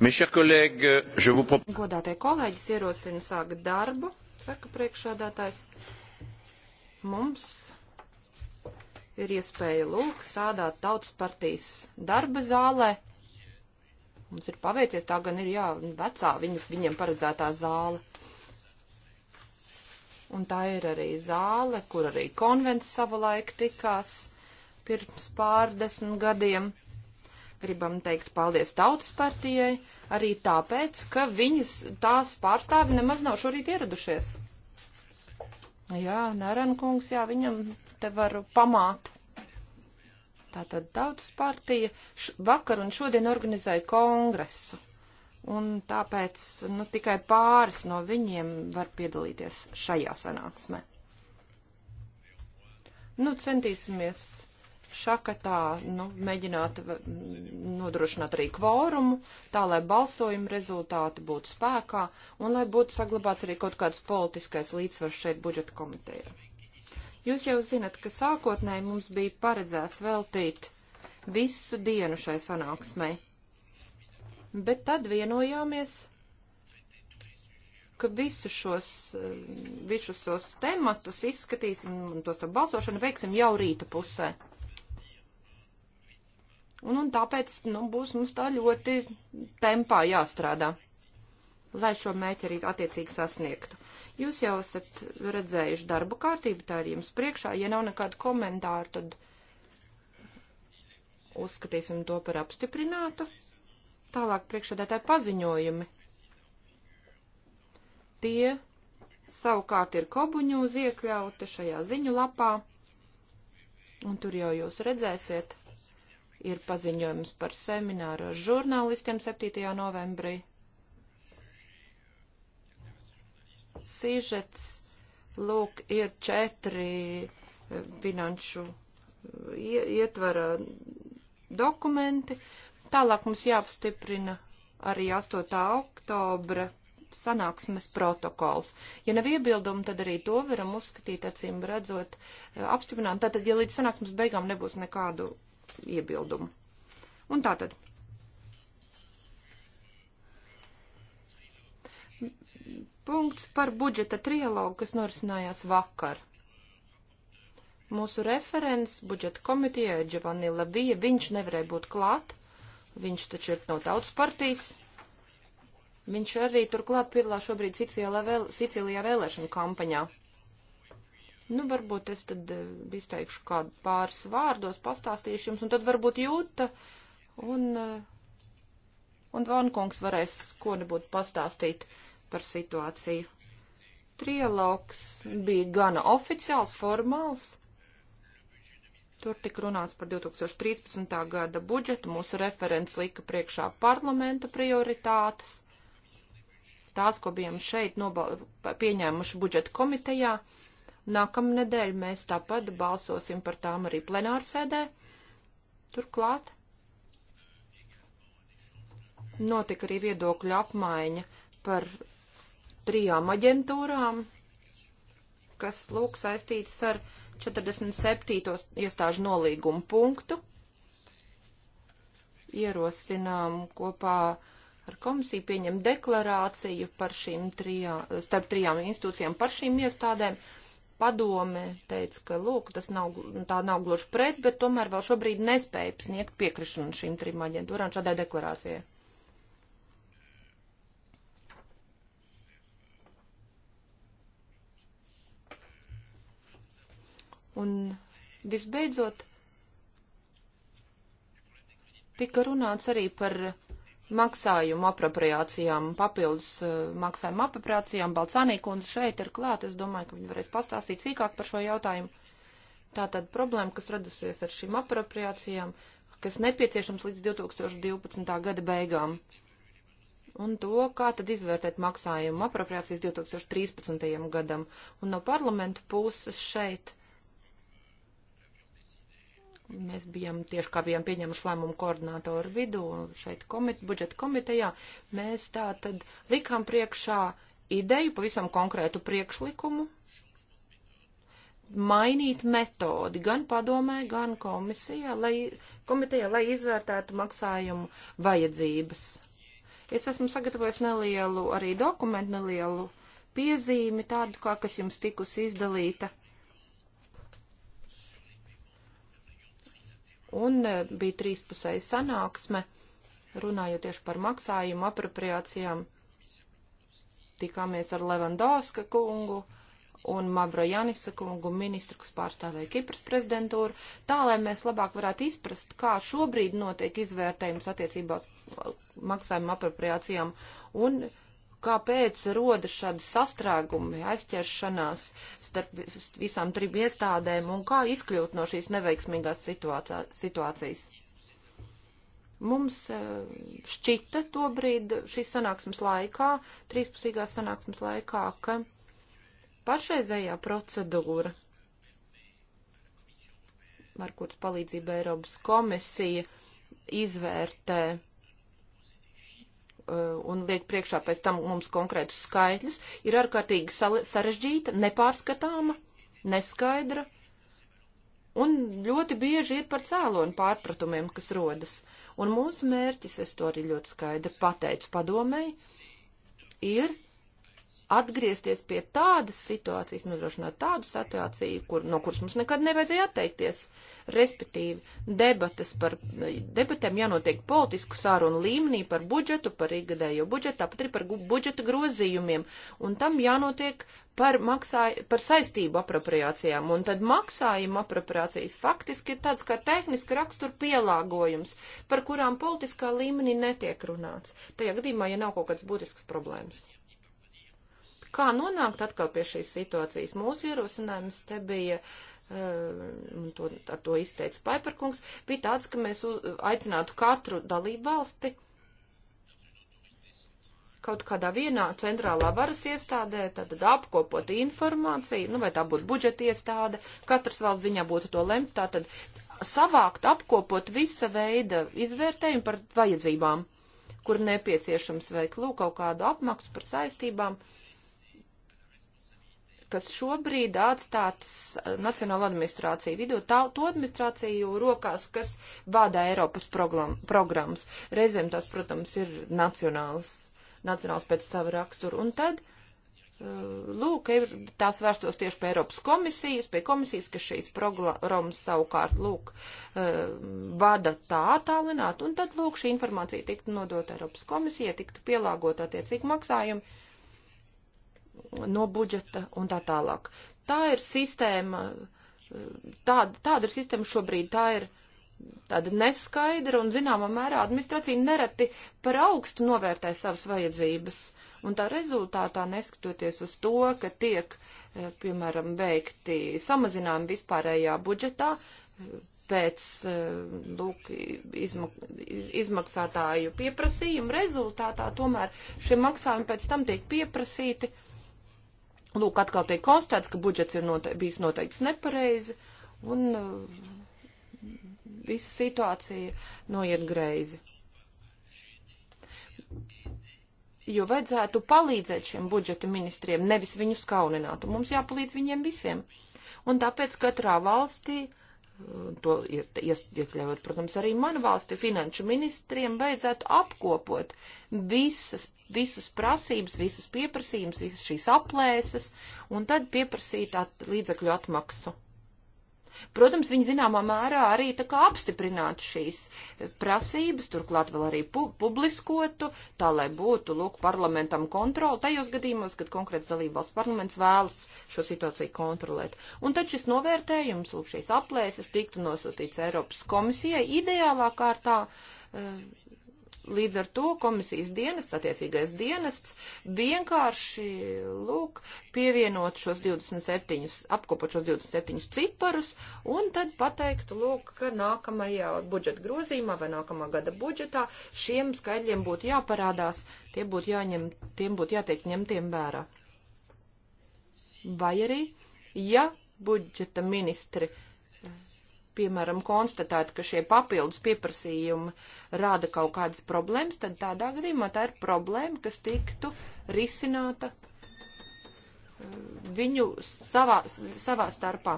Godātie kolēģis ierosina sākt darbu, saka priekšādātājs. Mums ir iespēja lūk sādāt tautas partijas darba zālē. Mums ir paveicies, tā gan ir jā, vecā viņu, viņiem paredzētā zāle. Un tā ir arī zāle, kur arī konvents savulaik tikās pirms pārdesmit gadiem. Gribam teikt paldies Tautas partijai arī tāpēc, ka viņas tās pārstāvi nemaz nav šorīt ieradušies. Jā, Nērana kungs, jā, viņam te var pamāt. Tātad Tautas partija vakar un šodien organizēja kongresu. Un tāpēc nu, tikai pāris no viņiem var piedalīties šajā sanāksmē. Nu, centīsimies šakatā, nu, mēģināt nodrošināt arī kvorumu, tā lai balsojuma rezultāti būtu spēkā un lai būtu saglabāts arī kaut kāds politiskais līdzsvars šeit budžeta komitejā. Jūs jau zinat, ka sākotnēji mums bija paredzēts veltīt visu dienu šai sanāksmai, bet tad vienojāmies, ka visus šos, visus šos tematus izskatīsim un tos ar balsošanu veiksim jau rīta pusē. Un, un tāpēc nu, būs mums tā ļoti tempā jāstrādā, lai šo mērķi arī attiecīgi sasniegtu. Jūs jau esat redzējuši darbu kārtību, tā ir jums priekšā. Ja nav nekādu komentāru, tad uzskatīsim to par apstiprinātu. Tālāk priekšādētāji paziņojumi. Tie savukārt ir kobuņūs iekļauti šajā ziņu lapā, un tur jau jūs redzēsiet ir paziņojums par semināru ar žurnālistiem 7. novembrī. Sīžets, lūk, ir četri eh, finanšu eh, ietvara dokumenti. Tālāk mums jāapstiprina arī 8. oktobra sanāksmes protokols. Ja nav iebildumu, tad arī to varam uzskatīt acīm redzot eh, apstiprināt. Tātad, ja līdz sanāksmes beigām nebūs nekādu iebildumu. Un tātad. Punkts par budžeta trialogu, kas norisinājās vakar. Mūsu referents budžeta komitejā Giovanni Lavija, viņš nevarēja būt klāt, viņš taču ir no tautas partijas. Viņš arī turklāt piedalās šobrīd Sicilijā, vēl, Sicilijā vēlēšanu kampaņā. Nu, varbūt es tad eh, izteikšu kādu pāris vārdos, pastāstīšu jums, un tad varbūt jūta, un, eh, un Vankungs varēs ko nebūt pastāstīt par situāciju. Trialogs bija gana oficiāls, formāls. Tur tik runāts par 2013. gada budžetu, mūsu referents lika priekšā parlamenta prioritātes. Tās, ko bijām šeit pieņēmuši budžeta komitejā, Nākamnedēļ mēs tāpat balsosim par tām arī plenārsēdē. Turklāt notika arī viedokļu apmaiņa par trijām aģentūrām, kas lūk saistītas ar 47. iestāžu nolīgumu punktu. Ierosinām kopā ar komisiju pieņemt deklarāciju par šīm trijām, starp trijām institūcijām par šīm iestādēm padome teica, ka, lūk, tas nav, tā nav gluži pret, bet tomēr vēl šobrīd nespēja sniegt piekrišanu šīm trim aģentūrām šādai deklarācijai. Un visbeidzot, tika runāts arī par maksājumu apropriācijām, papildus eh, maksājumu apropriācijām. Balcānī kundze šeit ir klāt, es domāju, ka viņi varēs pastāstīt sīkāk par šo jautājumu. Tātad problēma, kas radusies ar šīm apropriācijām, kas nepieciešams līdz 2012. gada beigām. Un to, kā tad izvērtēt maksājumu apropriācijas 2013. gadam. Un no parlamentu puses šeit Mēs bijām tieši kā bijām pieņemuši lēmumu koordinātoru vidū šeit komit, budžeta komitejā. Mēs tā tad likām priekšā ideju, pavisam konkrētu priekšlikumu, mainīt metodi gan padomē, gan komisijā, lai, komitejā, lai izvērtētu maksājumu vajadzības. Es esmu sagatavojis nelielu arī dokumentu, nelielu piezīmi tādu, kā kas jums tikusi izdalīta. un e, bija trīspusēja sanāksme, runājot tieši par maksājumu apropriācijām. Tikāmies ar Levandovska kungu un Mavro Janisa kungu ministru, kas pārstāvēja Kipras prezidentūru, tā, lai mēs labāk varētu izprast, kā šobrīd notiek izvērtējums attiecībā maksājuma apropriācijām un kāpēc rodas šādi sastrēgumi, aizķeršanās starp visām trim iestādēm un kā izkļūt no šīs neveiksmīgās situācijas. Mums eh, šķita to brīdi šīs sanāksmes laikā, trīspusīgās sanāksmes laikā, ka pašreizējā procedūra, ar kuras palīdzību Eiropas komisija izvērtē Eh, un liek priekšā pēc tam mums konkrētus skaitļus, ir ārkārtīgi sarežģīta, nepārskatāma, neskaidra un ļoti bieži ir par cēloni pārpratumiem, kas rodas. Un mūsu mērķis, es to arī ļoti skaidri pateicu padomēji, ir atgriezties pie tādas situācijas, nodrošināt tādu situāciju, kur, no kuras mums nekad nevajadzēja atteikties. Respektīvi, debates par, debatēm jānotiek politisku sārunu līmenī par budžetu, par ikgadējo budžetu, tāpat arī par budžeta grozījumiem, un tam jānotiek par, maksāj, par saistību apropriācijām, un tad maksājuma apropriācijas faktiski ir tāds kā tehniska rakstura pielāgojums, par kurām politiskā līmenī netiek runāts. Tajā gadījumā, ja nav kaut kāds būtisks problēmas. Kā nonākt atkal pie šīs situācijas? Mūsu ierosinājums te bija, eh, un to, ar to izteica Paiperkungs, bija tāds, ka mēs aicinātu katru dalību valsti kaut kādā vienā centrālā varas iestādē, tad apkopot informāciju, nu vai tā būtu budžeta iestāde, katras valsts ziņā būtu to lemt, tātad savākt, apkopot visa veida izvērtējumu par vajadzībām, kur nepieciešams veikt lūk kaut kādu apmaksu par saistībām. Uh, kas šobrīd atstātas eh, Nacionāla administrācija vidū, tā, to administrāciju rokās, kas vada Eiropas program, programmas. Reizēm tās, protams, ir nacionāls, nacionāls pēc sava rakstura. Un tad, eh, lūk, ir, tās vērstos tieši pie Eiropas komisijas, pie komisijas, kas šīs programmas savukārt, lūk, eh, vada tā attālināt, un tad, lūk, šī informācija tiktu nodota Eiropas komisijai, tiktu pielāgota attiecīgi maksājumi no budžeta un tā tālāk. Tā ir sistēma, tāda, tāda ir sistēma šobrīd, tā ir tāda neskaidra un zināmā mērā administrācija nereti par augstu novērtē savas vajadzības. Un tā rezultātā, neskatoties uz to, ka tiek, eh, piemēram, veikti samazinājumi vispārējā budžetā, pēc eh, lūk, izmak izmaksātāju pieprasījumu rezultātā tomēr šie maksājumi pēc tam tiek pieprasīti uh, Lūk, atkal tiek konstatēts, ka budžets ir note bijis noteikts nepareizi un uh, visa situācija noiet greizi. Jo vajadzētu palīdzēt šiem budžeta ministriem, nevis viņus kaunināt, un mums jāpalīdz viņiem visiem. Un tāpēc katrā valstī uh, to iekļaujot, protams, arī manu valsti finanšu ministriem vajadzētu apkopot visas visus prasības, visus pieprasījumus, visas šīs aplēses un tad pieprasīt at līdzekļu atmaksu. Protams, viņi zināmā mērā arī tā kā apstiprinātu šīs prasības, turklāt vēl arī pu publiskotu, tā lai būtu, lūk, parlamentam kontroli tajos gadījumos, kad konkrēts dalībvalsts parlaments vēlas šo situāciju kontrolēt. Un tad šis novērtējums, lūk, šīs aplēses tiktu nosūtīts Eiropas komisijai ideālā kārtā. Uh, Līdz ar to komisijas dienests, attiecīgais dienests, vienkārši, lūk, pievienot šos 27, apkopot šos 27 ciparus un tad pateikt, lūk, ka nākamajā budžeta grozīmā vai nākamā gada budžetā šiem skaidļiem būtu jāparādās, tie būtu jāņem, tiem būtu jātiek ņemtiem vērā. Vai arī, ja budžeta ministri piemēram, konstatētu, ka šie papildus pieprasījumi rada kaut kādas problēmas, tad tādā gadījumā tā ir problēma, kas tiktu risināta uh, viņu savā, savā starpā.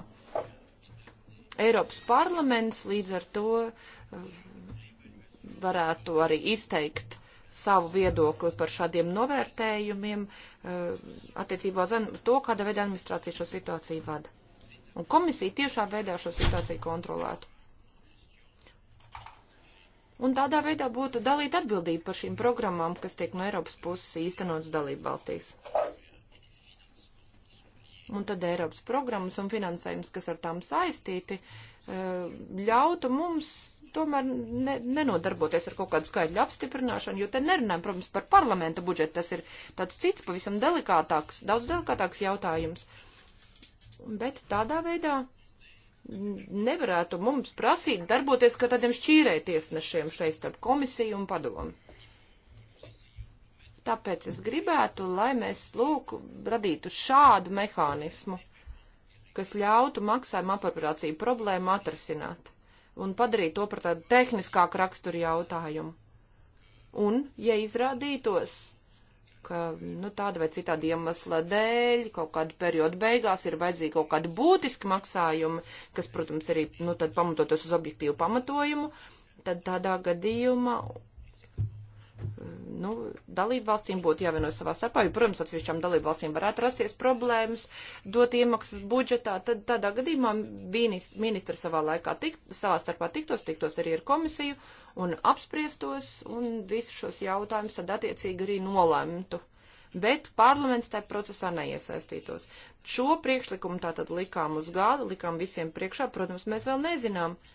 Eiropas parlaments līdz ar to uh, varētu arī izteikt savu viedokli par šādiem novērtējumiem uh, attiecībā uz to, kāda veida administrācija šo situāciju vada. Un komisija tiešā veidā šo situāciju kontrolētu. Un tādā veidā būtu dalīta atbildība par šīm programmām, kas tiek no Eiropas puses īstenotas dalību valstīs. Un tad Eiropas programmas un finansējums, kas ar tām saistīti, eh, ļautu mums tomēr ne, nenodarboties ar kaut kādu skaidru apstiprināšanu, jo te nerunājam, protams, par parlamenta budžetu. Tas ir tāds cits, pavisam delikātāks, daudz delikātāks jautājums. Uh, Bet tādā veidā nevarētu mums prasīt darboties kā tādiem šķīrētiesnešiem šeit starp komisiju un padomu. Tāpēc es gribētu, lai mēs, lūk, radītu šādu mehānismu, kas ļautu maksājuma apaprācību problēmu atrasināt un padarīt to par tādu tehniskāku raksturu jautājumu. Un, ja izrādītos, ka nu, tāda vai citāda iemesla dēļ kaut kādu periodu beigās ir vajadzīgi kaut kādi būtiski maksājumi, kas, protams, arī nu, pamatotos uz objektīvu pamatojumu, tad tādā gadījumā nu, dalību valstīm būtu jāvieno savā starpā, jo, protams, atsevišķām dalību valstīm varētu rasties problēmas, dot iemaksas budžetā, tad tādā gadījumā ministri savā laikā tik, savā starpā tiktos, tiktos arī ar komisiju un apspriestos un visus šos jautājumus tad attiecīgi arī nolemtu. Bet parlaments tajā procesā neiesaistītos. Šo priekšlikumu tātad likām uz gādu, likām visiem priekšā, protams, mēs vēl nezinām. Uh,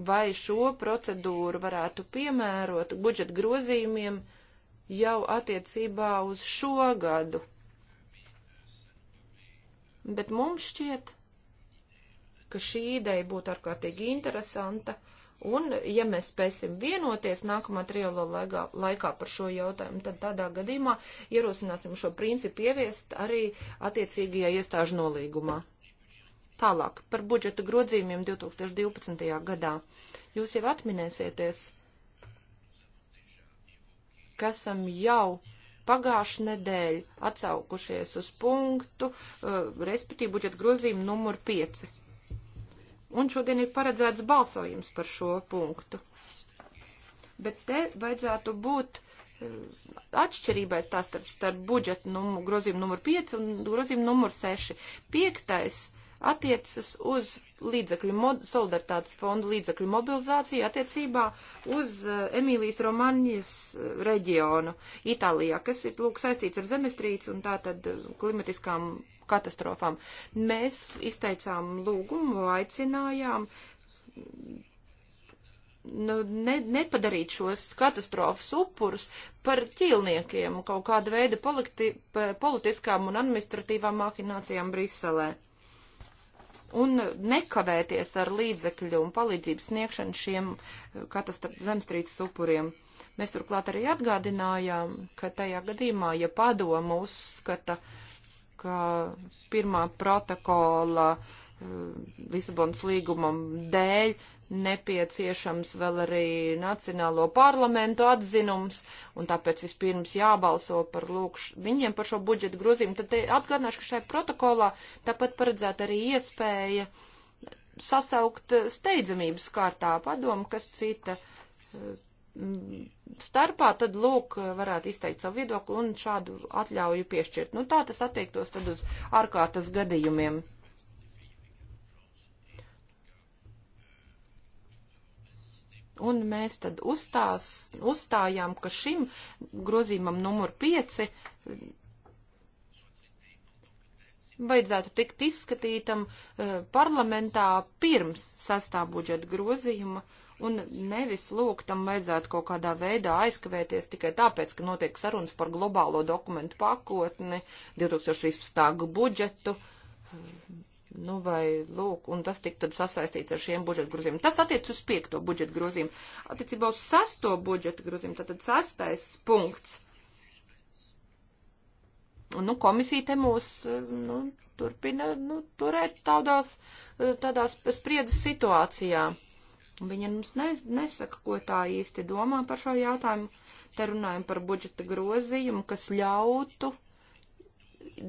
vai šo procedūru varētu piemērot budžeta grozījumiem jau attiecībā uz šo gadu. Bet mums šķiet, ka šī ideja būtu ārkārtīgi interesanta, un ja mēs spēsim vienoties nākamā triolo laikā, laikā par šo jautājumu, tad tādā gadījumā ierosināsim šo principu ieviest arī attiecīgajā iestāžu nolīgumā. Tālāk par budžeta grozījumiem 2012. gadā. Jūs jau atminēsieties, ka esam jau pagājuši nedēļu atsaukušies uz punktu, uh, respektīvi budžeta grozījumu numur 5. Un šodien ir paredzēts balsojums par šo punktu. Bet te vajadzētu būt uh, atšķirībai tā starp, starp budžeta numu, grozījumu numur 5 un grozījumu numur 6. Piektais attiecas uz līdzekļu mod, solidaritātes fondu līdzekļu mobilizāciju attiecībā uz uh, Emīlijas Romaņas uh, reģionu Itālijā, kas ir lūk saistīts ar zemestrīci un tātad uh, klimatiskām katastrofām. Mēs izteicām lūgumu, aicinājām nu, ne, nepadarīt šos katastrofas upurus par ķīlniekiem kaut kāda veida politi, politiskām un administratīvām mahinācijām Briselē un nekavēties ar līdzekļu un palīdzības sniegšanu šiem eh, zemestrīces upuriem. Mēs turklāt arī atgādinājām, ka tajā gadījumā, ja padoma uzskata, ka pirmā protokola eh, Lisabonas līgumam dēļ nepieciešams vēl arī Nacionālo parlamentu atzinums, un tāpēc vispirms jābalso par lūkš viņiem par šo budžeta grozījumu. Tad atgādināšu, ka šai protokolā tāpat paredzēta arī iespēja sasaukt eh, steidzamības kārtā padomu, kas cita eh, starpā, tad lūk, varētu izteikt savu viedokli un šādu atļauju piešķirt. Nu, tā tas attiektos tad uz ārkārtas gadījumiem. Un mēs tad uzstās, uzstājām, ka šim grozījumam numur 5 vajadzētu tikt izskatītam e, parlamentā pirms sastā budžeta grozījuma un nevis lūk, tam vajadzētu kaut kādā veidā aizkavēties tikai tāpēc, ka notiek sarunas par globālo dokumentu pakotni, 2013. budžetu, Nu, vai, lūk, un tas tik tad sasaistīts ar šiem budžeta grozījumiem. Tas attiec uz piekto budžeta grozījumu. Attiecībā uz sesto budžeta grozījumu, tātad sastais punkts. Nu, komisija te mūs, nu, turpina, nu, turēt tādās, tādās spriedzes situācijā. Viņa mums ne, nesaka, ko tā īsti domā par šo jautājumu. Te runājam par budžeta grozījumu, kas ļautu uh,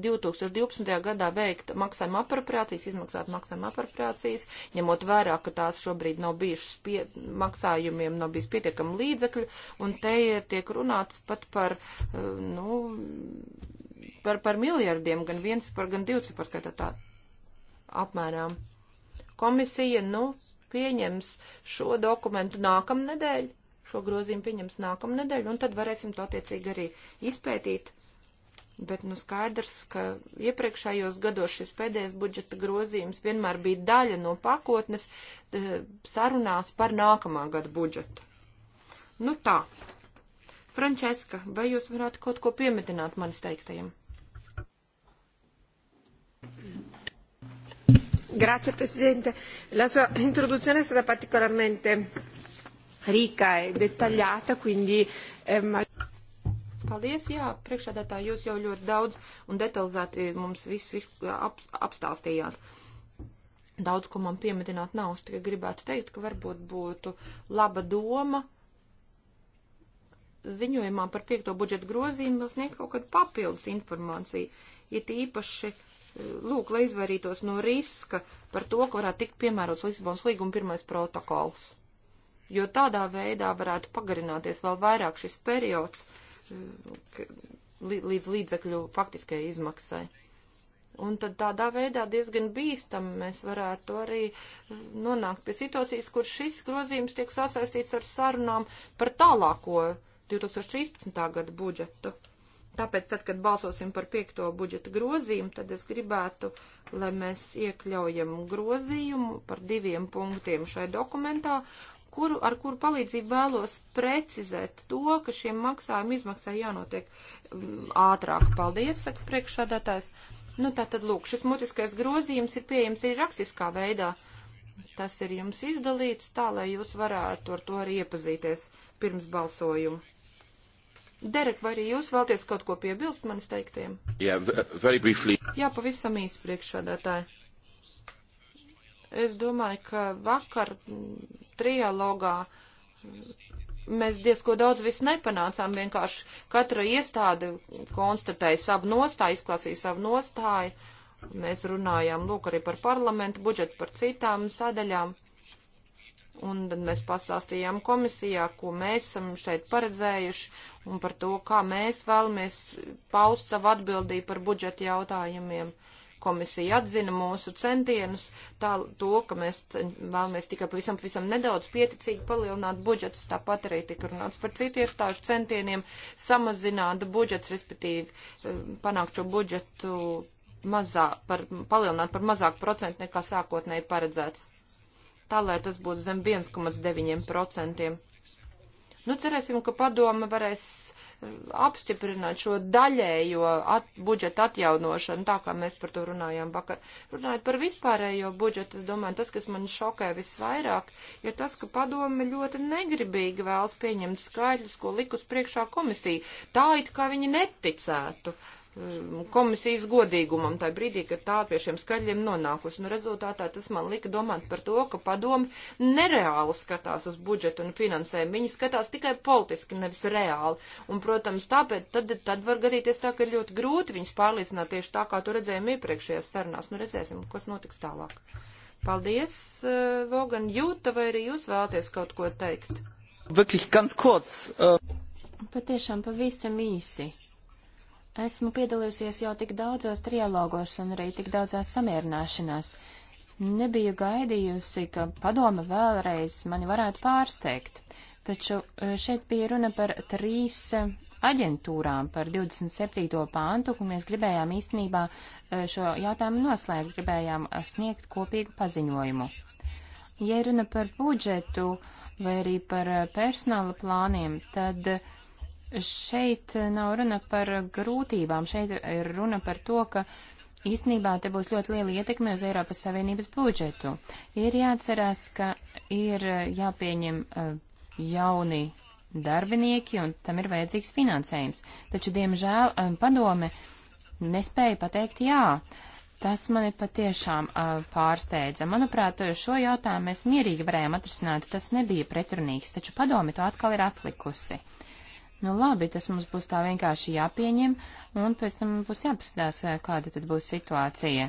2012. gadā veikt maksājuma apropriācijas, izmaksāt maksājuma apropriācijas, ņemot vērā, ka tās šobrīd nav bijušas pie, maksājumiem, nav bijis pietiekami līdzekļu, un te tiek runāts pat par, eh, nu, par, par miljardiem, gan viens par, gan divs par skaitā tā apmērām. Komisija, nu, pieņems šo dokumentu nākamnedēļ, šo grozījumu pieņems nākamnedēļ, un tad varēsim to attiecīgi arī izpētīt Bet nu skaidrs, ka iepriekšējos gados šis pēdējais budžeta grozījums vienmēr bija daļa no pakotnes e, sarunās par nākamā gada budžetu. Nu tā. Frančeska, vai jūs varētu kaut ko piemetināt manis teiktajam? Grazie, Presidente. La sua introduzione è stata particolarmente ricca e dettagliata, quindi... Eh, ma... Paldies, jā, priekšādātā jūs jau ļoti daudz un detalizēti mums visu, visu ap, apstāstījāt. Daudz, ko man piemetināt nav, es tikai gribētu teikt, ka varbūt būtu laba doma ziņojumā par piekto budžetu grozījumu vēl sniegt kaut kādu papildus informāciju, ja tīpaši, lūk, lai izvairītos no riska par to, ka varētu tikt piemērots Lisabonas līguma pirmais protokols. Jo tādā veidā varētu pagarināties vēl vairāk šis periods, uh, līdz līdzekļu faktiskai izmaksai. Un tad tādā veidā diezgan bīstam mēs varētu arī nonākt pie situācijas, kur šis grozījums tiek sasaistīts ar sarunām par tālāko 2013. gada budžetu. Tāpēc tad, kad balsosim par piekto budžeta grozījumu, tad es gribētu, lai mēs iekļaujam grozījumu par diviem punktiem šai dokumentā kuru, ar kuru palīdzību vēlos precizēt to, ka šiem maksājuma izmaksai jānotiek mm, ātrāk. Paldies, saka priekšsādātājs. Nu, tā tad, lūk, šis mutiskais grozījums ir pieejams arī rakstiskā veidā. Tas ir jums izdalīts tā, lai jūs varētu ar to arī iepazīties pirms balsojumu. Derek, vai arī jūs vēlties kaut ko piebilst manis teiktiem? Jā, yeah, very briefly. Jā, pavisam īsi priekšsādātāji. Es domāju, ka vakar trialogā mēs diezko daudz visu nepanācām, vienkārši katra iestāde konstatēja savu nostāju, izklāsīja savu nostāju. Mēs runājām, lūk, arī par parlamentu budžetu, par citām sadaļām. Un tad mēs pastāstījām komisijā, ko mēs esam šeit paredzējuši un par to, kā mēs vēlamies paust savu atbildību par budžeta jautājumiem. Uh, Komisija atzina mūsu centienus, tā to, ka mēs vēlamies tikai pavisam, pavisam nedaudz pieticīgi palielināt budžetus, tāpat arī tika runāts par citu iestāžu centieniem samazināt budžets, respektīvi e, panākt šo budžetu mazā, par, palielināt par mazāku procentu nekā sākotnēji paredzēts. Tā, lai tas būtu zem 1,9%. Nu, cerēsim, ka padoma varēs apstiprināt šo daļējo at, budžeta atjaunošanu, tā kā mēs par to runājām vakar. Runājot par vispārējo budžetu, es domāju, tas, kas man šokē visvairāk, ir tas, ka padome ļoti negribīgi vēlas pieņemt skaidrs, ko likus priekšā komisija. Tā it kā viņi neticētu. Uh, Um, komisijas godīgumam tajā brīdī, kad tā pie šiem skaļiem nonākusi. Nu, rezultātā tas man lika domāt par to, ka padomi nereāli skatās uz budžetu un finansējumu. Viņi skatās tikai politiski, nevis reāli. Un, protams, tāpēc tad, tad var gadīties tā, ka ir ļoti grūti viņus pārliecināt tieši tā, kā to redzējām iepriekšējās sarunās. Nu, redzēsim, kas notiks tālāk. Paldies, uh, Vogan. Jūta, vai arī jūs vēlaties kaut ko teikt? Wirklich ganz kurz. Uh... Patiešām pavisam īsi. Esmu piedalījusies jau tik daudzos trialogos un arī tik daudzās samierināšanās. Nebiju gaidījusi, ka padome vēlreiz mani varētu pārsteigt, taču e, šeit bija runa par trīs e, aģentūrām par 27. pāntu, un mēs gribējām īstenībā e, šo jautājumu noslēgt, gribējām sniegt kopīgu paziņojumu. Ja runa par budžetu vai arī par personāla plāniem, tad šeit nav runa par grūtībām, šeit ir runa par to, ka īstenībā te būs ļoti liela ietekme uz Eiropas Savienības budžetu. Ir jāatcerās, ka ir jāpieņem eh, jauni darbinieki un tam ir vajadzīgs finansējums. Taču, diemžēl, eh, padome nespēja pateikt jā. Tas mani patiešām uh, pārsteidza. Manuprāt, šo jautājumu mēs mierīgi varējām atrisināt, tas nebija pretrunīgs, taču padomi to atkal ir atlikusi. Uh, Nu labi, tas mums būs tā vienkārši jāpieņem, un pēc tam būs jāpaskatās, eh, kāda tad būs situācija.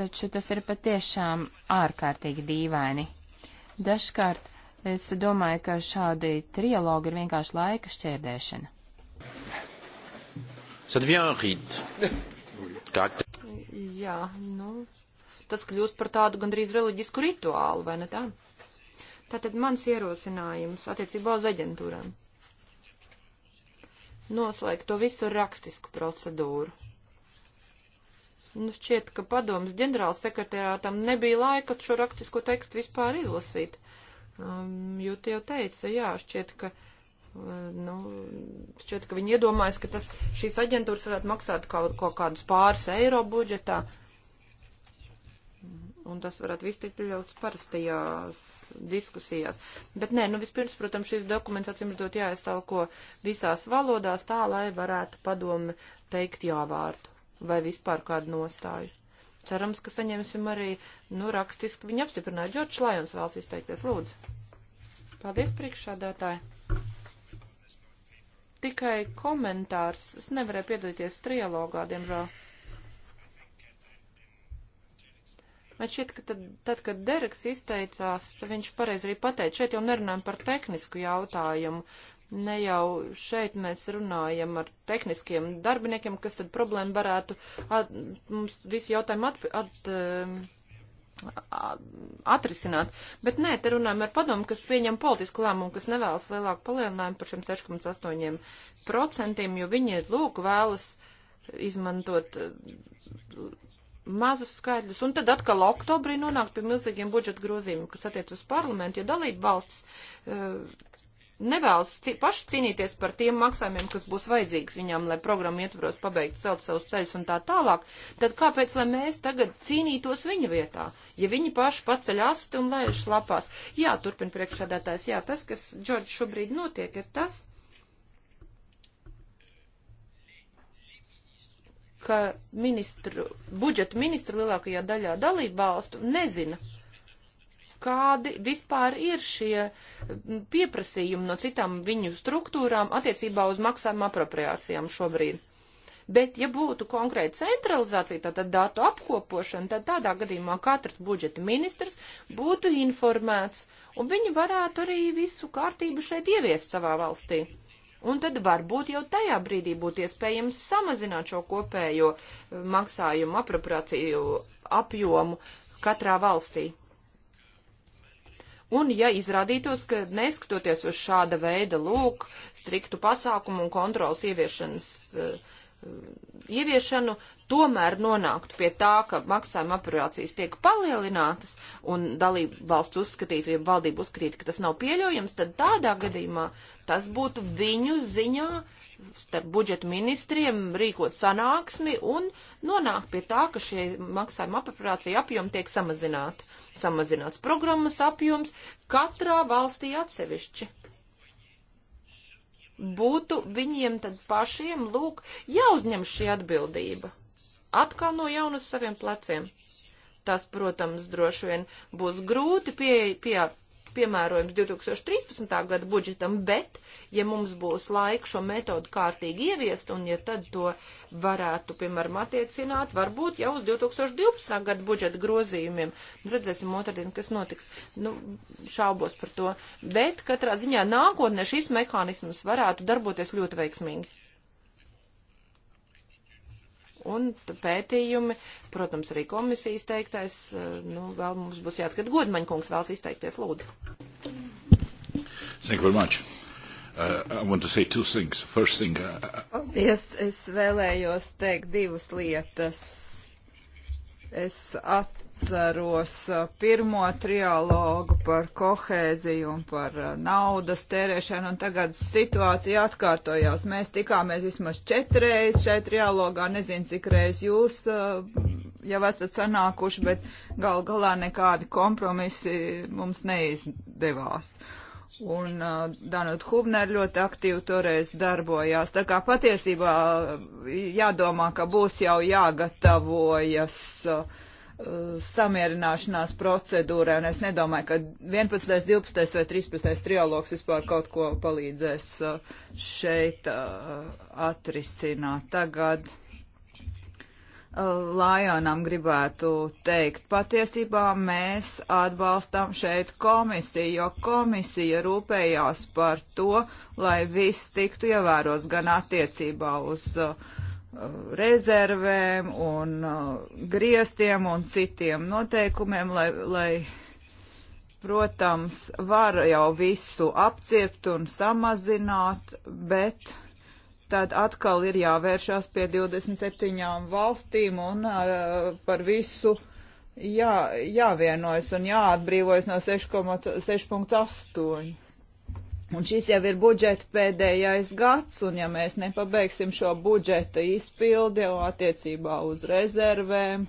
Taču tas ir patiešām ārkārtīgi dīvaini. Dažkārt es domāju, ka šādi trialogi ir vienkārši laika šķērdēšana. Jā, nu, tas kļūst par tādu gandrīz reliģisku rituālu, vai ne tā? Tātad mans ierosinājums attiecībā uz aģentūrām noslēgt to visu rakstisku procedūru. Nu, šķiet, ka padomas ģenerāls sekretārātam nebija laika šo rakstisko tekstu vispār izlasīt. Um, jo tie jau teica, jā, šķiet, ka, uh, nu, šķiet, ka viņi iedomājas, ka tas, šīs aģentūras varētu maksāt kaut, kaut kādus pāris eiro budžetā. Uh, un tas varētu viss tikt pieļauts parastajās diskusijās. Bet nē, nu vispirms, protams, šis dokuments acimredzot jāiztalko visās valodās tā, lai varētu padomi teikt jāvārdu vai vispār kādu nostāju. Cerams, ka saņemsim arī, nu, rakstiski viņu apstiprināju. Džordžs Lajons vēlas izteikties, lūdzu. Paldies, priekšādātāji. Tikai komentārs. Es nevarēju piedalīties trialogā, diemžēl. Bet šķiet, ka tad, tad, kad Dereks izteicās, viņš pareizi arī pateica, šeit jau nerunājam par tehnisku jautājumu. Ne jau šeit mēs runājam ar tehniskiem darbiniekiem, kas tad problēmu varētu at, mums visu jautājumu at, at, eh, at, atrisināt. Bet nē, te runājam ar padomu, kas pieņem politisku lēmumu, kas nevēlas lielāku palielinājumu par šiem 6,8%, jo viņi, lūk, vēlas izmantot eh, mazus skaidrus, un tad atkal oktobrī nonāk pie milzīgiem budžeta grozījumiem, kas attiec uz parlamentu, jo dalība valsts uh, eh, nevēlas cī, paši cīnīties par tiem maksājumiem, kas būs vajadzīgs viņām, lai programma ietvaros pabeigtu celt savus ceļus un tā tālāk, tad kāpēc, lai mēs tagad cīnītos viņu vietā, ja viņi paši paceļ asti un laiž lapās? Jā, turpin priekšsādātājs, jā, tas, kas, Džordž, šobrīd notiek, ir tas, ka ministru, budžeta ministru lielākajā daļā dalību valstu nezina, kādi vispār ir šie pieprasījumi no citām viņu struktūrām attiecībā uz maksājuma apropriācijām šobrīd. Bet, ja būtu konkrēta centralizācija, tātad datu apkopošana, tad tādā gadījumā katrs budžeta ministrs būtu informēts, un viņi varētu arī visu kārtību šeit ieviest savā valstī un tad varbūt jau tajā brīdī būtu iespējams samazināt šo kopējo eh, maksājumu apropriāciju apjomu katrā valstī. Un, ja izrādītos, ka neskatoties uz šāda veida lūk, striktu pasākumu un kontrolas ieviešanas uh, Eh, ieviešanu, tomēr nonāktu pie tā, ka maksājuma apurācijas tiek palielinātas un dalību valsts uzskatītu, ja valdība uzskatītu, ka tas nav pieļaujams, tad tādā gadījumā tas būtu viņu ziņā starp budžetu ministriem rīkot sanāksmi un nonākt pie tā, ka šie maksājuma apaprācija apjomi tiek samazināti. Samazināts programmas apjoms katrā valstī atsevišķi būtu viņiem tad pašiem, lūk, jāuzņem šī atbildība. Atkal no jauna uz saviem pleciem. Tas, protams, droši vien būs grūti pie, pie, piemērojams 2013. gada budžetam, bet, ja mums būs laika šo metodu kārtīgi ieviest, un ja tad to varētu, piemēram, attiecināt, varbūt jau uz 2012. gada budžeta grozījumiem, nu, redzēsim otrdien, kas notiks, nu, šaubos par to, bet katrā ziņā nākotnē šis mehānisms varētu darboties ļoti veiksmīgi. Un pētījumi, protams, arī komisijas teiktais, eh, nu, vēl mums būs jāskat godmaņkungs vēlas izteikties, lūdzu. Thank you very much. Uh, I want to say two things. First thing. Uh, uh Paldies, es vēlējos teikt divas lietas Es atceros uh, pirmo trialogu par kohēziju un par uh, naudas tērēšanu, un tagad situācija atkārtojās. Mēs tikāmies vismaz četreiz šai trialogā, nezinu, cik reiz jūs uh, jau esat sanākuši, bet gal galā nekādi kompromisi mums neizdevās. Uh, Un uh, Danut Hubner ļoti aktīvi toreiz darbojās. Tā kā patiesībā jādomā, ka būs jau jāgatavojas uh, samierināšanās procedūrai, un es nedomāju, ka 11., 12. vai 13. trialogs vispār kaut ko palīdzēs uh, šeit uh, atrisināt. Tagad Lajonam gribētu teikt, patiesībā mēs atbalstam šeit komisiju, jo komisija rūpējās par to, lai viss tiktu ievēros gan attiecībā uz uh, rezervēm un uh, griestiem un citiem noteikumiem, lai, lai, protams, var jau visu apcirpt un samazināt, bet tad atkal ir jāvēršās pie 27 valstīm un ar, par visu jā, jāvienojas un jāatbrīvojas no 6,8. Un šis jau ir budžeta pēdējais gads, un ja mēs nepabeigsim šo budžeta izpildi attiecībā uz rezervēm,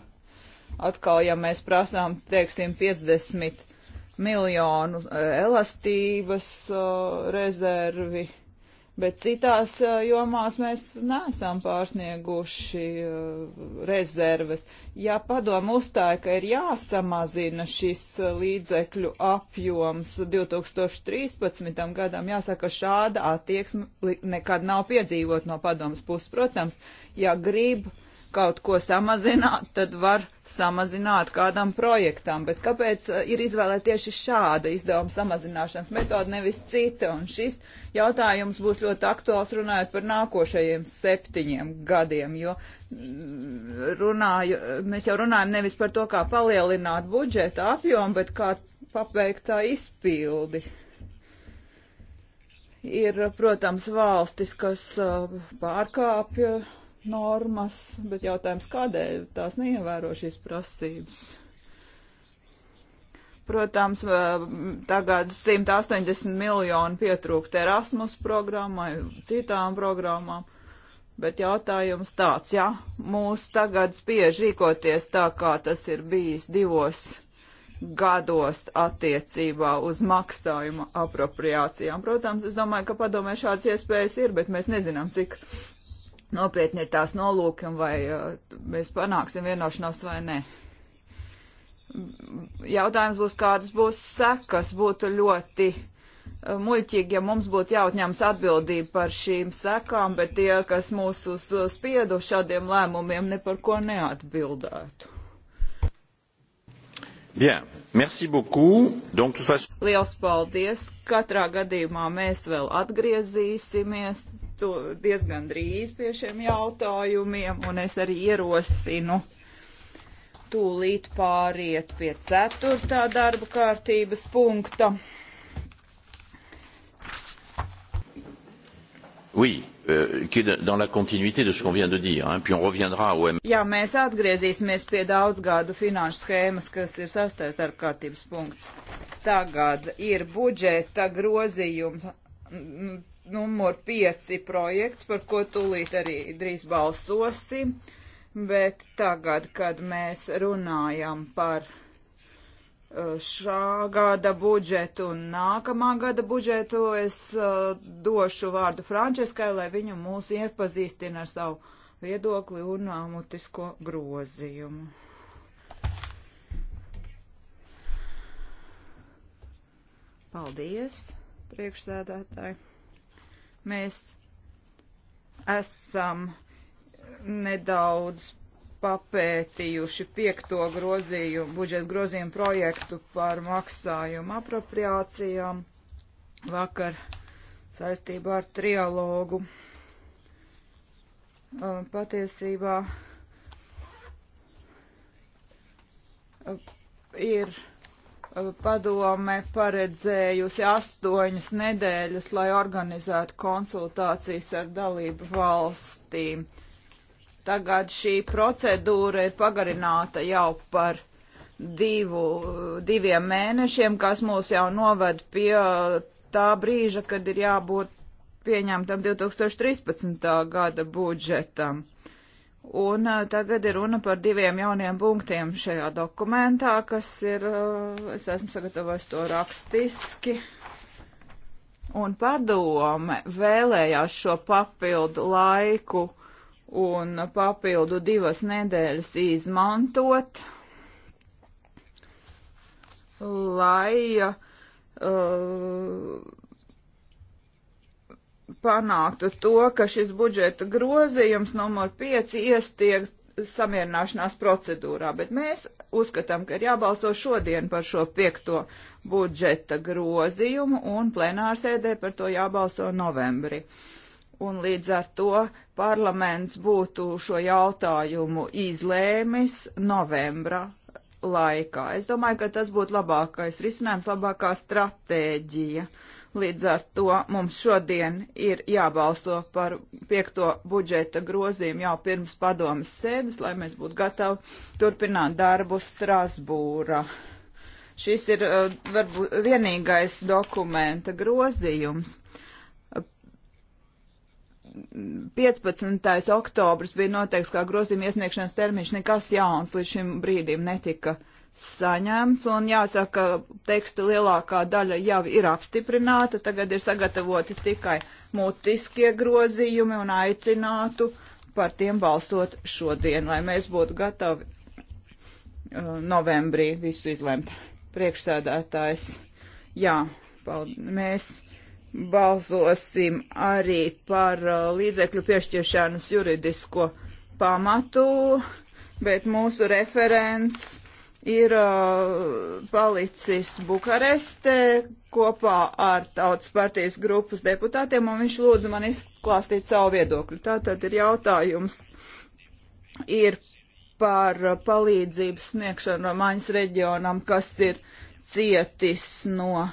atkal, ja mēs prasām, teiksim, 50 miljonu e, elastības uh, rezervi, uh, bet citās jomās mēs nesam pārsnieguši rezerves. Ja padomu uzstāja, ka ir jāsamazina šis līdzekļu apjoms 2013. gadam, jāsaka, šāda attieksme nekad nav piedzīvot no padomas puses. Protams, ja grib kaut ko samazināt, tad var samazināt kādam projektam. Bet kāpēc uh, ir izvēlēta tieši šāda izdevuma samazināšanas metode, nevis cita? Un šis jautājums būs ļoti aktuāls runājot par nākošajiem septiņiem gadiem, jo mm, runāju, mēs jau runājam nevis par to, kā palielināt budžeta apjomu, bet kā pabeigt tā izpildi. Ir, protams, valstis, kas uh, pārkāpja normas, bet jautājums, kādēļ tās neievēro šīs prasības? Protams, tagad 180 miljoni pietrūkst Erasmus programmai, citām programmām, bet jautājums tāds, ja mūs tagad spiež rīkoties tā, kā tas ir bijis divos gados attiecībā uz maksājuma apropriācijām. Protams, es domāju, ka padomē šāds iespējas ir, bet mēs nezinām, cik nopietni ir tās nolūki un vai uh, mēs panāksim vienošanos vai nē. Jautājums būs, kādas būs sekas. Būtu ļoti uh, muļķīgi, ja mums būtu jāuzņemas atbildība par šīm sekām, bet tie, kas mūs uz uh, spiedu šādiem lēmumiem, ne par ko neatbildētu. Bien, merci beaucoup. Donc, façon... Liels paldies. Katrā gadījumā mēs vēl atgriezīsimies tu diezgan drīz pie šiem jautājumiem, un es arī ierosinu tūlīt pāriet pie ceturtā darba kārtības punkta. Oui, euh, qui est dans la continuité de ce qu'on vient de dire, hein, puis on reviendra au M. Jā, mēs atgriezīsimies pie daudzgādu finanšu schēmas, kas ir sastais darba kārtības punkts. Tagad ir budžeta grozījums numur 5 projekts, par ko tūlīt arī drīz balsosim, bet tagad, kad mēs runājam par uh, šā gada budžetu un nākamā gada budžetu, es uh, došu vārdu Frančiskai, lai viņu mūs iepazīstina ar savu viedokli un uh, mutisko grozījumu. Paldies, priekšsēdētāji! Mēs esam nedaudz papētījuši piekto grozījumu, budžeta grozījumu projektu par maksājumu apropriācijām vakar saistībā ar trialogu. Uh, patiesībā uh, ir padome paredzējusi astoņas nedēļas, lai organizētu konsultācijas ar dalību valstīm. Tagad šī procedūra ir pagarināta jau par divu, diviem mēnešiem, kas mūs jau noved pie tā brīža, kad ir jābūt pieņemtam 2013. gada budžetam. Un uh, tagad ir runa par diviem jauniem punktiem šajā dokumentā, kas ir, uh, es esmu sagatavojis to rakstiski. Un padome vēlējās šo papildu laiku un papildu divas nedēļas izmantot, lai uh, panāktu to, ka šis budžeta grozījums numur 5 iestiek samierināšanās procedūrā, bet mēs uzskatām, ka ir jābalso šodien par šo piekto budžeta grozījumu un plenārsēdē par to jābalso novembrī. Un līdz ar to parlaments būtu šo jautājumu izlēmis novembra laikā. Es domāju, ka tas būtu labākais risinājums, labākā stratēģija. Uh, Līdz ar to mums šodien ir jābalso par piekto budžeta grozījumu jau pirms padomas sēdes, lai mēs būtu gatavi turpināt darbu Strasbūra. Šis ir uh, varbūt vienīgais dokumenta grozījums. 15. oktobris bija noteikts kā grozījuma iesniegšanas termiņš, nekas jauns līdz šim brīdim netika uh, saņemts, un jāsaka, teksta lielākā daļa jau ir apstiprināta, tagad ir sagatavoti tikai mutiskie grozījumi un aicinātu par tiem balsot šodien, lai mēs būtu gatavi uh, novembrī visu izlemt. Priekšsēdētājs, jā, mēs balsosim arī par uh, līdzekļu piešķiršanas juridisko pamatu, bet mūsu referents ir uh, palicis Bukarestē kopā ar Tautas partijas grupas deputātiem, un viņš lūdza man izklāstīt savu viedokli. Tātad ir jautājums ir par uh, palīdzību sniegšanu Maņas reģionam, kas ir cietis no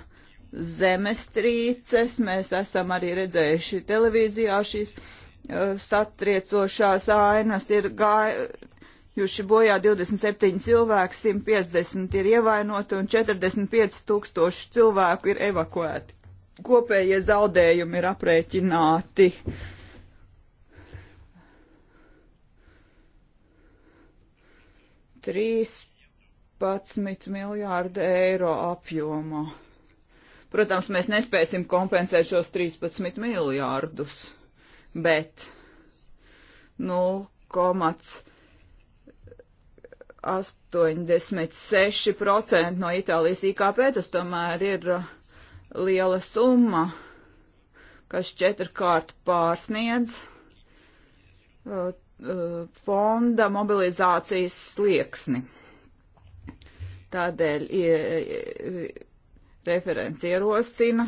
zemestrīces. Mēs esam arī redzējuši televīzijā šīs uh, satriecošās ainas. Ir gai, Juši bojā 27 cilvēki, 150 ir ievainoti un 45 tūkstoši cilvēku ir evakuēti. Kopējie zaudējumi ir aprēķināti. Trīs 11 miljārdu eiro apjomā. Protams, mēs nespēsim kompensēt šos 13 miljārdus, bet 0,5 86% no Itālijas IKP, tas tomēr ir uh, liela summa, kas četrkārt pārsniedz uh, uh, fonda mobilizācijas slieksni. Tādēļ referents ierosina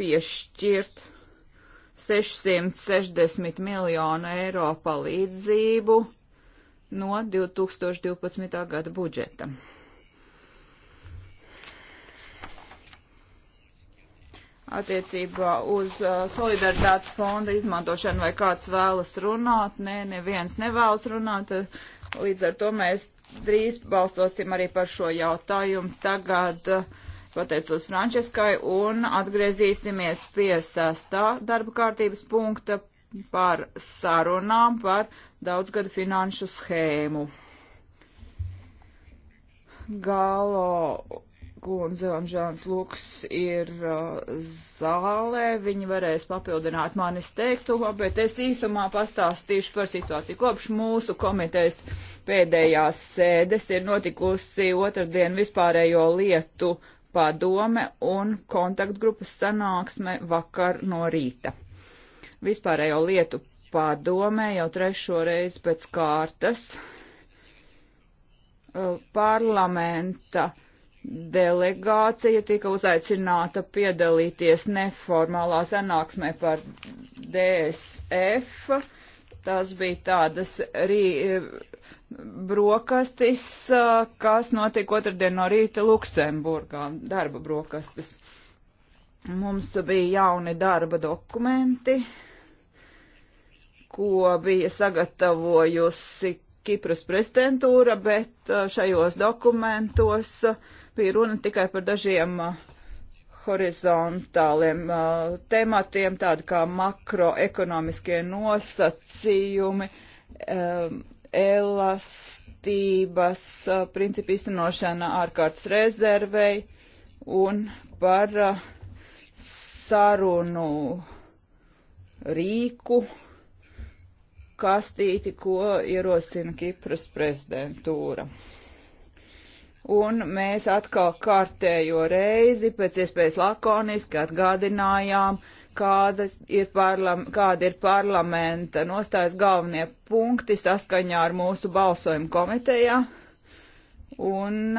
piešķirt 660 miljonu eiro palīdzību no 2012. gada budžeta. Attiecībā uz uh, solidaritātes fonda izmantošanu vai kāds vēlas runāt, nē, ne, neviens nevēlas runāt, līdz ar to mēs drīz balstosim arī par šo jautājumu. Tagad uh, pateicos Frančiskai un atgriezīsimies pie sestā darba kārtības punkta par sarunām par daudzgadu finanšu schēmu. Galo kundze un Žāns Luks ir uh, zālē. Viņi varēs papildināt manis teikto, bet es īsumā pastāstīšu par situāciju. Kopš mūsu komitejas pēdējās sēdes ir notikusi otrdien vispārējo lietu padome un kontaktgrupas sanāksme vakar no rīta vispārējo lietu padomē jau trešo reizi pēc kārtas parlamenta delegācija tika uzaicināta piedalīties neformālā sanāksmē par DSF. Tas bija tādas rī, brokastis, kas notika otrdien no rīta Luksemburgā, darba brokastis. Mums bija jauni darba dokumenti. Uh, ko bija sagatavojusi Kipras prezidentūra, bet uh, šajos dokumentos uh, bija runa tikai par dažiem uh, horizontāliem tematiem, tādi kā makroekonomiskie nosacījumi, um, elastības principu iztenošana ārkārtas rezervei un par sarunu rīku kastīti, ko ierosina Kipras prezidentūra. Un mēs atkal kārtējo reizi pēc iespējas lakoniski atgādinājām, kādas ir, parlam, kāda ir parlamenta nostājas galvenie punkti saskaņā ar mūsu balsojumu komitejā. Un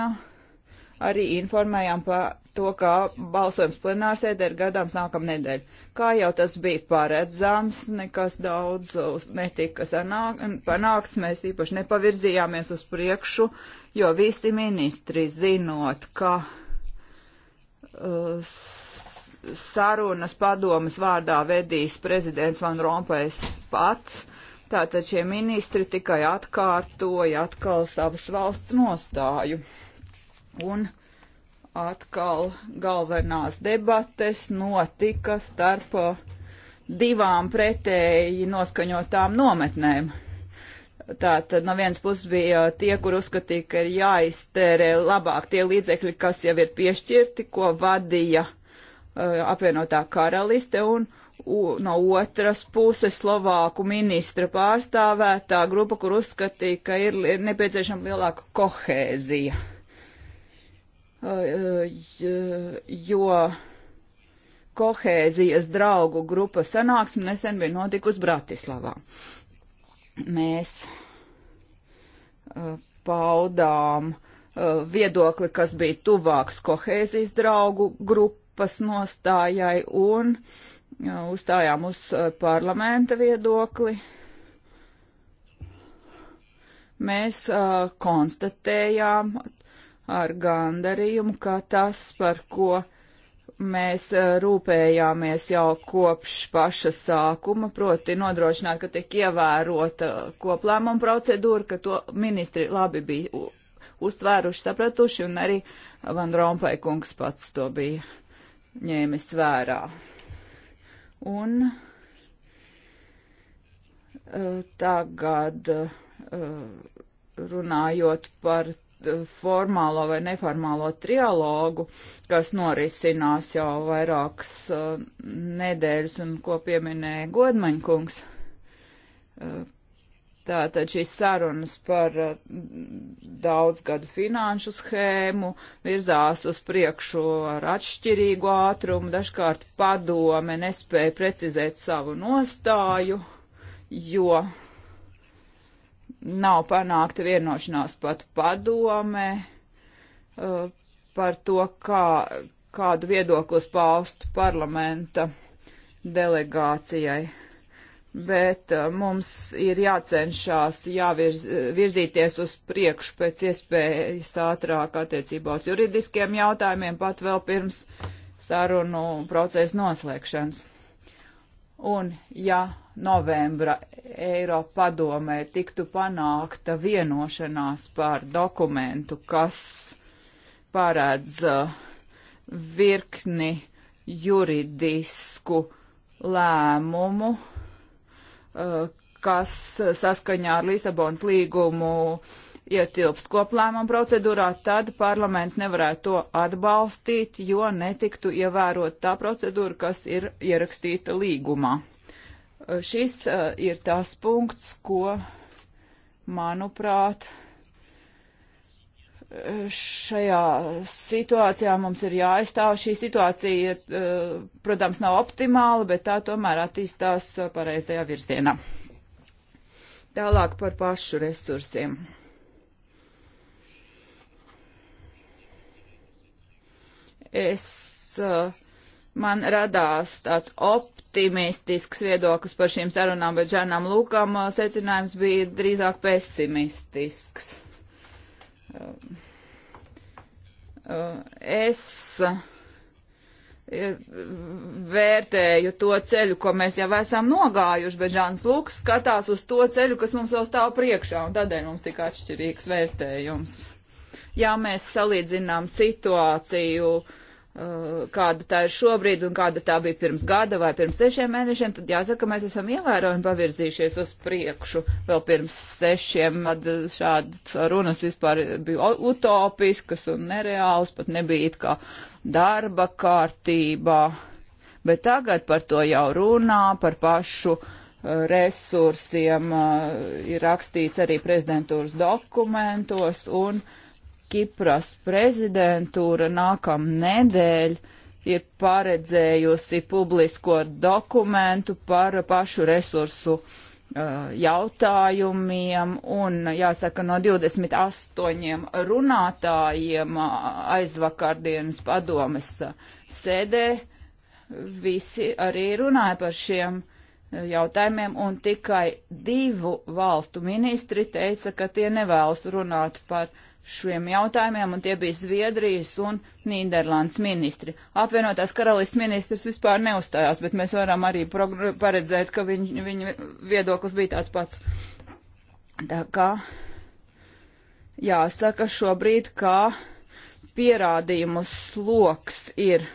arī informējām par to, ka balsojums plenārsēdē ir gadāms nākamnedēļ. Kā jau tas bija paredzams, nekas daudz netika sanāk, panākts, mēs īpaši nepavirzījāmies uz priekšu, jo visi ministri zinot, ka uh, sarunas padomas vārdā vedīs prezidents Van Rompējs pats, tātad šie ministri tikai atkārtoja atkal savas valsts nostāju. Un uh, atkal galvenās debates notika starp uh, divām pretēji noskaņotām nometnēm. Tātad no vienas puses bija uh, tie, kur uzskatīja, ka ir jāiztērē labāk tie līdzekļi, kas jau ir piešķirti, ko vadīja uh, apvienotā karaliste, un u, no otras puses Slovāku ministra pārstāvētā grupa, kur uzskatīja, ka ir nepieciešama lielāka kohēzija jo kohēzijas draugu grupa sanāksme nesen bija notikusi Bratislavā. Mēs paudām viedokli, kas bija tuvāks kohēzijas draugu grupas nostājai un uzstājām uz parlamenta viedokli. Mēs konstatējām ar gandarījumu, ka tas, par ko mēs eh, rūpējāmies jau kopš paša sākuma, proti nodrošināt, ka tiek ievērota koplēmuma procedūra, ka to ministri labi bija uztvēruši, sapratuši, un arī Van Rompai kungs pats to bija ņēmis vērā. Un eh, tagad eh, runājot par formālo vai neformālo trialogu, kas norisinās jau vairākas uh, nedēļas un ko pieminēja Godmaņkungs. Uh, Tātad šīs sarunas par uh, daudzgadu finanšu schēmu virzās uz priekšu ar atšķirīgu ātrumu, dažkārt padome nespēja precizēt savu nostāju, jo nav panākta vienošanās pat padome uh, par to, kā, kādu viedoklis paust parlamenta delegācijai. Bet uh, mums ir jācenšas jāvirzīties uz priekšu pēc iespējas ātrāk attiecībā uz juridiskiem jautājumiem, pat vēl pirms sarunu procesa noslēgšanas. Un, ja novembra Eiropa padomē tiktu panākta vienošanās par dokumentu, kas paredz uh, virkni juridisku lēmumu, uh, kas saskaņā ar Lisabonas līgumu ietilpst koplēmuma procedūrā, tad parlaments nevarētu to atbalstīt, jo netiktu ievērot tā procedūra, kas ir ierakstīta līgumā. Eh, šis eh, ir tas punkts, ko, manuprāt, eh, šajā situācijā mums ir jāaizstāv. Šī situācija, protams, nav optimāla, bet tā tomēr attīstās pareizajā virzienā. Tālāk par pašu resursiem. Es, man radās tāds op optimistisks viedoklis par šīm sarunām, bet Žanam Lūkam uh, secinājums bija drīzāk pesimistisks. Uh, uh, es vērtēju to ceļu, ko mēs jau esam nogājuši, bet Žāns Lūks skatās uz to ceļu, kas mums vēl stāv priekšā, un tādēļ mums tik atšķirīgs vērtējums. Ja mēs salīdzinām situāciju uh, Uh, kāda tā ir šobrīd un kāda tā bija pirms gada vai pirms sešiem mēnešiem, tad jāsaka, ka mēs esam ievērojami pavirzījušies uz priekšu. Vēl pirms sešiem šādas runas vispār bija utopiskas un nereālas, pat nebija it kā darba kārtībā. Bet tagad par to jau runā, par pašu uh, resursiem uh, ir rakstīts arī prezidentūras dokumentos un uh, Kipras prezidentūra nākam nedēļ ir paredzējusi publisko dokumentu par pašu resursu uh, jautājumiem un, jāsaka, no 28 runātājiem uh, aizvakardienas padomes uh, sēdē visi arī runāja par šiem uh, jautājumiem, un tikai divu valstu ministri teica, ka tie nevēlas runāt par šiem jautājumiem, un tie bija Zviedrijas un Nīderlandes ministri. Apvienotās karalists ministrs vispār neuzstājās, bet mēs varam arī paredzēt, ka viņ, viņa viedoklis bija tāds pats. Tā kā jāsaka šobrīd, kā pierādījumu sloks ir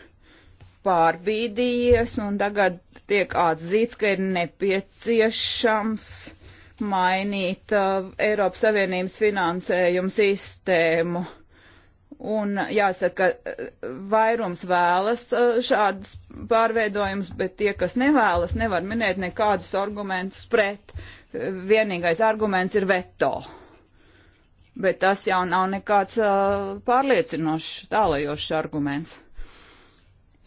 pārbīdījies, un tagad tiek atzīts, ka ir nepieciešams mainīt uh, Eiropas Savienības finansējumu sistēmu. Un jāsaka, vairums vēlas uh, šādas pārveidojumus, bet tie, kas nevēlas, nevar minēt nekādus argumentus pret. Vienīgais arguments ir veto. Bet tas jau nav nekāds uh, pārliecinošs, tālajošs arguments.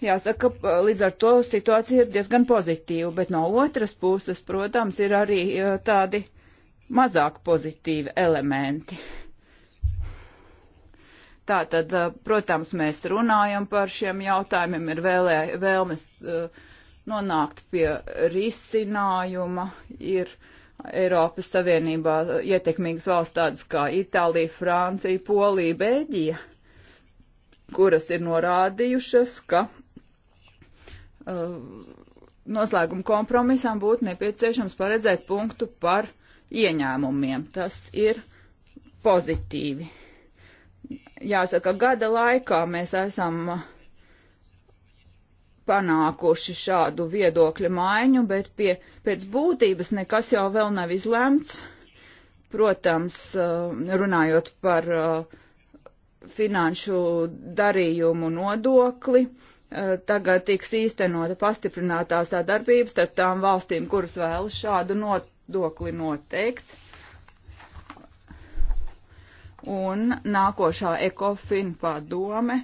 Jāsaka, eh, līdz ar to situācija ir diezgan pozitīva, bet no otras puses, protams, ir arī eh, tādi mazāk pozitīvi elementi. Tātad, eh, protams, mēs runājam par šiem jautājumiem, ir vēlē, vēlmes nonākt pie risinājuma, ir Eiropas Savienībā ietekmīgas valsts tādas kā Itālija, Francija, Polija, Beļģija, kuras ir norādījušas, ka Uh, noslēguma kompromisam būtu nepieciešams paredzēt punktu par ieņēmumiem. Tas ir pozitīvi. Jāsaka, gada laikā mēs esam panākuši šādu viedokļu maiņu, bet pie, pēc būtības nekas jau vēl nav izlemts. Protams, uh, runājot par uh, finanšu darījumu nodokli, uh, Eh, tagad tiks īstenota pastiprinātā sadarbība starp tām valstīm, kuras vēlas šādu nodokli noteikt. Un nākošā ekofin padome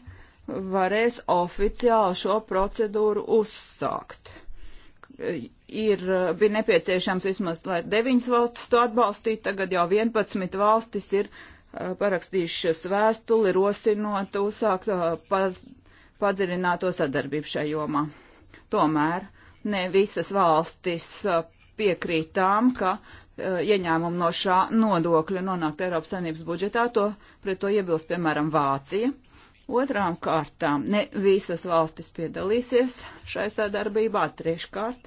varēs oficiāli šo procedūru uzsākt. Eh, ir, eh, bija nepieciešams vismaz, lai 9 valstis to atbalstītu, tagad jau 11 valstis ir parakstījušas vēstuli, rosinot, uzsākt padziļināto sadarbību šajā jomā. Tomēr ne visas valstis uh, piekrīt tām, ka uh, ieņēmumi no šā nodokļa nonākt Eiropas saimnības budžetā, to pret to iebilst, piemēram, Vācija. Otrām kārtām ne visas valstis piedalīsies šai sadarbībā, treškārt.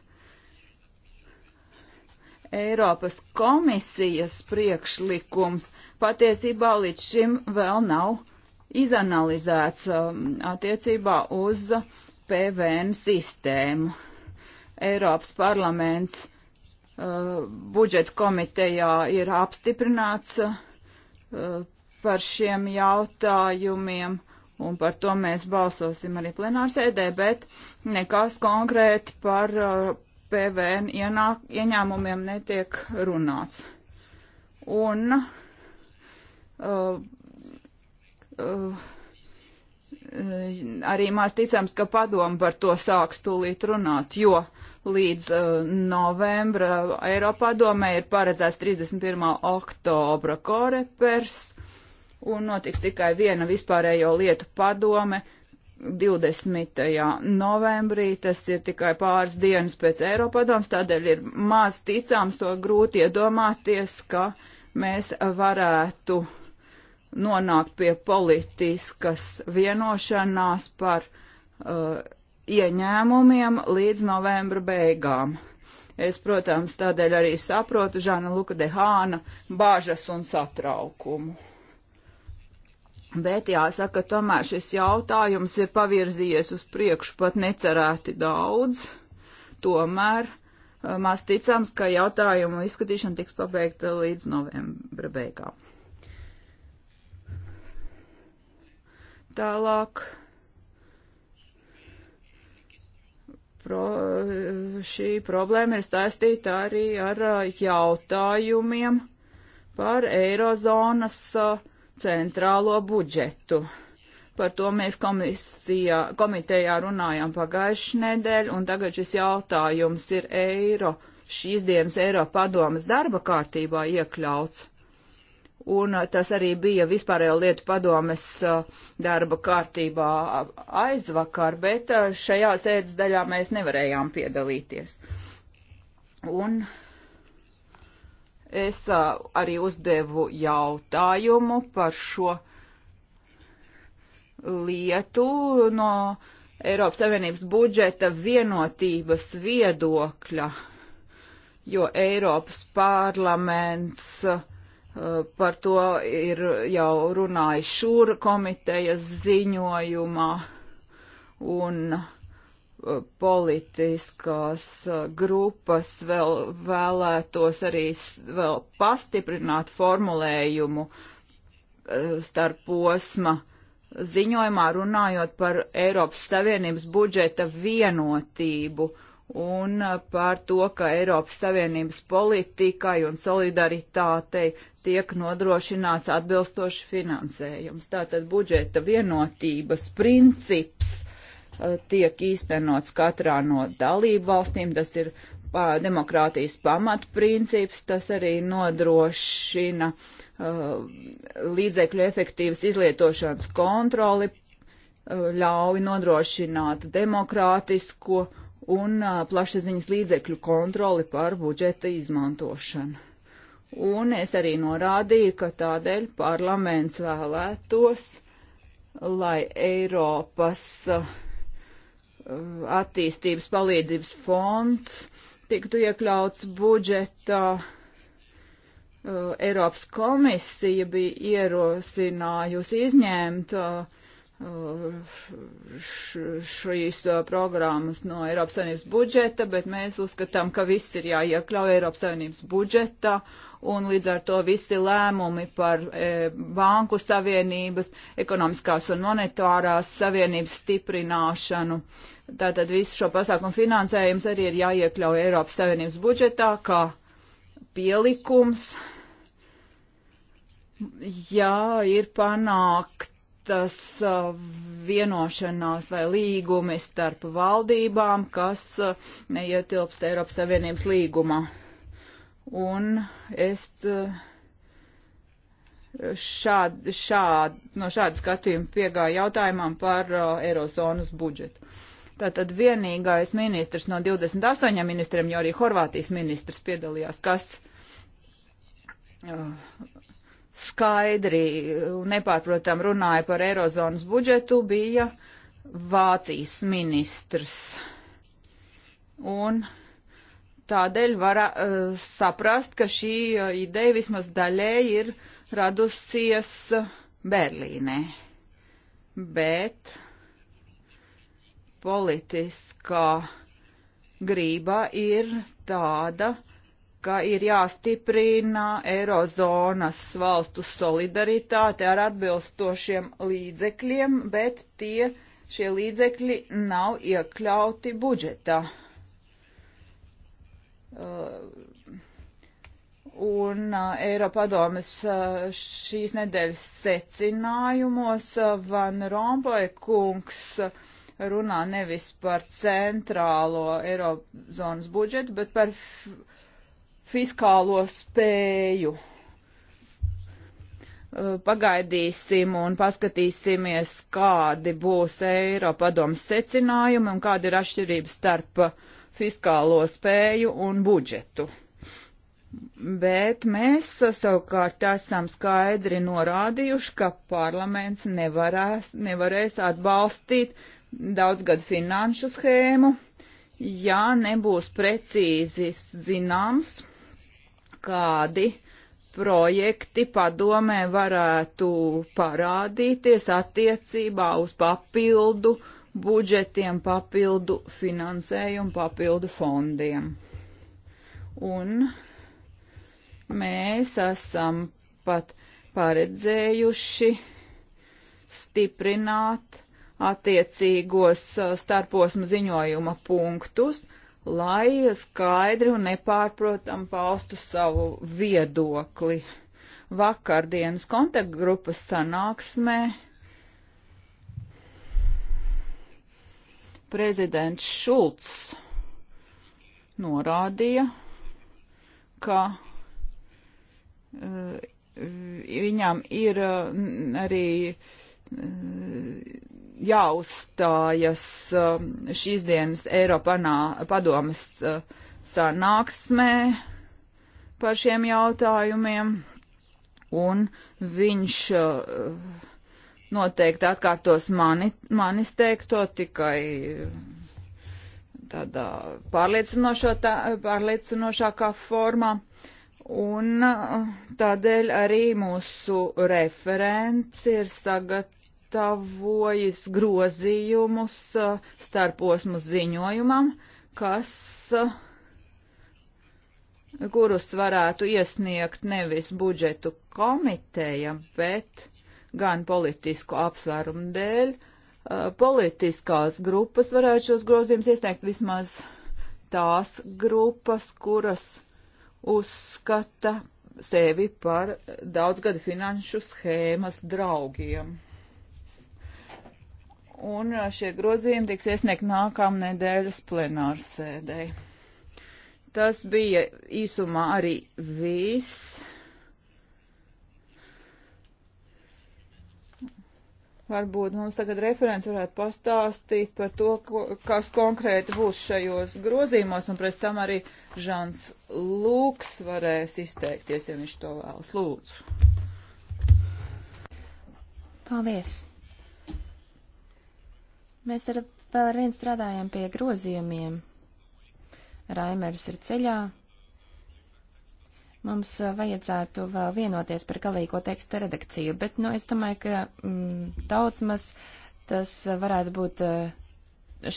Eiropas komisijas priekšlikums patiesībā līdz šim vēl nav izanalizēts um, attiecībā uz PVN sistēmu. Eiropas parlaments uh, budžeta komitejā ir apstiprināts uh, par šiem jautājumiem, un par to mēs balsosim arī plenārsēdē, bet nekas konkrēti par uh, PVN ienāk, ieņēmumiem netiek runāts. Un uh, uh, arī maz ticams, ka padomu par to sāks tūlīt runāt, jo līdz uh, novembra Eiropadomē ir paredzēts 31. oktobra korepers un notiks tikai viena vispārējo lietu padome 20. novembrī. Tas ir tikai pāris dienas pēc Eiropadoms, tādēļ ir maz ticams, to grūti iedomāties, ka mēs varētu uh, nonākt pie politiskas vienošanās par uh, ieņēmumiem līdz novembra beigām. Es, protams, tādēļ arī saprotu Žana Luka de Hāna bāžas un satraukumu. Bet jāsaka, tomēr šis jautājums ir pavirzījies uz priekšu pat necerēti daudz. Tomēr uh, maz ticams, ka jautājumu izskatīšana tiks pabeigta līdz novembra beigām. Tālāk. Pro, šī problēma ir saistīta arī ar jautājumiem par Eirozonas centrālo budžetu. Par to mēs komisijā, komitejā runājām pagājušajā nedēļā, un tagad šis jautājums ir eiro, šīs dienas Eiropa padomas darba kārtībā iekļauts un uh, tas arī bija vispārējo lietu padomes uh, darba kārtībā aizvakar, bet uh, šajā sēdes daļā mēs nevarējām piedalīties. Un es arī uzdevu jautājumu par šo lietu no Eiropas Savienības budžeta vienotības viedokļa, jo Eiropas parlaments uh, Par to ir jau runājis šūra komitejas ziņojumā un uh, politiskās uh, grupas vēl vēlētos arī vēl pastiprināt formulējumu uh, starp posma ziņojumā runājot par Eiropas Savienības budžeta vienotību un par to, ka Eiropas Savienības politikai un solidaritātei tiek nodrošināts atbilstoši finansējums. Tātad budžeta vienotības princips uh, tiek īstenots katrā no dalību valstīm. Tas ir uh, demokrātijas pamatprincips, tas arī nodrošina uh, līdzekļu efektīvas izlietošanas kontroli, ļauj nodrošināt demokrātisko un plašsaziņas līdzekļu kontroli pār budžeta izmantošanu un es arī norādīju, ka tādēļ parlaments vēlētos, lai Eiropas uh, attīstības palīdzības fonds tiktu iekļauts budžetā. Uh, Eiropas komisija bija ierosinājusi izņemt uh, šīs programmas no Eiropas Savienības budžeta, bet mēs uzskatām, ka viss ir jāiekļauj Eiropas Savienības budžetā, un līdz ar to visi lēmumi par e, Banku Savienības, ekonomiskās un monetārās savienības stiprināšanu. Tātad visu šo pasākumu finansējums arī ir jāiekļauj Eiropas Savienības budžetā kā pielikums. Jā, ir panākt tas uh, vienošanās vai līgumi starp valdībām, kas neietilpst uh, Eiropas Savienības līgumā. Un es uh, šād, šād, no šāda skatījuma piegāju jautājumam par uh, Eirozonas budžetu. Tātad vienīgais ministrs no 28 ministriem, jo arī Horvātijas ministrs piedalījās, kas uh, skaidri un nepārprotam runāja par Eirozonas budžetu, bija Vācijas ministrs. Un tādēļ var uh, saprast, ka šī uh, ideja vismaz daļēji ir radusies eh, Berlīnē. Bet politiskā grība ir tāda, uh, ka ir jāstiprina Eirozonas valstu solidaritāte ar atbilstošiem līdzekļiem, bet tie, šie līdzekļi nav iekļauti budžetā. Uh, un uh, Eiropadomes uh, šīs nedēļas secinājumos uh, Van Rompuy kungs uh, runā nevis par centrālo Eirozonas budžetu, bet par fiskālo spēju. Uh, pagaidīsim un paskatīsimies, kādi būs Eiropadomas secinājumi un kāda ir atšķirība starp fiskālo spēju un budžetu. Bet mēs savukārt esam skaidri norādījuši, ka parlaments nevarēs, nevarēs atbalstīt daudzgadu finanšu schēmu, ja nebūs precīzi zināms, kādi projekti padomē varētu parādīties attiecībā uz papildu budžetiem, papildu finansējumu, papildu fondiem. Un mēs esam pat paredzējuši stiprināt attiecīgos uh, starposmu ziņojuma punktus, lai skaidri un nepārprotam paustu savu viedokli. Vakardienas kontaktgrupas sanāksmē prezidents Šulcs norādīja, ka uh, viņam ir uh, arī uh, jāuzstājas um, šīs dienas Eiropanā padomas uh, sanāksmē par šiem jautājumiem, un viņš uh, noteikti atkārtos mani, manis teikto tikai uh, tādā tā, pārliecinošākā formā. Un tādēļ arī mūsu referents ir sagat, sagatavojis grozījumus uh, starposmu ziņojumam, kas, uh, kurus varētu iesniegt nevis budžetu komiteja, bet gan politisku apsvērumu dēļ. Uh, politiskās grupas varētu šos grozījumus iesniegt vismaz tās grupas, kuras uzskata sevi par daudzgadu finanšu schēmas draugiem un šie grozījumi tiks iesniegt nākamnedēļas plenārsēdēji. Tas bija īsumā arī viss. Varbūt mums tagad referents varētu pastāstīt par to, ko, kas konkrēti būs šajos grozījumos, un pēc tam arī Žans Lūks varēs izteikties, ja viņš to vēlas. Lūdzu. Paldies. Mēs ar, vēl ar vienu strādājam pie grozījumiem. Raimers ir ceļā. Mums uh, vajadzētu vēl vienoties par galīgo teksta redakciju, bet, nu, es domāju, ka mm, daudzmas tas varētu būt, uh,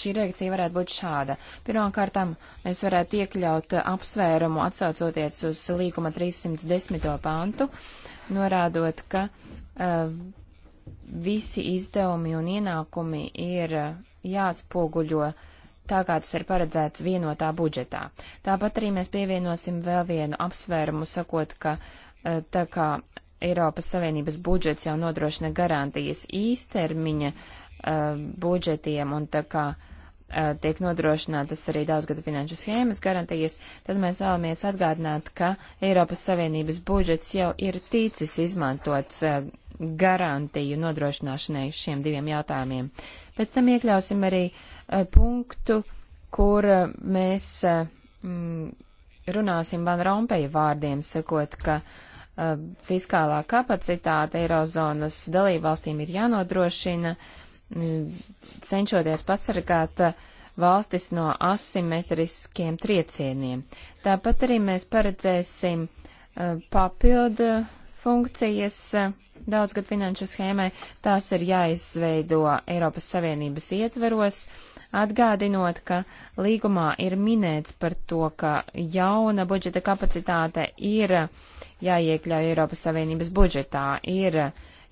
šī redakcija varētu būt šāda. Pirmkārtām, mēs varētu iekļaut uh, apsvērumu atsaucoties uz līguma 310. pantu, norādot, ka. Uh, mm, visi izdevumi un ienākumi ir eh, jāatspoguļo tā, kā tas ir paredzēts vienotā budžetā. Tāpat arī mēs pievienosim vēl vienu apsvērumu, sakot, ka eh, tā kā Eiropas Savienības budžets jau nodrošina garantijas īstermiņa uh, budžetiem un tā kā uh, tiek nodrošinātas arī daudzgada finanšu schēmas garantijas, tad mēs vēlamies atgādināt, ka Eiropas Savienības budžets jau ir ticis izmantots garantiju nodrošināšanai šiem diviem jautājumiem. Pēc tam iekļausim arī punktu, kur mēs mm, runāsim Van Rompeja vārdiem, sakot, ka fiskālā kapacitāte Eirozonas dalībvalstīm ir jānodrošina, uh, cenšoties pasargāt uh, valstis no asimetriskiem triecieniem. Tāpat arī mēs paredzēsim uh, papildu funkcijas uh, daudzgad finanšu schēmai. Tās ir jāizveido Eiropas Savienības ietveros, atgādinot, ka līgumā ir minēts par to, ka jauna budžeta kapacitāte ir jāiekļauj Eiropas Savienības budžetā, ir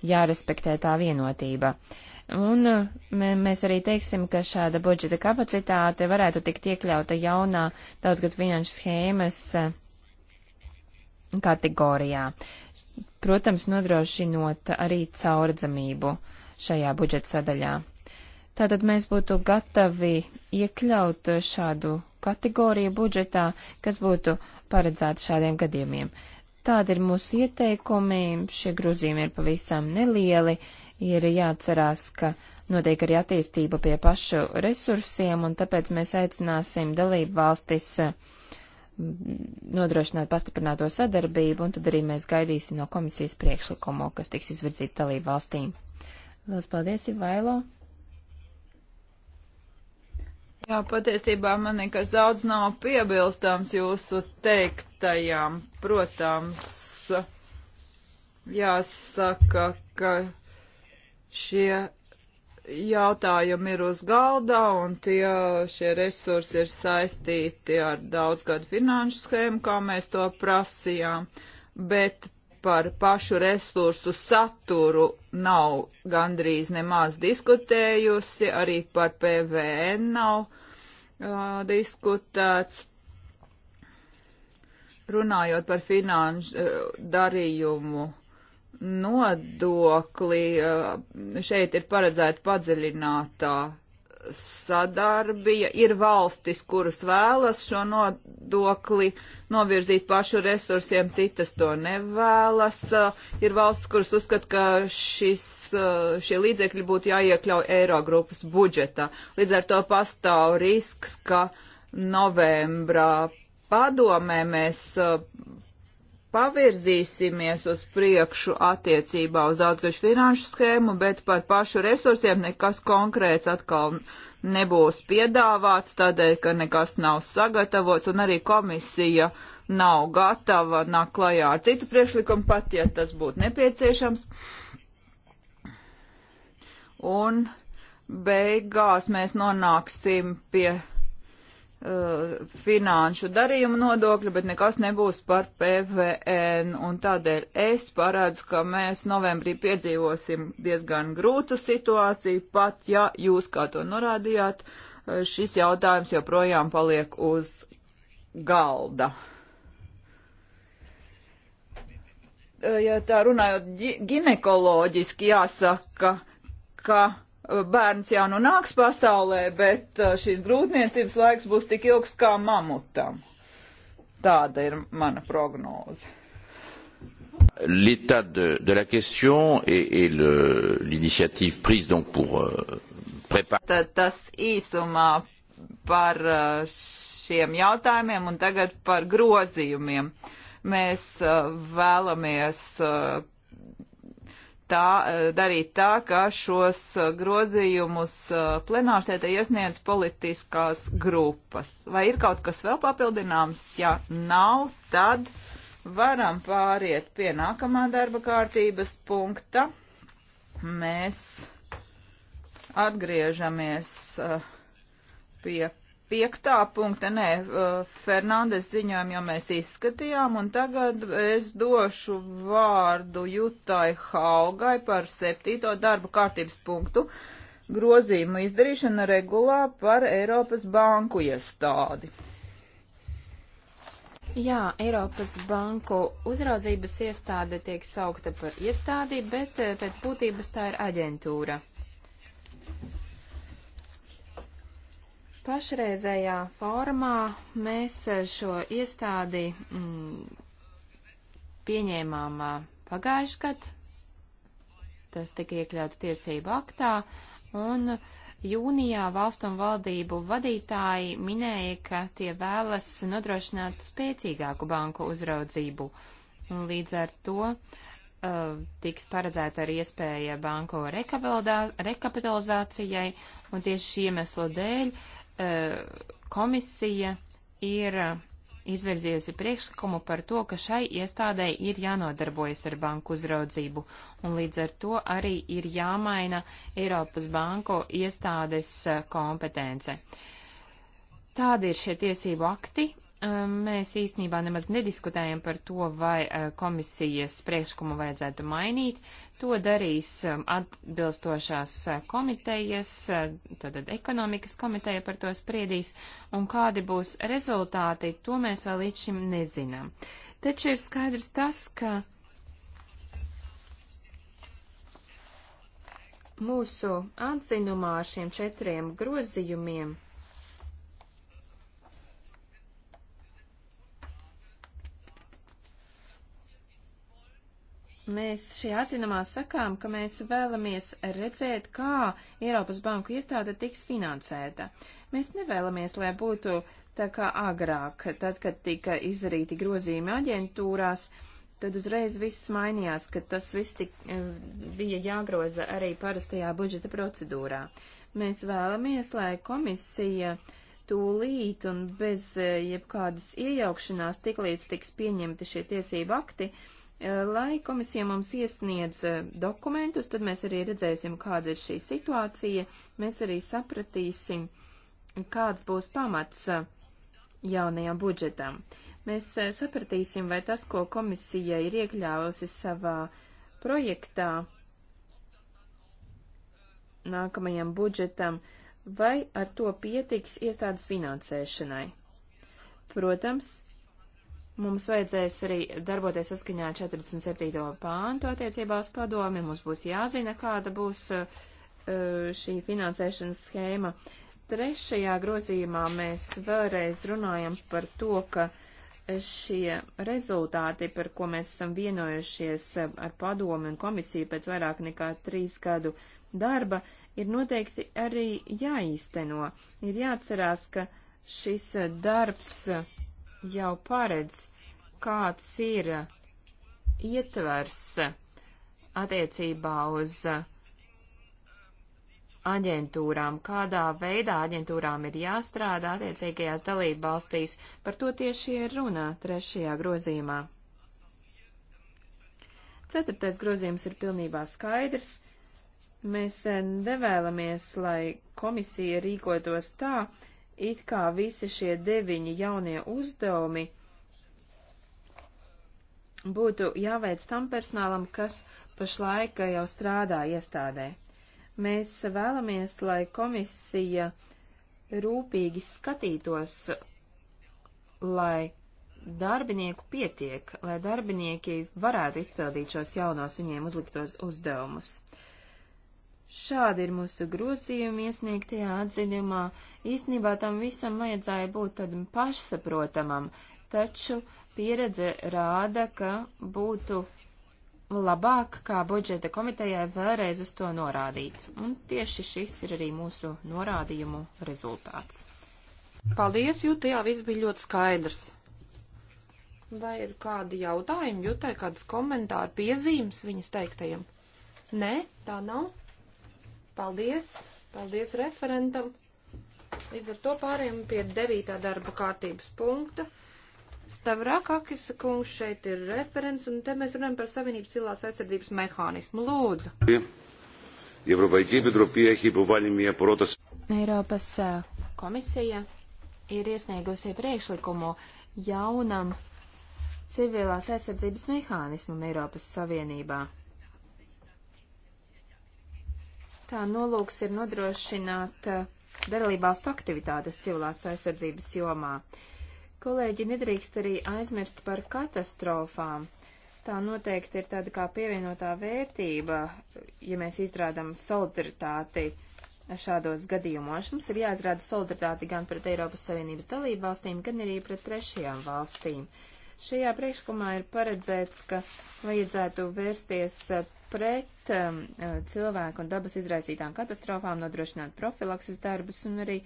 jārespektē tā vienotība. Uh, Un uh, mēs arī teiksim, ka šāda budžeta kapacitāte varētu tikt iekļauta jaunā daudzgads finanšu schēmas uh, kategorijā. Protams, nodrošinot arī caurdzamību šajā budžeta sadaļā. Tātad mēs būtu gatavi iekļaut šādu kategoriju budžetā, kas būtu paredzēta šādiem gadījumiem. Tādi ir mūsu ieteikumi, šie grozījumi ir pavisam nelieli, uh, ir jāatcerās, ka notiek arī attīstība pie pašu resursiem, un tāpēc mēs aicināsim dalību valstis eh, nodrošināt pastiprināto sadarbību, un tad arī mēs gaidīsim no komisijas priekšlikumu, kas tiks izvirzīta dalību valstīm. Lielas paldies, Ivailo! Jā, patiesībā man nekas daudz nav piebilstams jūsu teiktajām. Protams, jāsaka, ka Šie jautājumi ir uz galda un tie, šie resursi ir saistīti ar daudzgadu finanšu schēmu, kā mēs to prasījām, bet par pašu resursu saturu nav gandrīz nemaz diskutējusi, arī par PVN nav uh, diskutēts. Runājot par finanšu darījumu nodokli. Eh, šeit ir paredzēta padziļinātā sadarbija. Ir valstis, kuras vēlas šo nodokli novirzīt pašu resursiem, citas to nevēlas. Eh, ir valstis, kuras uzskata, ka šis, eh, šie līdzekļi būtu jāiekļauj Eirogrupas budžetā. Līdz ar to pastāv risks, ka novembrā padomē mēs pavirzīsimies uz priekšu attiecībā uz daudzgašu finanšu schēmu, bet par pašu resursiem nekas konkrēts atkal nebūs piedāvāts, tādēļ, ka nekas nav sagatavots un arī komisija nav gatava nāk klajā ar citu priekšlikumu pat, ja tas būtu nepieciešams. Un beigās mēs nonāksim pie Uh, finanšu darījumu nodokļu, bet nekas nebūs par PVN. Un tādēļ es parādzu, ka mēs novembrī piedzīvosim diezgan grūtu situāciju, pat ja jūs, kā to norādījāt, uh, šis jautājums joprojām paliek uz galda. Uh, ja tā runājot ginekoloģiski jāsaka, ka bērns jau nu nāks pasaulē, bet uh, šīs grūtniecības laiks būs tik ilgs kā mamutam. Tāda ir mana prognoze. L'état de, de la question et, et l'initiative prise donc pour euh, préparer. Tad tas īsumā par uh, šiem jautājumiem un tagad par grozījumiem. Mēs uh, vēlamies tā, eh, darīt tā, ka šos eh, grozījumus eh, plenārsētē iesniedz politiskās grupas. Vai ir kaut kas vēl papildināms? Ja nav, tad varam pāriet pie nākamā darba kārtības punkta. Mēs atgriežamies pie piektā punkta, nē, uh, Fernandes ziņojumu jau mēs izskatījām, un tagad es došu vārdu Jutai Haugai par septīto darba kārtības punktu grozījumu izdarīšana regulā par Eiropas banku iestādi. Jā, Eiropas banku uzraudzības iestāde tiek saukta par iestādi, bet eh, pēc būtības tā ir aģentūra. Pašreizējā formā mēs šo iestādi mm, pieņēmām pagājuši gadu. Tas tika iekļauts tiesību aktā, un jūnijā valstu un valdību vadītāji minēja, ka tie vēlas nodrošināt spēcīgāku banku uzraudzību. Un līdz ar to uh, tiks paredzēta arī iespēja banku rekapitalizācijai, un tieši šī iemesla dēļ uh, E, komisija ir e, izvirzījusi priekšlikumu par to, ka šai iestādē ir jānodarbojas ar banku uzraudzību, un līdz ar to arī ir jāmaina Eiropas banku iestādes e, kompetence. Tādi ir šie tiesību akti. Mēs īstenībā nemaz nediskutējam par to, vai komisijas priekšlikumu vajadzētu mainīt. To darīs um, atbilstošās uh, komitejas, tātad uh, ekonomikas komiteja par to spriedīs, un kādi būs rezultāti, to mēs vēl līdz šim nezinām. Taču ir skaidrs tas, ka mūsu atzinumā ar šiem četriem grozījumiem Mēs šajā atzinumā sakām, ka mēs vēlamies redzēt, kā Eiropas banku iestāde tiks finansēta. Mēs nevēlamies, lai būtu tā kā agrāk, tad, kad tika izdarīti grozījumi aģentūrās, tad uzreiz viss mainījās, ka tas viss tik, eh, bija jāgroza arī parastajā budžeta procedūrā. Mēs vēlamies, lai komisija tūlīt un bez eh, jebkādas iejaukšanās tiklīdz tiks pieņemti šie tiesību akti, uh, Lai komisija mums iesniedz eh, dokumentus, tad mēs arī redzēsim, kāda ir šī situācija. Mēs arī sapratīsim, kāds būs pamats eh, jaunajam budžetam. Mēs eh, sapratīsim, vai tas, ko komisija ir iekļāvusi savā projektā nākamajam budžetam, vai ar to pietiks iestādes finansēšanai. Protams, Mums vajadzēs arī darboties saskaņā 47. pāntu attiecībā uz padomi. Mums būs jāzina, kāda būs uh, šī finansēšanas schēma. Trešajā grozījumā mēs vēlreiz runājam par to, ka šie rezultāti, par ko mēs esam vienojušies uh, ar padomi un komisiju pēc vairāk nekā trīs gadu darba, ir noteikti arī jāīsteno. Ir jāatcerās, ka šis uh, darbs jau paredz, kāds ir ietvers attiecībā uz aģentūrām, kādā veidā aģentūrām ir jāstrādā attiecīgajās dalību valstīs. Par to tieši ir runā trešajā grozījumā. Ceturtais grozījums ir pilnībā skaidrs. Mēs eh, nevēlamies, lai komisija rīkotos tā, it kā visi šie deviņi jaunie uzdevumi būtu jāveic tam personālam, kas pašlaik jau strādā iestādē. Mēs vēlamies, lai komisija rūpīgi skatītos, lai darbinieku pietiek, lai darbinieki varētu izpildīt šos jaunos viņiem uzliktos uzdevumus. Uh, Šādi ir mūsu grozījumi iesniegtajā atziņumā. Īsnībā tam visam vajadzēja būt tādam pašsaprotamam, taču pieredze rāda, ka būtu labāk, kā budžeta komitejai vēlreiz uz to norādīt. Un tieši šis ir arī mūsu norādījumu rezultāts. Paldies, Jūta, jā, viss bija ļoti skaidrs. Vai ir kādi jautājumi, Jūtai, kādas komentāri, piezīmes viņas teiktajam? Nē, tā nav. Paldies! Paldies referentam! Līdz ar to pārējām pie devītā darba kārtības punkta. Stavrakakis kungs šeit ir referents, un te mēs runājam par Savienības cilvēks aizsardzības mehānismu. Lūdzu! Eiropas eh, komisija ir iesniegusi priekšlikumu jaunam civilās aizsardzības mehānismam Eiropas Savienībā. Tā nolūks ir nodrošināt eh, dalībvalstu aktivitātes civilās aizsardzības jomā. Kolēģi nedrīkst arī aizmirst par katastrofām. Tā noteikti ir tāda kā pievienotā vērtība, ja mēs izrādām solidaritāti šādos gadījumos. Mums ir jāizrāda solidaritāti gan pret Eiropas Savienības dalību valstīm, gan arī pret trešajām valstīm. Šajā priekšlikumā ir paredzēts, ka vajadzētu vērsties eh, pret um, uh, cilvēku un dabas izraisītām katastrofām, nodrošināt profilakses darbus un arī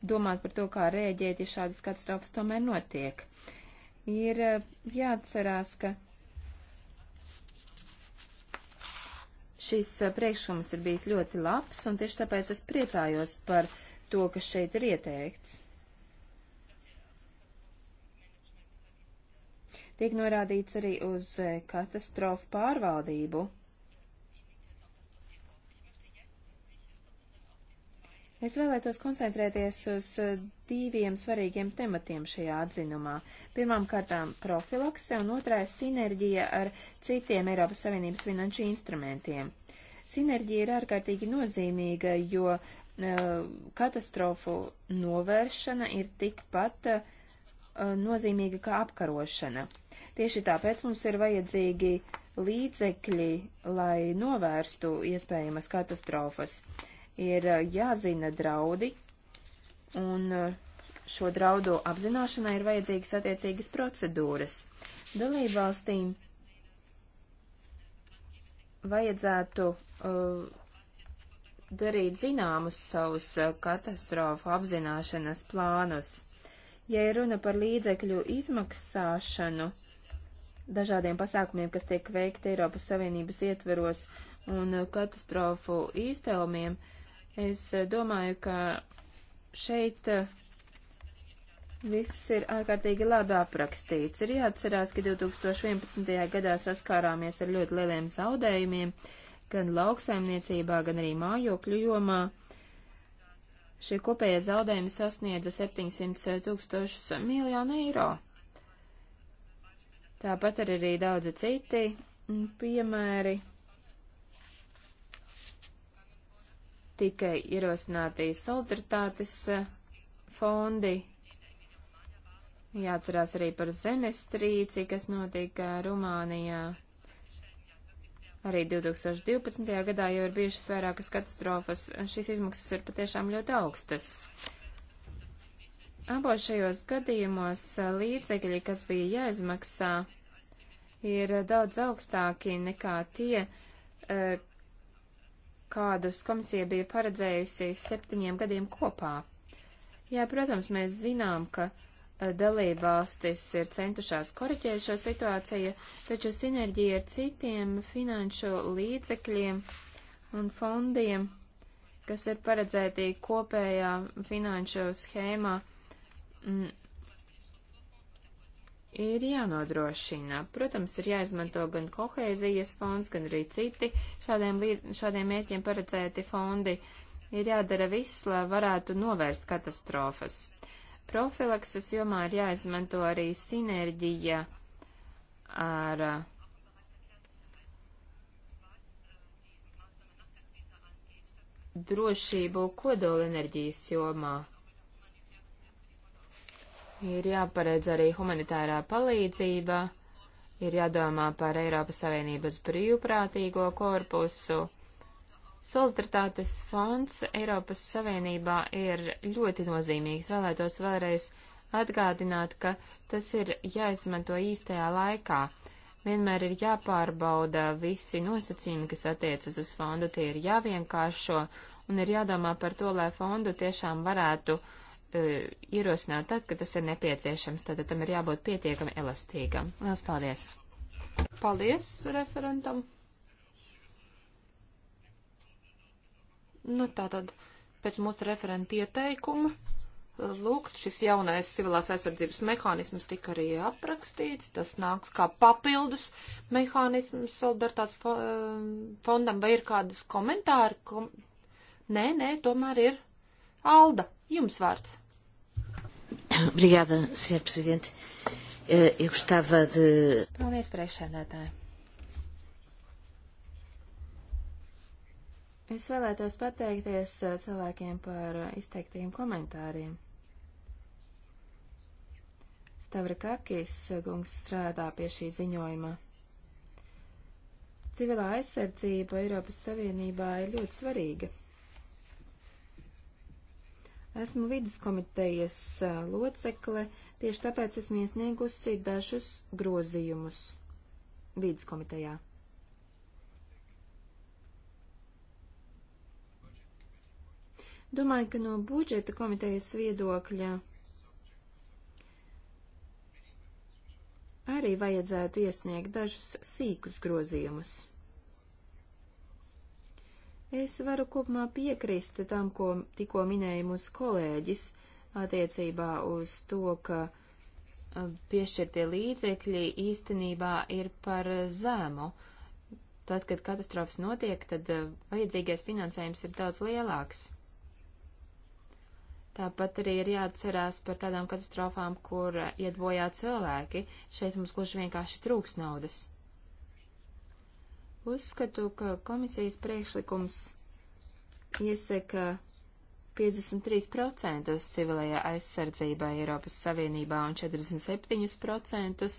domāt par to, kā rēģēt, ja šādas katastrofas tomēr notiek. Ir uh, jāatcerās, ka šis uh, priekšlikums ir bijis ļoti labs, un tieši tāpēc es priecājos par to, kas šeit ir ieteikts. Tiek norādīts arī uz uh, katastrofu pārvaldību Es vēlētos koncentrēties uz eh, diviem svarīgiem tematiem šajā atzinumā. Pirmām kārtām profilakse un otrais sinerģija ar citiem Eiropas Savienības finanšu instrumentiem. Sinerģija ir ārkārtīgi nozīmīga, jo uh, katastrofu novēršana ir tikpat uh, nozīmīga kā apkarošana. Tieši tāpēc mums ir vajadzīgi līdzekļi, lai novērstu iespējamas katastrofas. Uh, ir eh, jāzina draudi, un eh, šo draudu apzināšanai ir vajadzīgas attiecīgas procedūras. Dalībvalstīm vajadzētu uh, darīt zināmus savus katastrofu apzināšanas plānus. Ja ir runa par līdzekļu izmaksāšanu dažādiem pasākumiem, kas tiek veikti Eiropas Savienības ietveros un katastrofu izteumiem, uh, Es eh, domāju, ka šeit eh, viss ir ārkārtīgi labi aprakstīts. Ir jāatcerās, ka 2011. gadā saskārāmies ar ļoti lieliem zaudējumiem gan lauksaimniecībā, gan arī mājokļu jomā. Šie kopējie zaudējumi sasniedza 700 eh, tūkstošus miljonu eiro. Tāpat ir arī daudzi citi mm, piemēri. tikai ierosināti solidaritātes eh, fondi. Jāatcerās arī par zemestrīci, kas notika Rumānijā. Arī 2012. gadā jau ir bijušas vairākas katastrofas. Šīs izmaksas ir patiešām ļoti augstas. Abos šajos gadījumos eh, līdzekļi, kas bija jāizmaksā, ir daudz augstāki nekā tie, eh, kādus komisija bija paredzējusi septiņiem gadiem kopā. Jā, protams, mēs zinām, ka e, dalībvalstis ir centušās koriģēt šo situāciju, taču sinerģija ar citiem finanšu līdzekļiem un fondiem, kas ir paredzēti kopējā finanšu schēmā, mm, ir jānodrošina. Protams, ir jāizmanto gan kohēzijas fonds, gan arī citi šādiem, šādiem mērķiem paredzēti fondi. Ir jādara viss, lai varētu novērst katastrofas. Profilakses jomā ir jāizmanto arī sinerģija ar uh, drošību kodolenerģijas jomā. Ir jāparedz arī humanitārā palīdzība, ir jādomā par Eiropas Savienības brīvprātīgo korpusu. Solidaritātes fonds Eiropas Savienībā ir ļoti nozīmīgs. Vēlētos vēlreiz atgādināt, ka tas ir jāizmanto īstajā laikā vienmēr ir jāpārbauda visi nosacījumi, kas attiecas uz fondu, tie ir jāvienkāršo un ir jādomā par to, lai fondu tiešām varētu E, ierosināt tad, kad tas ir nepieciešams. Tātad tam ir jābūt pietiekami elastīgam. Lielas paldies! Paldies referentam! Nu, tātad pēc mūsu referenta ieteikuma, lūk, šis jaunais civilās aizsardzības mehānisms tika arī aprakstīts. Tas nāks kā papildus mehānisms solidaritātes fondam, vai ir kādas komentāri? Kom... Nē, nē, tomēr ir Alda, jums vārds. Obrigada, Sr. Presidente. Eh, eu gostava de. Paldies, priekšsēdētāji. Es vēlētos pateikties eh, cilvēkiem par eh, izteiktajiem komentāriem. Stavrakakis kungs strādā pie šī ziņojuma. Civilā aizsardzība Eiropas Savienībā ir ļoti svarīga. Esmu vidas komitejas locekle, tieši tāpēc esmu iesniegusi dažus grozījumus vidas komitejā. Domāju, ka no budžeta komitejas viedokļa arī vajadzētu iesniegt dažus sīkus grozījumus. Es varu kopumā piekrist tam, ko tikko minēja mūsu kolēģis attiecībā uz to, ka piešķirtie līdzekļi īstenībā ir par zēmu. Tad, kad katastrofas notiek, tad vajadzīgais finansējums ir daudz lielāks. Tāpat arī ir jāatcerās par tādām katastrofām, kur iet bojā cilvēki. Šeit mums gluži vienkārši trūks naudas. Uzskatu, ka komisijas priekšlikums iesaka 53% civilajā aizsardzībā Eiropas Savienībā un 47%,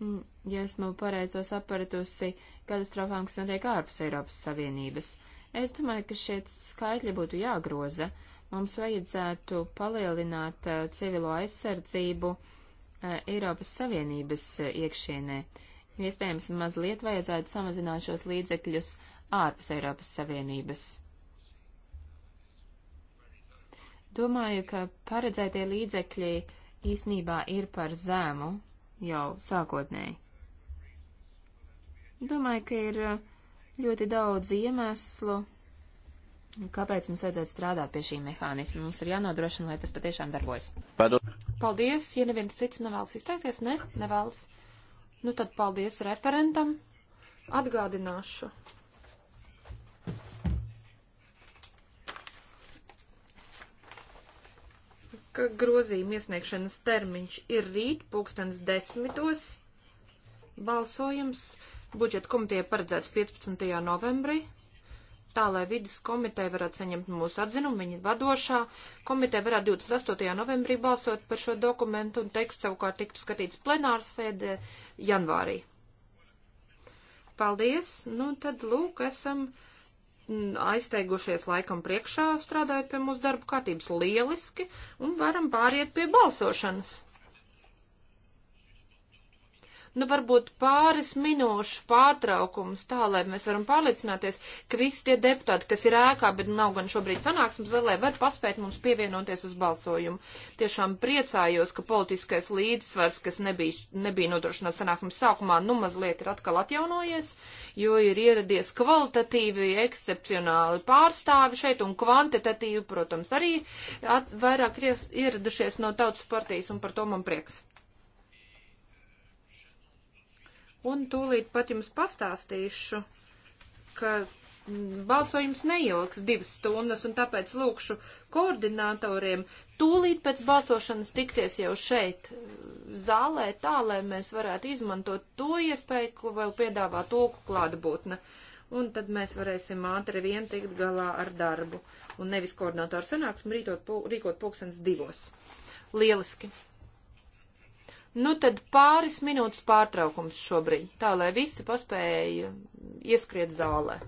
mm, ja esmu pareizos sapratusi, katastrofām, kas notiek ārpus Eiropas Savienības. Es domāju, ka šie skaitļi būtu jāgroza. Mums vajadzētu palielināt eh, civilo aizsardzību eh, Eiropas Savienības eh, iekšienē. Iespējams, mazliet vajadzētu samazināt šos līdzekļus ārpus Eiropas Savienības. Domāju, ka paredzētie līdzekļi īsnībā ir par zēmu jau sākotnēji. Domāju, ka ir ļoti daudz iemeslu, kāpēc mums vajadzētu strādāt pie šī mehānisma. Mums ir jānodrošina, lai tas patiešām darbojas. Paldies, ja neviens cits nevēlas izteikties, ne? Nevēlas. Nu tad paldies referentam. Atgādināšu. ka grozījuma iesniegšanas termiņš ir rīt, pulkstens desmitos. Balsojums budžeta komiteja paredzēts 15. novembrī tā, lai vidas komiteja varētu saņemt mūsu atzinumu, viņa vadošā komiteja varētu 28. novembrī balsot par šo dokumentu un teksts savukārt tiktu skatīts plenārs sēdē janvārī. Paldies, nu tad lūk, esam mm, aizteigušies laikam priekšā strādājot pie mūsu darba kārtības lieliski un varam pāriet pie balsošanas nu, varbūt pāris minūšu pārtraukums tā, lai mēs varam pārliecināties, ka visi tie deputāti, kas ir ēkā, bet nav gan šobrīd sanāksmes, lai var paspēt mums pievienoties uz balsojumu. Tiešām priecājos, ka politiskais līdzsvars, kas nebija, nebija nodrošināts sanāksmes sākumā, nu mazliet ir atkal atjaunojies, jo ir ieradies kvalitatīvi, ekscepcionāli pārstāvi šeit un kvantitatīvi, protams, arī at, vairāk ieradušies no tautas partijas un par to man prieks. un tūlīt pat jums pastāstīšu, ka mm, balsojums neilgs divas stundas, un tāpēc lūkšu koordinātoriem tūlīt pēc balsošanas tikties jau šeit eh, zālē, tā, lai mēs varētu izmantot to iespēju, ko vēl piedāvā tulku klātbūtne. Un tad mēs varēsim ātri vien tikt galā ar darbu. Un nevis koordinātoru sanāksim rīkot pulkstens divos. Lieliski! Nu tad pāris minūtes pārtraukums šobrīd, tā lai visi paspēja ieskriet zālē.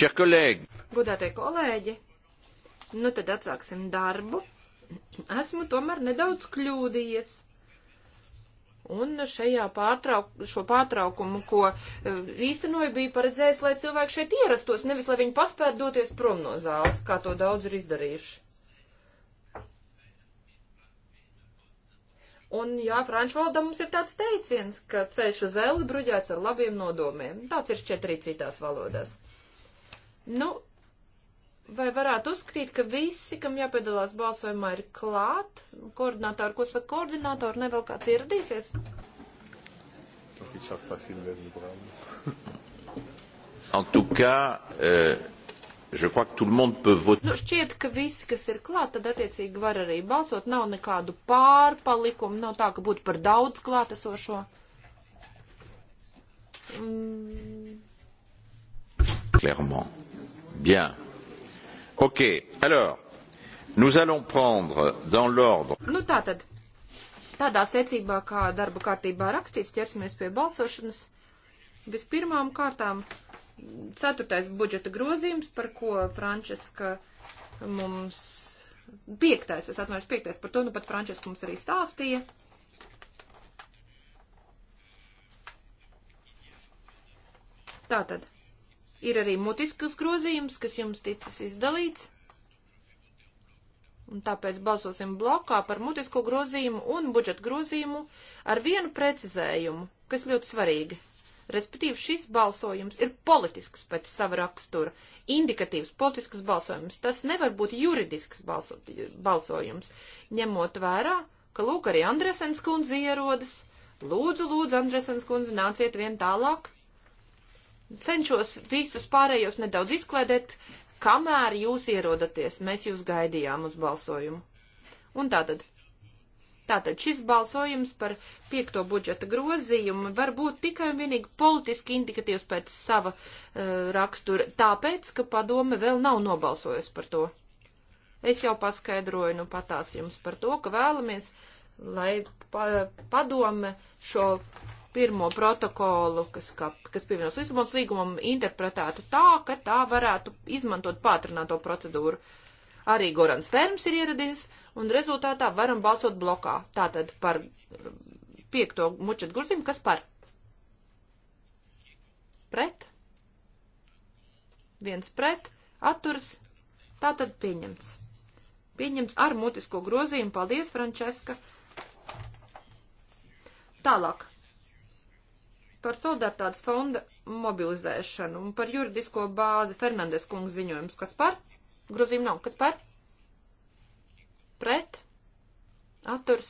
Šie kolēģi. Godātie kolēģi, nu tad atsāksim darbu. Esmu tomēr nedaudz kļūdījies. Un šajā pārtrauk, šo pārtraukumu, ko eh, īstenoju, bija paredzējis, lai cilvēki šeit ierastos, nevis lai viņi paspētu doties prom no zāles, kā to daudz ir izdarījuši. Un, jā, franču valodā mums ir tāds teiciens, ka ceļš uz elli bruģēts ar labiem nodomiem. Tāds ir šķiet arī citās valodās. Nu, vai varētu uzskatīt, ka visi, kam jāpiedalās balsojumā, ir klāt? Koordinātori, ko saka koordinātori, ne vēl kāds ieradīsies? En tout cas, euh, Nu, šķiet, ka visi, kas ir klāt, tad attiecīgi var arī balsot. Nav nekādu pārpalikumu, nav tā, ka būtu par daudz klātesošo. Mm. Clairement. Bien. Ok, alors, nous allons prendre dans l'ordre. Nu, tā tad. Tādā secībā, kā darba kārtībā rakstīts, ķersimies pie balsošanas. Vispirmām kārtām ceturtais budžeta grozījums, par ko Frančiska mums piektais, es atvainojos piektais, par to nu pat Frančiska mums arī stāstīja. Tātad, ir arī mutiskas grozījums, kas jums ticis izdalīts. Un tāpēc balsosim blokā par mutisko grozījumu un budžeta grozījumu ar vienu precizējumu, kas ļoti svarīgi. Respektīvi, šis balsojums ir politisks pēc sava rakstura, indikatīvs politisks balsojums. Tas nevar būt juridisks balso, balsojums, ņemot vērā, ka lūk arī Andresens kundze ierodas. Lūdzu, lūdzu, Andresens kundze, nāciet vien tālāk. Cenšos visus pārējos nedaudz izklēdēt, kamēr jūs ierodaties, mēs jūs gaidījām uz balsojumu. Un tātad Tātad šis balsojums par piekto budžeta grozījumu var būt tikai un vienīgi politiski indikatīvs pēc sava uh, rakstura, tāpēc, ka padome vēl nav nobalsojusi par to. Es jau paskaidroju, nu patās jums par to, ka vēlamies, lai pa, padome šo pirmo protokolu, kas, kā, kas pievienos Lisabonas līgumam, interpretētu tā, ka tā varētu izmantot pātrināto procedūru. Arī Gorans Ferms ir ieradies, un rezultātā varam balsot blokā. Tātad par piekto mučet grozījumu, kas par? Pret? Viens pret, atturs, tātad pieņemts. Pieņemts ar mutisko grozījumu. Paldies, Frančeska! Tālāk par solidaritātes fonda mobilizēšanu un par juridisko bāzi Fernandes kungs ziņojums. Kas par? Grozījumi nav. Kas par? pret, atturs,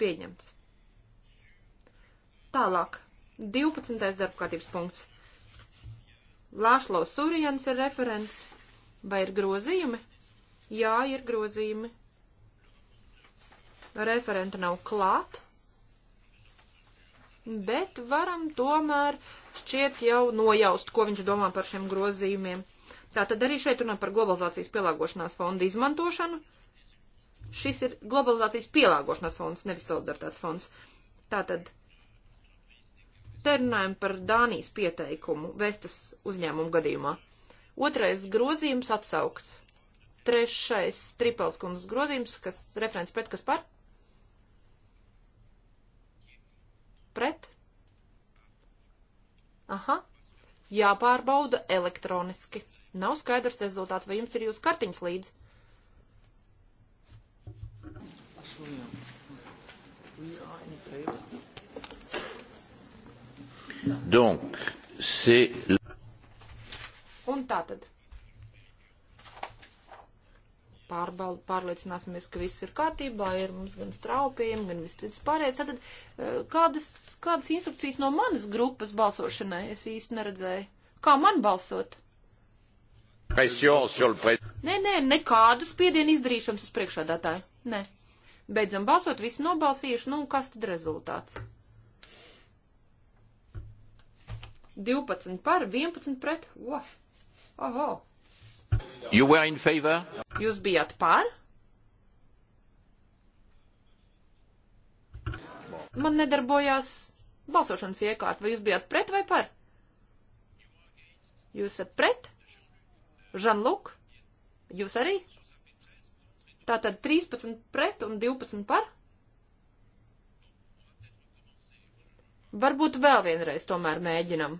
pieņemts. Tālāk, 12. darbkārtības punkts. Lāšlo Surijans ir referents. Vai ir grozījumi? Jā, ir grozījumi. Referenta nav klāt, bet varam tomēr šķiet jau nojaust, ko viņš domā par šiem grozījumiem. Tātad arī šeit runā par globalizācijas pielāgošanās fonda izmantošanu. Šis ir globalizācijas pielāgošanās fonds, nevis solidaritātes fonds. Tātad te runājam par Dānijas pieteikumu vestas uzņēmumu gadījumā. Otrais grozījums atsaukts. Trešais tripelskundas grozījums, kas referents pret kas par? Pret? Aha. Jāpārbauda elektroniski. Nav skaidrs rezultāts, vai jums ir jūsu kartiņas līdzi. Donc, c'est... Un tātad. Pārbaud, pārliecināsimies, ka viss ir kārtībā, ir mums gan straupījumi, gan viss cits pārējais. Tātad eh, kādas, kādas instrukcijas no manas grupas balsošanai es īsti neredzēju? Kā man balsot? Nē, nē, nekādu spiedienu izdarīšanas uz priekšādātāju. Nē. Beidzam balsot, visi nobalsījuši, nu kas tad rezultāts? 12 par, 11 pret. Wow. Oho. You were in favor? Jūs bijāt par? Man nedarbojās balsošanas iekārta. Vai jūs bijāt pret vai par? Jūs esat pret? Žanluk, jūs arī? Tātad 13 pret un 12 par? Varbūt vēl vienreiz tomēr mēģinam.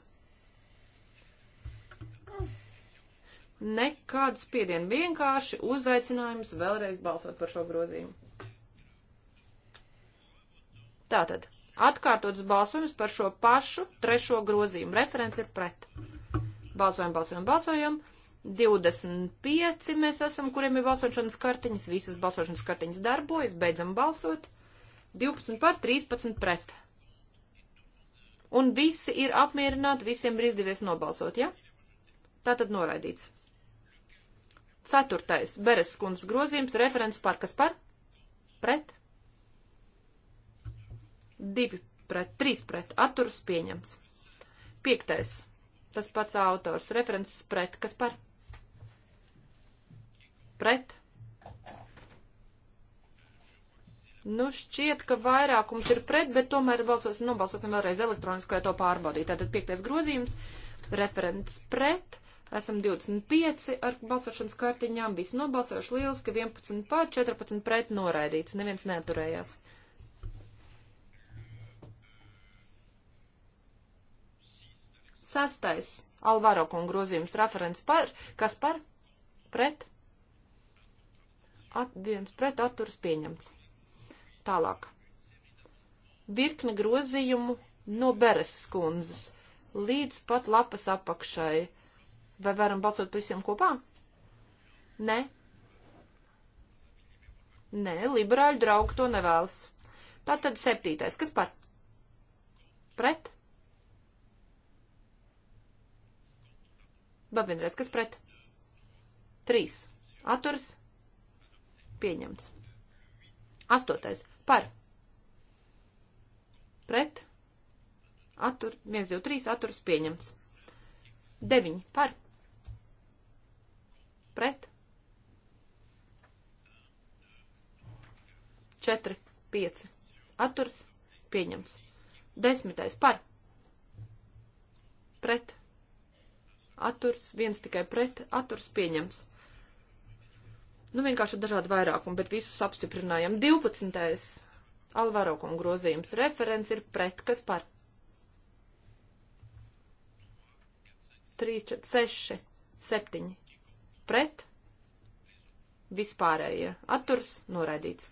Nekāds spiediens, vienkārši uzaicinājums vēlreiz balsot par šo grozījumu. Tātad, atkārtots balsojums par šo pašu trešo grozījumu. Referents ir pret. Balsojam, balsojam, balsojam. 25 mēs esam, kuriem ir balsošanas kartiņas, visas balsošanas kartiņas darbojas, beidzam balsot. 12 par 13 pret. Un visi ir apmierināti, visiem ir izdevies nobalsot, ja? Tā tad noraidīts. Ceturtais. Beres skundas grozījums, referents par kas par? Pret. Divi pret, trīs pret, atturas pieņems. Piektais. Tas pats autors, references pret, kas par? Pret. Nu, šķiet, ka vairākums ir pret, bet tomēr balsos, nu, balsosim vēlreiz elektroniski, lai to pārbaudītu. Tātad piektais grozījums, referents pret, esam 25 ar balsošanas kartiņām, visi nobalsojuši lieliski, 11 pār, 14 pret noraidīts, neviens neturējās. Sastais, Alvaro kungrozījums, referents par, kas par? Pret? at, viens pret atturas pieņemts. Tālāk. Virkne grozījumu no Bereses kundzes līdz pat lapas apakšai. Vai varam balsot par visiem kopā? Nē. Nē, liberāļu draugi to nevēlas. Tātad septītais. Kas par? Pret? Vēl vienreiz, kas pret? Trīs. Aturs. Pieņemts. Astotais. Par. Pret. Attur. 1, 2, 3. Atturs. Pieņemts. 9. Par. Pret. 4, 5. Atturs. Pieņemts. Desmitais. Par. Pret. Atturs. Viens tikai pret. Atturs. Pieņemts. Nu, vienkārši ir dažādi vairākumi, bet visus apstiprinājam. 12. Alvaro kungu grozījums referents ir pret, kas par 3, 4, 6, 7 pret, vispārējie atturs noraidīts.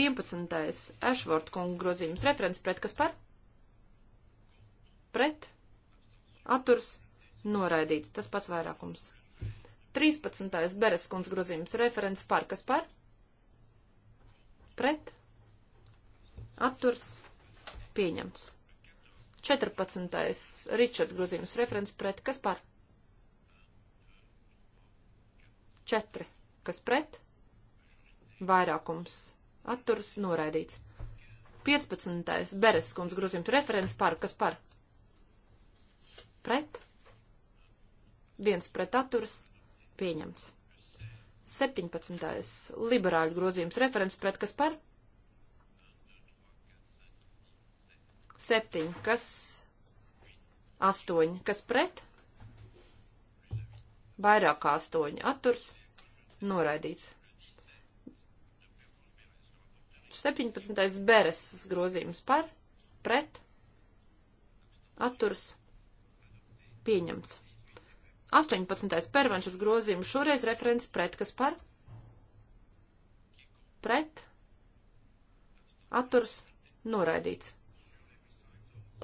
11. Ashford kungu grozījums referents pret, kas par pret, atturs noraidīts. Tas pats vairākums. 13. Bereskunds grozījums referents par kas par? Pret. Atturs. Pieņemts. 14. Ričard grozījums referents pret kas par? 4. Kas pret? Vairākums. Atturs noraidīts. 15. Bereskunds grozījums referents par kas par? Pret. 1 pret atturs Pieņemts. 17. liberāļu grozījums referents pret kas par? 7. Kas? 8. Kas pret? Vairāk kā 8. Atturs. Noraidīts. 17. beres grozījums par? Pret? Atturs. Pieņemts. 18. pervenšas grozījums šoreiz referents pret, kas par? Pret. Atturs noraidīts.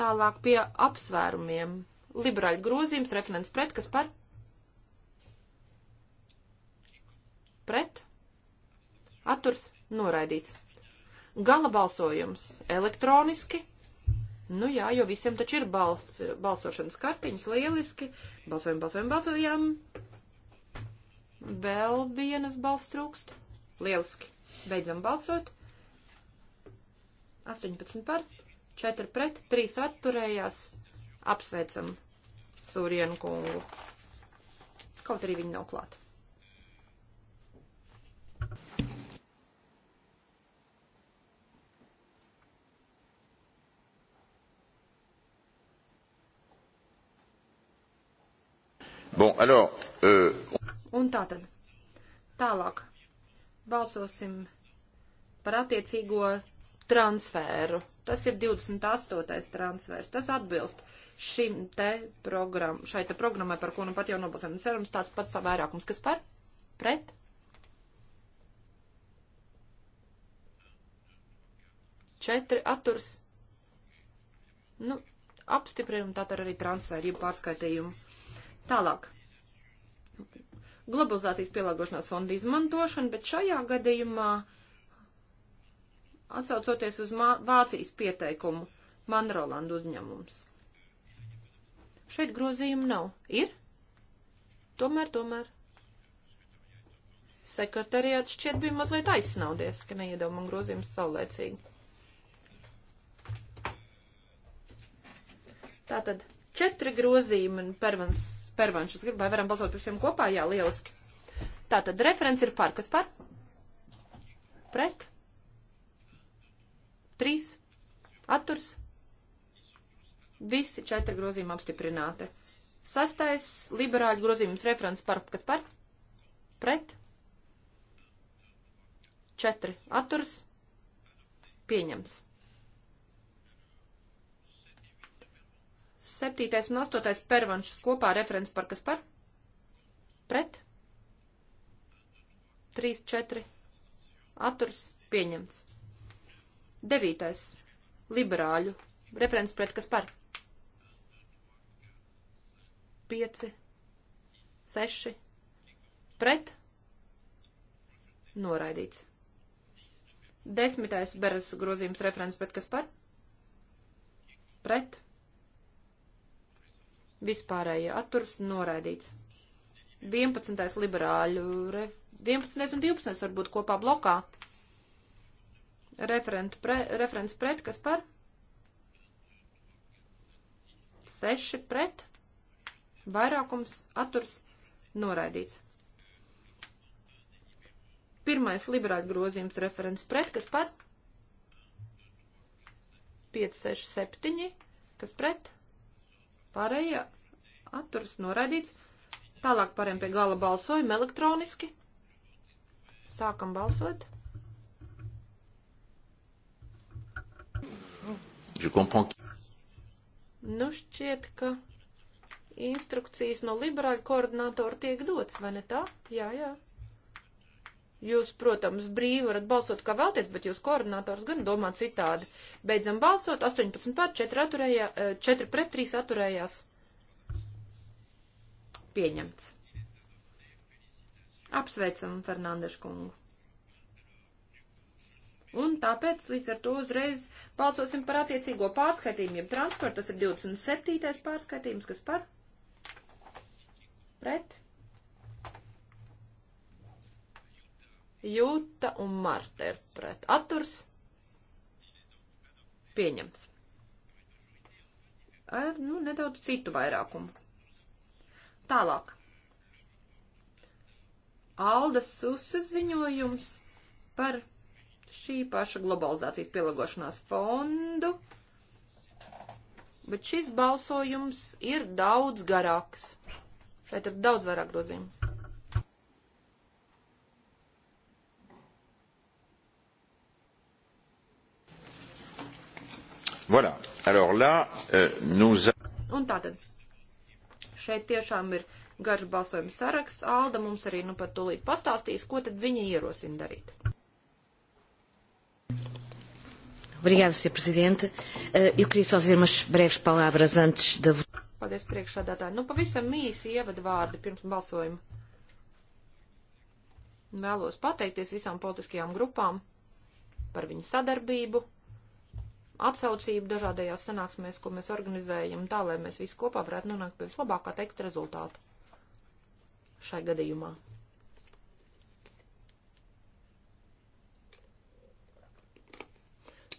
Tālāk pie apsvērumiem. Liberāļu grozījums referents pret, kas par? Pret. Atturs noraidīts. Gala balsojums elektroniski. Nu jā, jo visiem taču ir bals, balsošanas kartiņas, lieliski. Balsojam, balsojam, balsojam. Vēl vienas balss trūkst. Lieliski. Beidzam balsot. 18 par, 4 pret, 3 atturējās. Apsveicam Sūrienu kungu. Kaut arī viņi nav klāti. Bon, alors, euh... Un tātad. Tālāk. Balsosim par attiecīgo transferu. Tas ir 28. transfers. Tas atbilst šim te program, šai te programmai, par ko nu pat jau nobalsojam. Nu, cerams, tāds pats vairākums. Kas par? Pret? Četri atturs. Nu, apstiprinam tātad arī transferu, jeb pārskaitījumu. Tālāk. Globalizācijas pielāgošanās fonda izmantošana, bet šajā gadījumā, atsaucoties uz Mā Vācijas pieteikumu, Manrolandu uzņēmums. Šeit grozījumu nav. Ir? Tomēr, tomēr. Sekretariāts šķiet bija mazliet aizsnaudies, ka neiedod man grozījumus saulēcīgi. Tātad četri grozījumi un pervans pervanšas grib, vai varam balsot par visiem kopā? Jā, lieliski. Tātad referents ir par, kas par? Pret? Trīs? Atturs? Visi četri grozījumi apstiprināti. Sastais liberāļu grozījums referents par, kas par? Pret? Četri? Atturs? Pieņems. Septītais un astotais pervanšas kopā referents par kas par? Pret? Trīs, četri. Atturs pieņemts. Devītais. Liberāļu. Referents pret kas par? Pieci. Seši. Pret? Noraidīts. Desmitais beres grozījums referents pret kas par? Pret? Vispārējie atturas noraidīts. 11. liberāļu, re, 11. un 12. varbūt kopā blokā. Referent pre, referents pret, kas par? 6 pret. Vairākums atturs noraidīts. Pirmais liberāļu grozījums referents pret, kas par? 5, 6, 7, kas pret? Pārējie atturas noraidīts. Tālāk pārējiem pie gala balsojam elektroniski. Sākam balsot. Nu šķiet, ka instrukcijas no liberāļu koordinātora tiek dots, vai ne tā? Jā, jā. Jūs, protams, brīvi varat balsot, kā vēlties, bet jūs koordinators gan domā citādi. Beidzam balsot, 18 pār 4, atturējā, 4 pret 3 atturējās. Pieņemts. Apsveicam Fernandešu kungu. Un tāpēc līdz ar to uzreiz balsosim par attiecīgo pārskaitījumu, jeb transportu, tas ir 27. pārskaitījums, kas par? Pret? Jūta un Marta ir pret. Atturs pieņems. Ar, nu, nedaudz citu vairākumu. Tālāk. Aldas Susas ziņojums par šī paša globalizācijas pielāgošanās fondu, bet šis balsojums ir daudz garāks. Šeit ir daudz vairāk grozījumu. Voilà. Alors là, euh, nous... Un tātad. Šeit tiešām ir garš balsojuma saraksts. Alda mums arī nu pat tūlīt pastāstīs, ko tad viņa ierosina darīt. Obrigada, Sr. Presidente. Uh, eu queria só dizer umas breves palavras antes da... De... Paldies priekšādātāji. Nu, pavisam īsi ievadvārdi pirms balsojuma. Vēlos pateikties visām politiskajām grupām par viņu sadarbību atsaucību dažādajās sanāksmēs, ko mēs organizējam, tā, lai mēs visi kopā varētu nonākt pie vislabākā teksta rezultāta šai gadījumā.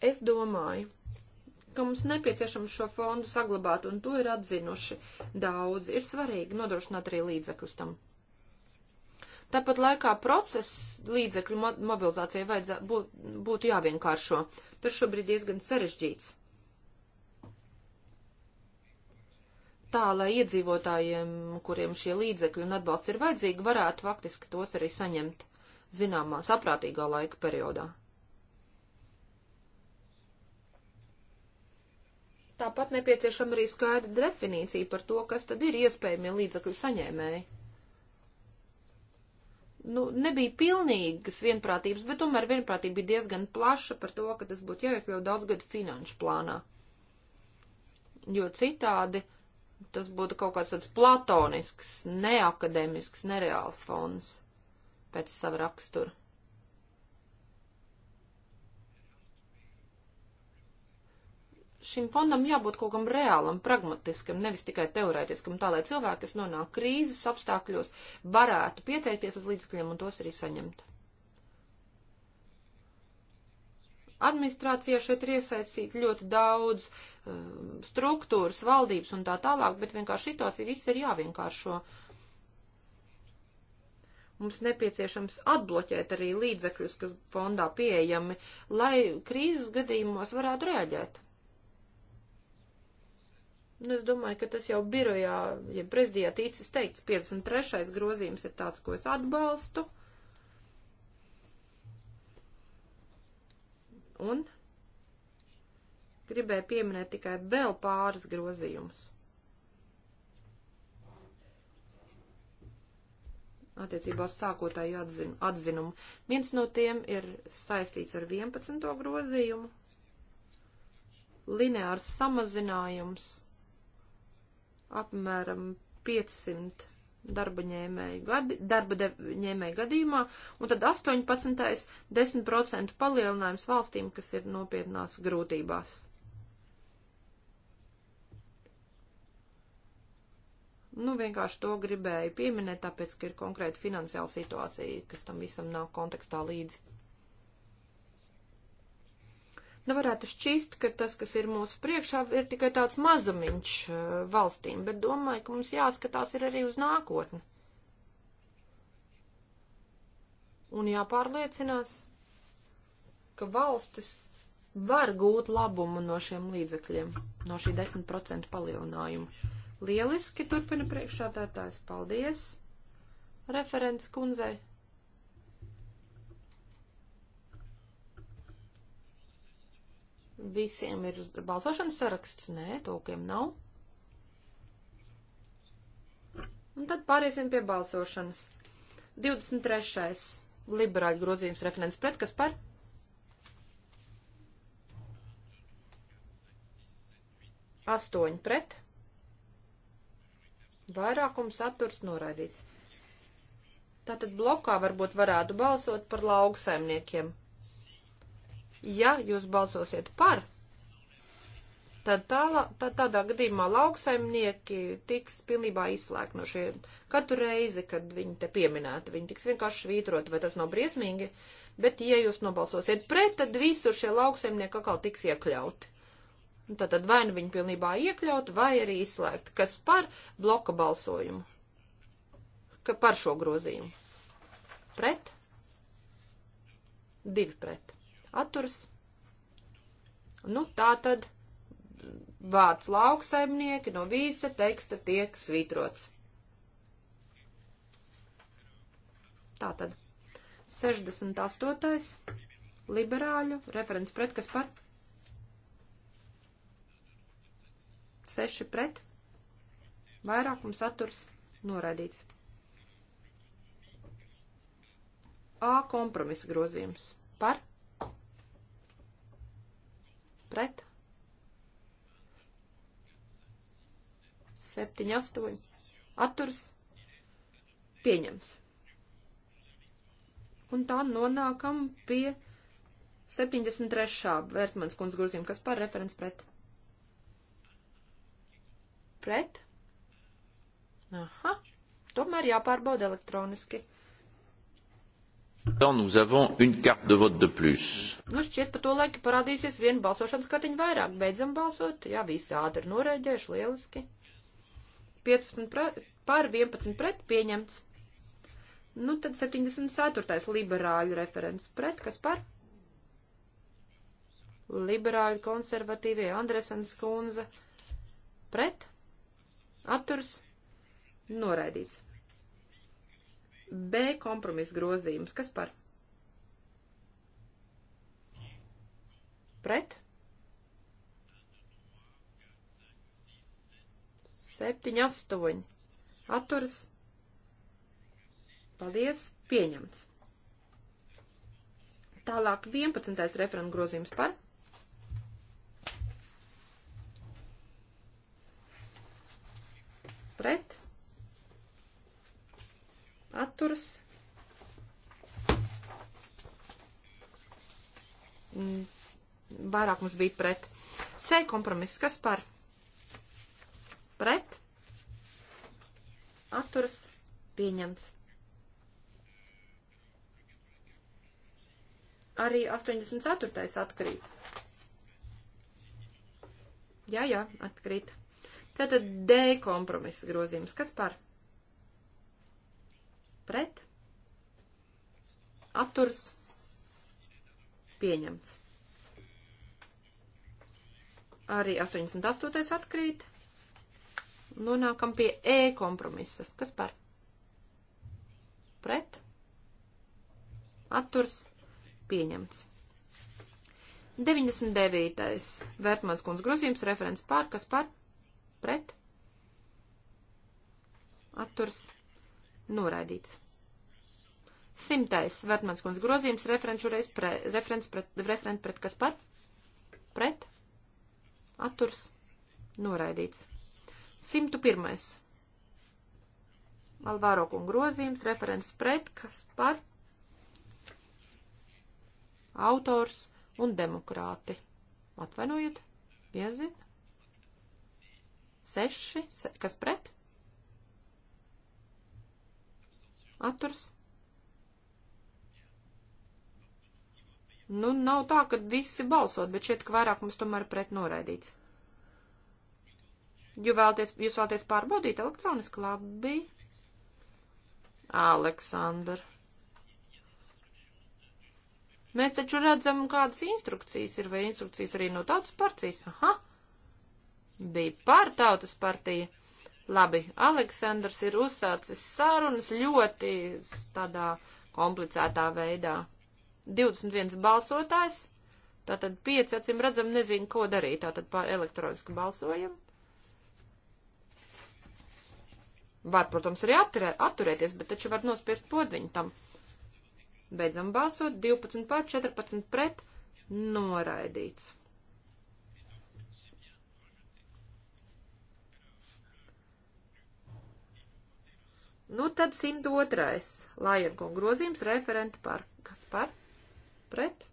Es domāju, ka mums nepieciešams šo fondu saglabāt, un to ir atzinuši daudzi. Ir svarīgi nodrošināt arī līdzekļus tam. Tāpat laikā process līdzekļu mobilizācijai vajadzētu būt, būtu jāvienkāršo. Tas šobrīd diezgan sarežģīts. Tā, lai iedzīvotājiem, kuriem šie līdzekļi un atbalsts ir vajadzīgi, varētu faktiski tos arī saņemt zināmā saprātīgā laika periodā. Tāpat nepieciešama arī skaidra definīcija par to, kas tad ir iespējamie līdzakļu saņēmēji nu, nebija pilnīgas vienprātības, bet tomēr vienprātība bija diezgan plaša par to, ka tas būtu jāiekļaut daudzgadu finanšu plānā. Jo citādi tas būtu kaut kāds tāds platonisks, neakademisks, nereāls fons pēc sava rakstura. šim fondam jābūt kaut kam reālam, pragmatiskam, nevis tikai teorētiskam, tā lai cilvēki, kas nonāk krīzes apstākļos, varētu pieteikties uz līdzekļiem un tos arī saņemt. Administrācijā šeit ir iesaistīta ļoti daudz um, struktūras, valdības un tā tālāk, bet vienkārši situācija viss ir jāvienkāršo. Mums nepieciešams atbloķēt arī līdzekļus, kas fondā pieejami, lai krīzes gadījumos varētu reaģēt. Nu, es domāju, ka tas jau birojā, ja prezidijā ticis teikts, 53. grozījums ir tāds, ko es atbalstu. Un gribēju pieminēt tikai vēl pāris grozījumus. Attiecībā uz sākotāju atzinu, atzinumu. Viens no tiem ir saistīts ar 11. grozījumu. Lineārs samazinājums apmēram 500 darba ņēmēju, gadi, darba de, ņēmēju gadījumā, un tad 18. 10% palielinājums valstīm, kas ir nopietnās grūtībās. Nu, vienkārši to gribēju pieminēt, tāpēc, ka ir konkrēta finansiāla situācija, kas tam visam nav kontekstā līdzi. Nu, varētu šķist, ka tas, kas ir mūsu priekšā, ir tikai tāds mazumiņš eh, valstīm, bet domāju, ka mums jāskatās ir arī uz nākotni. Un jāpārliecinās, ka valstis var gūt labumu no šiem līdzekļiem, no šī 10% palielinājuma. Lieliski turpina priekšā tātājs. Paldies! Referents kundzei! Visiem ir balsošanas saraksts? Nē, tūkiem nav. Un tad pāriesim pie balsošanas. 23. liberāļu grozījums referents pret, kas par? Astoņi pret. Vairākums atturs noraidīts. Tātad blokā varbūt varētu balsot par lauksaimniekiem ja jūs balsosiet par, tad tālā, tā, tādā gadījumā lauksaimnieki tiks pilnībā izslēgti no šiem. Katru reizi, kad viņi te pieminēta, viņi tiks vienkārši švītroti, vai tas nav briesmīgi, bet ja jūs nobalsosiet pret, tad visur šie lauksaimnieki atkal tiks iekļauti. Tātad nu, vai nu viņi pilnībā iekļaut, vai arī izslēgt, kas par bloka balsojumu, ka par šo grozījumu. Pret? Divi pret atturas. Nu, tā tad vārds lauksaimnieki no visa teksta tiek svītrots. Tā tad 68. liberāļu referents pret, kas par? 6 pret. Vairākums saturs noraidīts. A kompromisa grozījums par pret 7, 8 atturs pieņems. Un tā nonākam pie 73. Vērtmans kundz grozījuma, kas par referents pret. Pret. Aha. Tomēr jāpārbauda elektroniski. 73. Nu, šķiet, pa to laiku parādīsies viena balsošanas kartiņa vairāk. Beidzam balsot. Jā, visi ātri norēģējuši, lieliski. 15 pret, pār 11 pret pieņemts. Nu, tad 74. liberāļu referents pret, kas par? Liberāļu konservatīvie Andresens kundze pret, atturs, noraidīts. B kompromisa grozījums. Kas par? Pret? 7, 8. Atturas. Paldies. Pieņemts. Tālāk 11. referenta grozījums par. Pret atturas. Mm, vairāk mums bija pret. C kompromiss, kas par? Pret. Atturas pieņemts. Arī 84. atkrīt. Jā, jā, atkrīt. Tātad D kompromisa grozījums. Kas par? pret, atturs, pieņemts. Arī 88. atkrīt. Nonākam pie E kompromisa. Kas par? Pret, atturs, pieņemts. 99. Vērtmans kundz grozījums, referents pār, kas par? Pret, atturs, pieņemts Noraidīts. Simtais Vertmans kundz grozījums, referenčureiz pre, referents pret, referent pret kas par? Pret? Atturs? Noraidīts. 101. Alvāro kundz grozījums, referents pret kas par? Autors un demokrāti. Atvainojiet? Iezina? Seši? Se, kas pret? atturs. Nu, nav tā, ka visi balsot, bet šeit, ka vairāk mums tomēr pret noraidīts. Jo vēlties, jūs vēlties pārbaudīt elektroniski labi. Aleksandr. Mēs taču redzam, kādas instrukcijas ir, vai instrukcijas arī no tautas partijas. Aha! Bija pār tautas partija. Labi, Aleksandrs ir uzsācis sarunas ļoti tādā komplicētā veidā. 21 balsotājs, tātad 5, acīm redzam, nezinu, ko darīt, tātad pār elektroniski balsojam. Var, protams, arī atturē, atturēties, bet taču var nospiest podziņu tam. Beidzam balsot, 12 pār 14 pret, noraidīts. Nu, tad 102. Lajankunga grozījums referenti par. Kas par? Pret?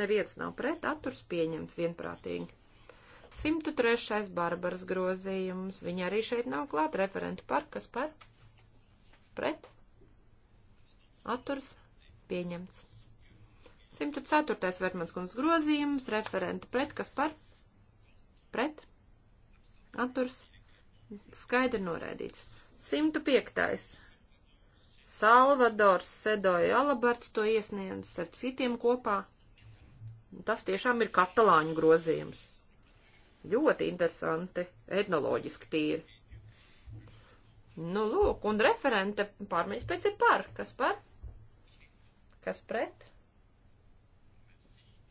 Neviens nav pret, atturs pieņemts vienprātīgi. 103. Barbaras grozījums. Viņa arī šeit nav klāt. Referenti par. Kas par? Pret? Atturs pieņemts. 104. Vērtmanskundas grozījums. Referenti pret. Kas par? Pret? Atturs Skaidri noraidīts. 105. Salvadors Sedoja Alaberts to iesniedz ar citiem kopā. Tas tiešām ir katalāņu grozījums. Ļoti interesanti, etnoloģiski tīri. Nu, lūk, un referente pārmaiņas pēc ir par. Kas par? Kas pret?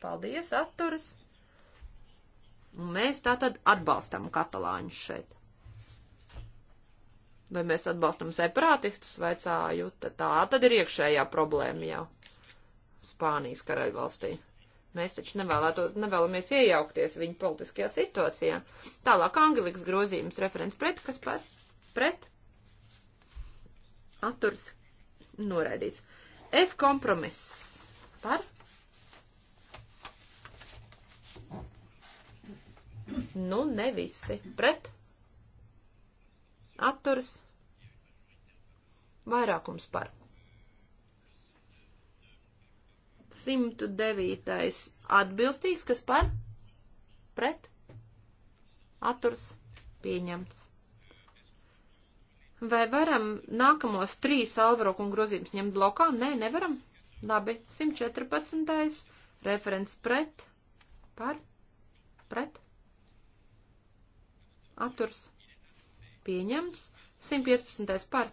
Paldies, atturas. Un mēs tātad atbalstam katalāņus šeit. Vai mēs atbalstam separātistus, vaicāju, tad tā tad ir iekšējā problēma jau Spānijas karaļvalstī. Mēs taču nevēlētos, nevēlamies iejaukties viņu politiskajā situācijā. Tālāk Angelikas grozījums referents pret, kas pat pret atturs noraidīts. F kompromiss par nu ne visi pret atturas, vairākums par. 109. atbilstīgs, kas par, pret, atturas, pieņemts. Vai varam nākamos trīs Alvaro kungu grozījumus ņemt blokā? Nē, nevaram. Labi, 114. referents pret, par, pret, atturs, pieņemts pieņemts. 115. par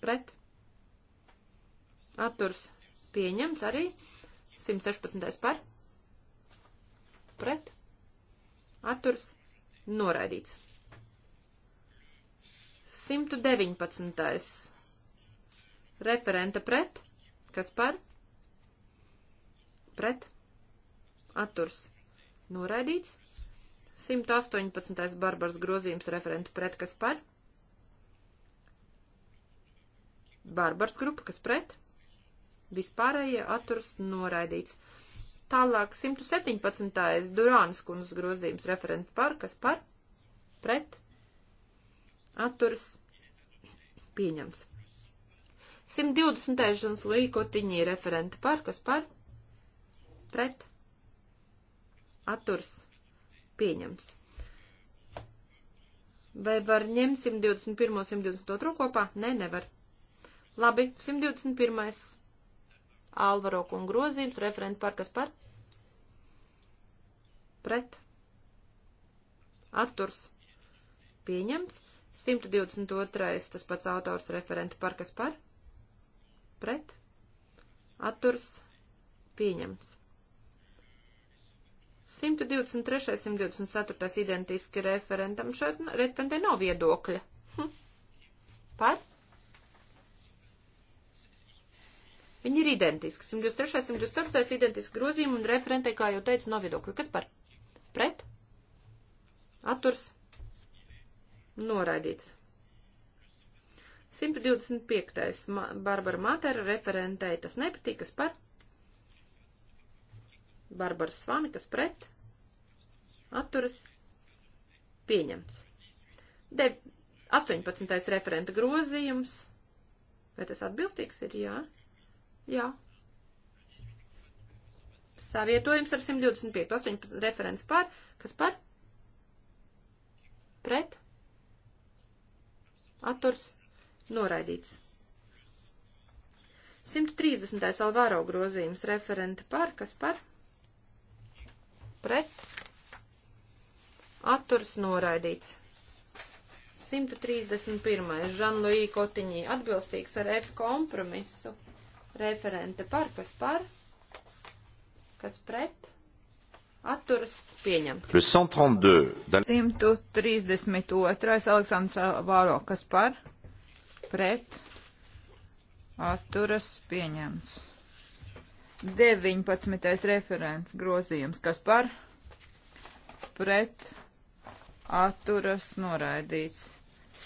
pret atturs pieņemts arī. 116. par pret atturs noraidīts. 119. referenta pret, kas par pret atturs noraidīts. 118. Barbaras grozījums referentu pret, kas par? Barbaras grupa, kas pret? Vispārējie atturs noraidīts. Tālāk 117. Durānas kundzes grozījums referentu par, kas par? Pret? Atturs pieņems. 120. Žans Līkotiņī referenta par, kas par? Pret? Atturs pieņems Pieņems. Vai var ņemt 121. 122 kopā? Nē, ne, nevar. Labi, 121. Alvaro un grozījums, referenti par kas par? Pret. Atturs. Pieņemts. 122. tas pats autors referenti par kas par? Pret. Atturs. Pieņemts. 123. 124. identiski referentam. Šeit referentē nav viedokļa. Hm. Par? Viņi ir identiski. 123. 124. identiski grozījumi un referentē, kā jau teicu, nav viedokļa. Kas par? Pret? Atturs? Noraidīts. 125. Ma Barbara Matera referentēja, tas nepatīk, kas par? Barbara Svani, kas pret, atturas, pieņemts. De 18. referenta grozījums. Vai tas atbilstīgs ir? Jā. Jā. Savietojums ar 125. 18 referents par. Kas par? Pret. Atturs. Noraidīts. 130. Alvaro grozījums referenta par. Kas par? pret, atturas noraidīts. 131. Žanluī Kotiņī atbilstīgs ar F kompromisu. Referente par, kas par, kas pret, atturas pieņemts. 132. Aleksandrs Vāro, kas par, pret, atturas pieņemts. 19. referents grozījums, kas par pret atturas noraidīts.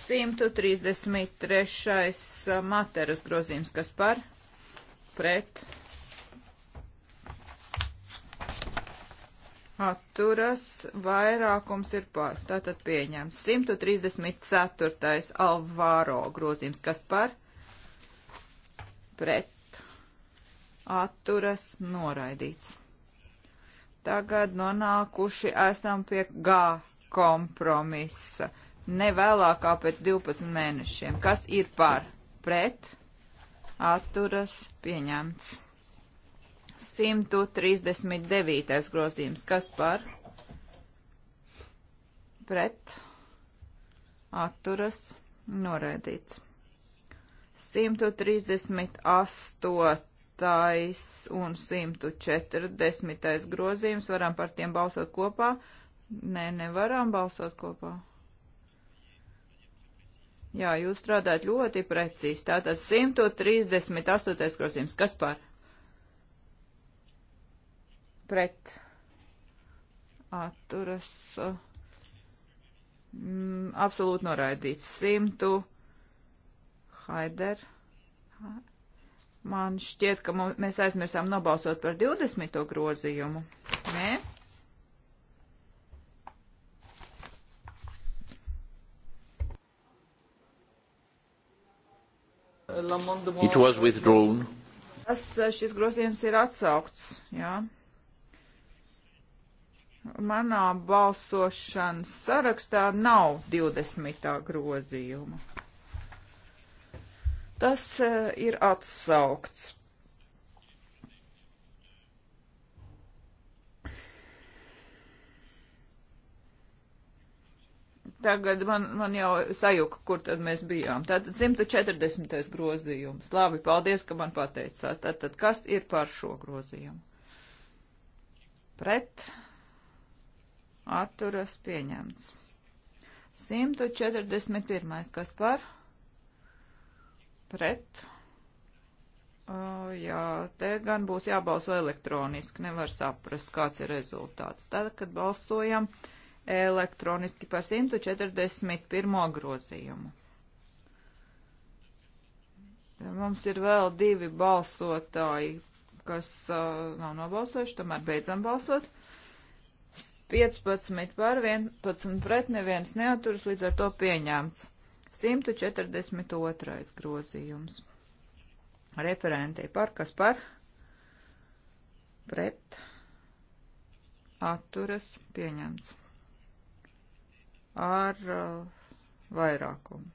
133. Uh, materas grozījums, kas par pret atturas vairākums ir par. Tātad pieņēms. 134. alvāro grozījums, kas par pret atturas noraidīts. Tagad nonākuši esam pie G kompromisa. Nevēlākā pēc 12 mēnešiem. Kas ir par? Pret? Atturas pieņemts. 139. grozījums. Kas par? Pret? Atturas noraidīts. 138 un 140. grozījums. Varam par tiem balsot kopā? Nē, nevaram balsot kopā. Jā, jūs strādājat ļoti precīzi. Tātad 138. grozījums. Kas par? Pret. Atturas. Mm, absolūti noraidīts. 100. Haider. Haider. Man šķiet, ka mums, mēs aizmirsām nobalsot par 20. grozījumu. Nē? It was withdrawn. Tas, eh, šis grozījums ir atsaukts, jā. Manā balsošanas sarakstā nav 20. grozījuma. Tas e, ir atsaukts. Tagad man, man jau sajuka, kur tad mēs bijām. Tātad 140. grozījums. Labi, paldies, ka man pateicāt. Tātad kas ir par šo grozījumu? Pret atturas pieņemts. 141. kas par? pret. Uh, jā, te gan būs jābalso elektroniski, nevar saprast, kāds ir rezultāts. Tad, kad balsojam elektroniski par 141. grozījumu. Te mums ir vēl divi balsotāji, kas uh, nav nobalsojuši, tomēr beidzam balsot. 15 par 11 pret neviens neaturas, līdz ar to pieņemts. 142. grozījums. Referentei par, kas par, pret, atturas, pieņemts. Ar uh, vairākumu.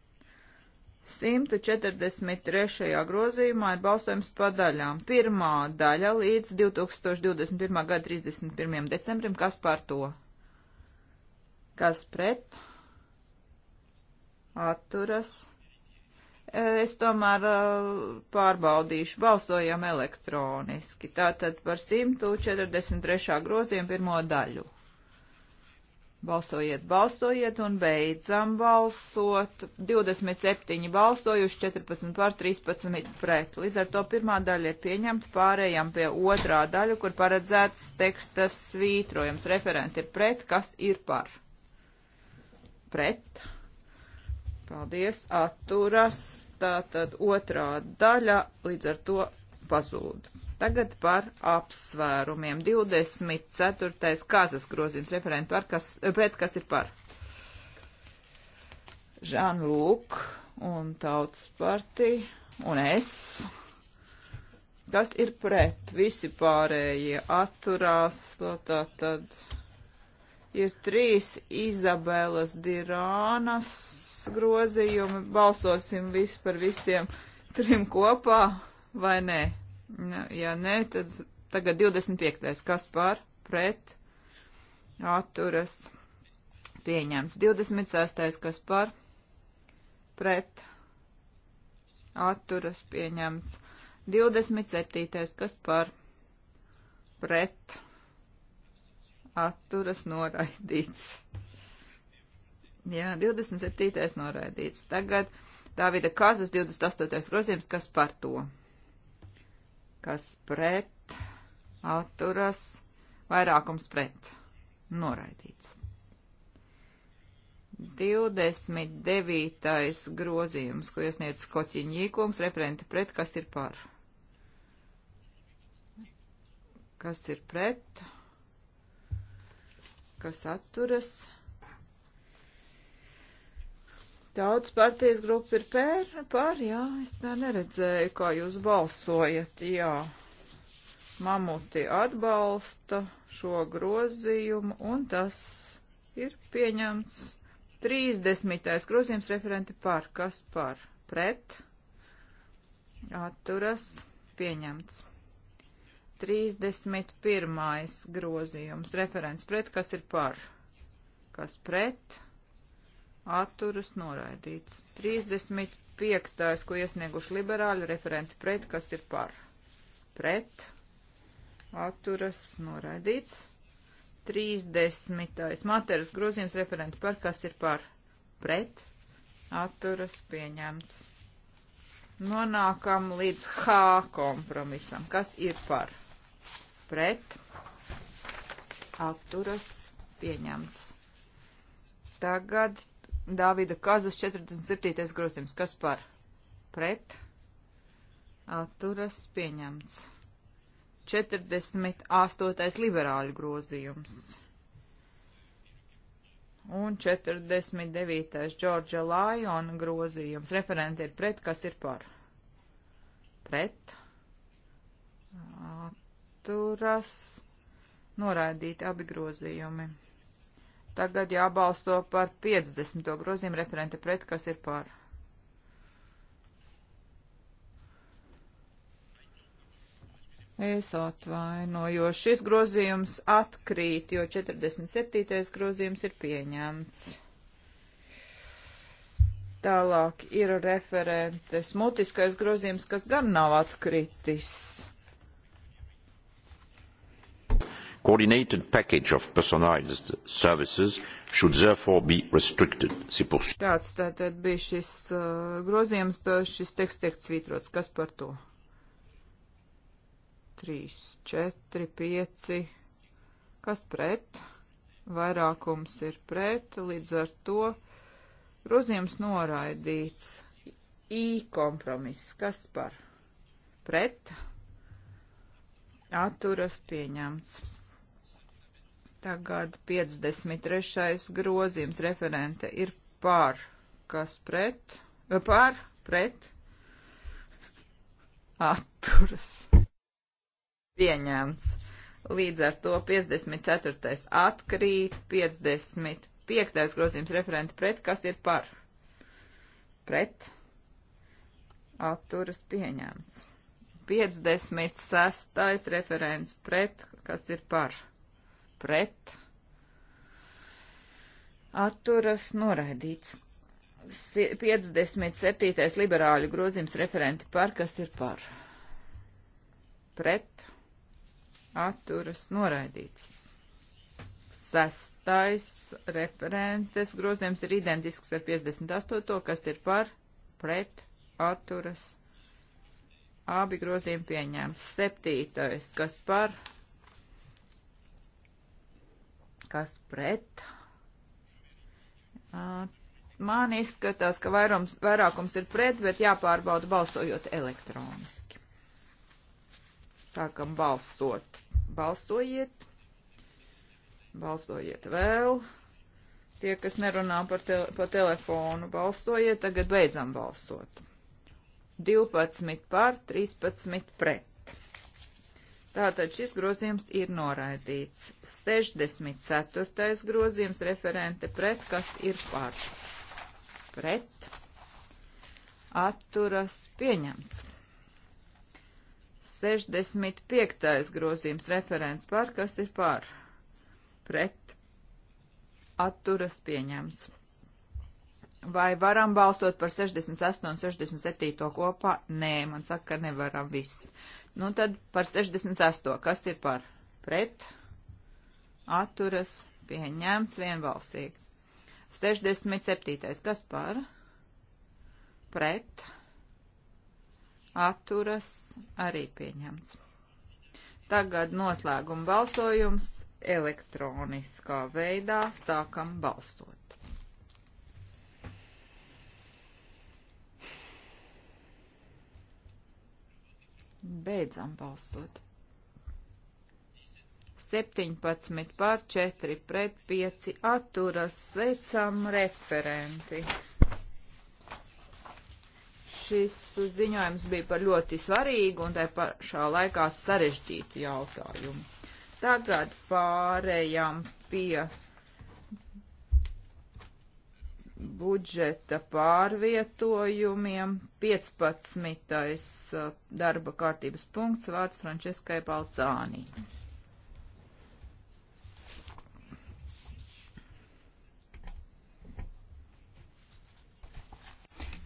143. grozījumā ir balsojums pa daļām. Pirmā daļa līdz 2021. gada 31. decembrim. Kas par to? Kas pret? atturas. Es tomēr uh, pārbaudīšu, balsojam elektroniski. Tātad par 143. grozījumu pirmo daļu. Balsojiet, balsojiet un beidzam balsot. 27 balsojuši, 14 pār 13 pret. Līdz ar to pirmā daļa ir pieņemta, pārējām pie otrā daļa, kur paredzēts teksta svītrojums. Referenti ir pret, kas ir par? Pret Paldies, atturas. Tātad otrā daļa līdz ar to pazūd. Tagad par apsvērumiem. 24. kāzas grozījums referenti par, kas, pret kas ir par. Žan Lūk un Tautas partija un es. Kas ir pret? Visi pārējie atturās, tā tad. tad ir trīs Izabelas Dirānas grozījumi. Balsosim visu par visiem trim kopā, vai nē? Ja nē, tad tagad 25. kas par pret atturas pieņems. 26. kas par pret atturas pieņemts. 27. kas par pret atturas pieņemts atturas noraidīts. Jā, 27. noraidīts. Tagad Dāvida Kazas 28. grozījums, kas par to? Kas pret, atturas, vairākums pret, noraidīts. 29. grozījums, ko iesniedz Koķiņīkums, referenta pret, kas ir par? Kas ir pret? kas atturas. Tautas partijas grupa ir pēr, pār, jā, es tā neredzēju, kā jūs balsojat, jā. Mamuti atbalsta šo grozījumu, un tas ir pieņemts 30. grozījums referenti par, kas par, pret, atturas, pieņemts. 31. grozījums, referents pret, kas ir par, kas pret, atturas noraidīts. 35. ko iesnieguši liberāļi, referenti pret, kas ir par, pret, atturas noraidīts. 30. materas grozījums, referenti par, kas ir par, pret, atturas pieņemts. Nonākam līdz H kompromisam, kas ir par pret, atturas, pieņemts. Tagad Dāvida Kazas 47. grozījums. Kas par? Pret, atturas, pieņemts. 48. liberāļu grozījums. Un 49. Džordža Lajona grozījums. Referenti ir pret, kas ir par? Pret atturas noraidīti abi grozījumi. Tagad jābalsto par 50. grozījumu referente pret, kas ir par. Es atvainoju, šis grozījums atkrīt, jo 47. grozījums ir pieņemts. Tālāk ir referentes mutiskais grozījums, kas gan nav atkritis coordinated package of personalized services should therefore be restricted. Tāds tātad bija šis uh, grozījums, šis teksts tiek svītrots. Kas par to? 3, 4, 5. Kas pret? Vairākums ir pret, līdz ar to grozījums noraidīts. I kompromiss. Kas par? Pret? Atturas pieņemts. Tagad 53. grozījums referente ir par, kas pret, par, pret, atturas. Pieņemts. Līdz ar to 54. atkrīt, 55. grozījums referenta pret, kas ir par? Pret. Atturas pieņemts. 56. referents pret, kas ir par? pret atturas noraidīts. 57. liberāļu grozījums referenti par, kas ir par. Pret atturas noraidīts. Sestais referentes grozījums ir identisks ar 58. kas ir par, pret atturas. Abi grozījumi pieņēma. Septītais, kas par, kas pret. Man izskatās, ka vairums, vairākums ir pret, bet jāpārbauda balsojot elektroniski. Sākam balsot. Balsojiet. Balsojiet vēl. Tie, kas nerunā par te, pa telefonu, balsojiet. Tagad beidzam balsot. 12 pār, 13 pret. Tātad šis grozījums ir noraidīts. 64. grozījums referente pret, kas ir par. Pret. Atturas pieņemts. 65. grozījums referents par, kas ir par. Pret. Atturas pieņemts. Vai varam balsot par 68 un 67 kopā? Nē, man saka, ka nevaram viss. Nu, tad par 68. Kas ir par pret? Atturas pieņemts vienbalsīgi. 67. Kas par? Pret. Atturas arī pieņemts. Tagad noslēguma balsojums elektroniskā veidā sākam balsot. Beidzam balsot. 17 pār 4 pret 5 atturas sveicam referenti. Šis ziņojums bija par ļoti svarīgu un tai pašā laikā sarežģītu jautājumu. Tagad pārējām pie budžeta pārvietojumiem. 15. Uh, darba kārtības punkts vārds Franceskai Balcānī.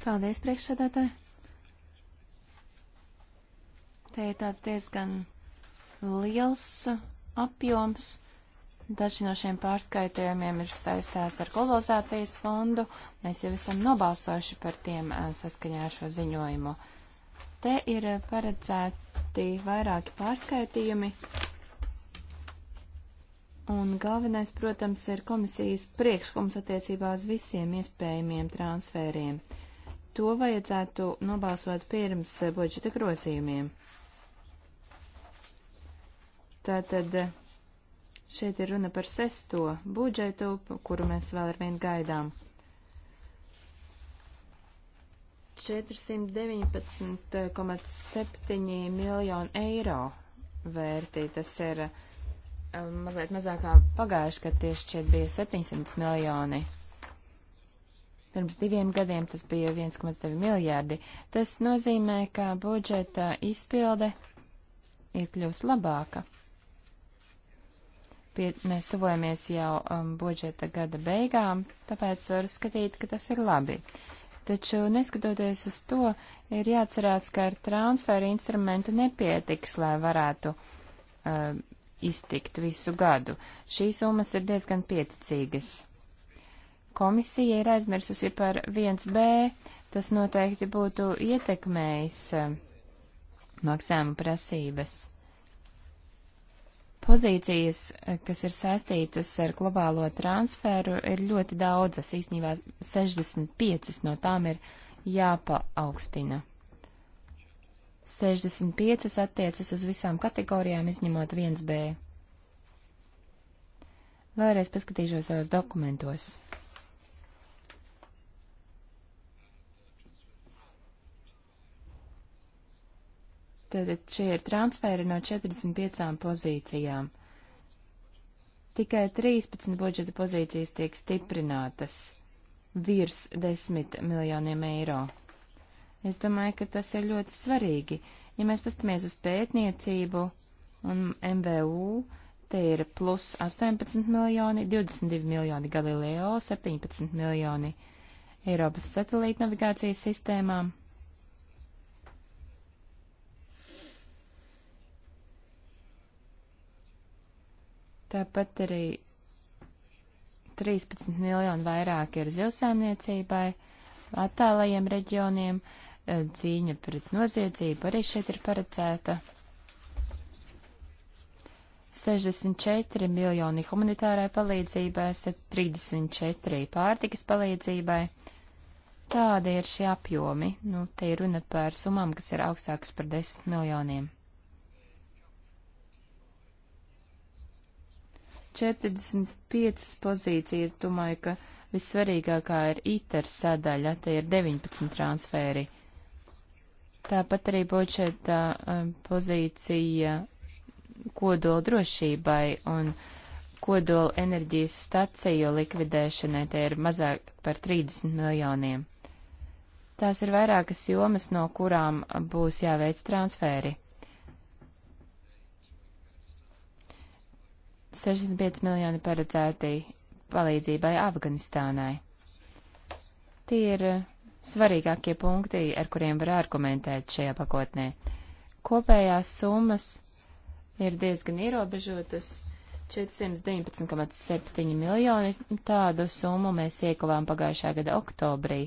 Paldies, priekšsēdētāji. Te ir tāds diezgan liels uh, apjoms Daži no šiem pārskaitījumiem ir saistās ar kolonizācijas fondu. Mēs jau esam nobalsojuši par tiem eh, saskaņā ar šo ziņojumu. Te ir eh, paredzēti vairāki pārskaitījumi. Un galvenais, protams, ir komisijas priekšlikums attiecībā uz visiem iespējamiem transfēriem. To vajadzētu nobalsot pirms eh, budžeta grozījumiem. Tātad Šeit ir runa par sesto budžetu, kuru mēs vēl ar vienu gaidām. 419,7 miljonu eiro vērtī. Tas ir um, mazliet mazākā pagājuši, kad tieši šeit bija 700 miljoni. Pirms diviem gadiem tas bija 1,9 miljārdi. Tas nozīmē, ka budžeta izpilde ir kļūst labāka. Pie, mēs tuvojamies jau um, budžeta gada beigām, tāpēc var skatīt, ka tas ir labi. Taču, neskatoties uz to, ir jāatcerās, ka ar transferu instrumentu nepietiks, lai varētu uh, iztikt visu gadu. Šīs summas ir diezgan pieticīgas. Komisija ir aizmirsusi par 1B, tas noteikti būtu ietekmējis uh, maksājumu prasības. Pozīcijas, eh, kas ir saistītas ar globālo transferu, ir ļoti daudzas, īsnībā 65 no tām ir jāpaaugstina. 65 attiecas uz visām kategorijām, izņemot 1B. Vēlreiz paskatīšos savos dokumentos. Tātad šie ir transferi no 45 pozīcijām. Tikai 13 budžeta pozīcijas tiek stiprinātas virs 10 miljoniem eiro. Es domāju, ka tas ir ļoti svarīgi. Ja mēs pastamies uz pētniecību un MVU, te ir plus 18 miljoni, 22 miljoni Galileo, 17 miljoni Eiropas satelīta navigācijas sistēmām. Tāpat arī 13 miljoni vairāk ir zivsēmniecībai, attālajiem reģioniem, eh, cīņa pret noziedzību arī šeit ir paredzēta. 64 miljoni humanitārai palīdzībai, 34 pārtikas palīdzībai. Tādi ir šie apjomi. Nu, te ir runa par summām, kas ir augstākas par 10 miljoniem. 45 pozīcijas. Domāju, ka vissvarīgākā ir ITER sadaļa, te ir 19 transferi. Tāpat arī budžeta um, pozīcija kodola drošībai un kodola enerģijas staciju likvidēšanai, te ir mazāk par 30 miljoniem. Tās ir vairākas jomas, no kurām būs jāveic transferi. 65 miljoni paredzēti palīdzībai Afganistānai. Tie ir svarīgākie punkti, ar kuriem var argumentēt šajā pakotnē. Kopējās summas ir diezgan ierobežotas. 419,7 miljoni tādu summu mēs iekuvām pagājušā gada oktobrī,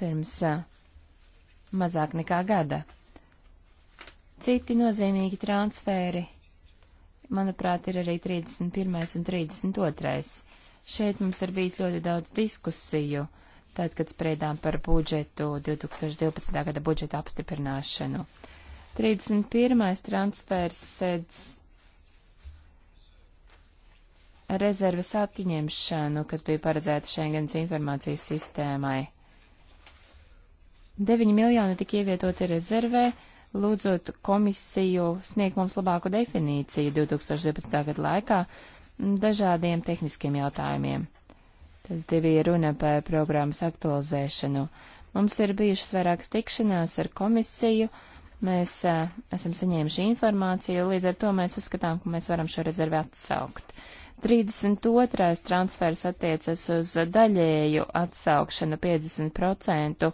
pirms uh, mazāk nekā gada. Citi nozīmīgi transferi manuprāt, ir arī 31. un 32. Šeit mums ir bijis ļoti daudz diskusiju, tad, kad spriedām par budžetu, 2012. gada budžeta apstiprināšanu. 31. transfers sēdz rezerves atņemšanu, kas bija paredzēta Schengens informācijas sistēmai. 9 miljoni tika ievietoti rezervē, lūdzot komisiju sniegt mums labāku definīciju 2017. gada laikā dažādiem tehniskiem jautājumiem. Tad te bija runa par programmas aktualizēšanu. Mums ir bijušas vairākas tikšanās ar komisiju, mēs a, esam saņēmuši informāciju, līdz ar to mēs uzskatām, ka mēs varam šo rezervi atsaukt. 32. transfers attiecas uz daļēju atsaukšanu 50%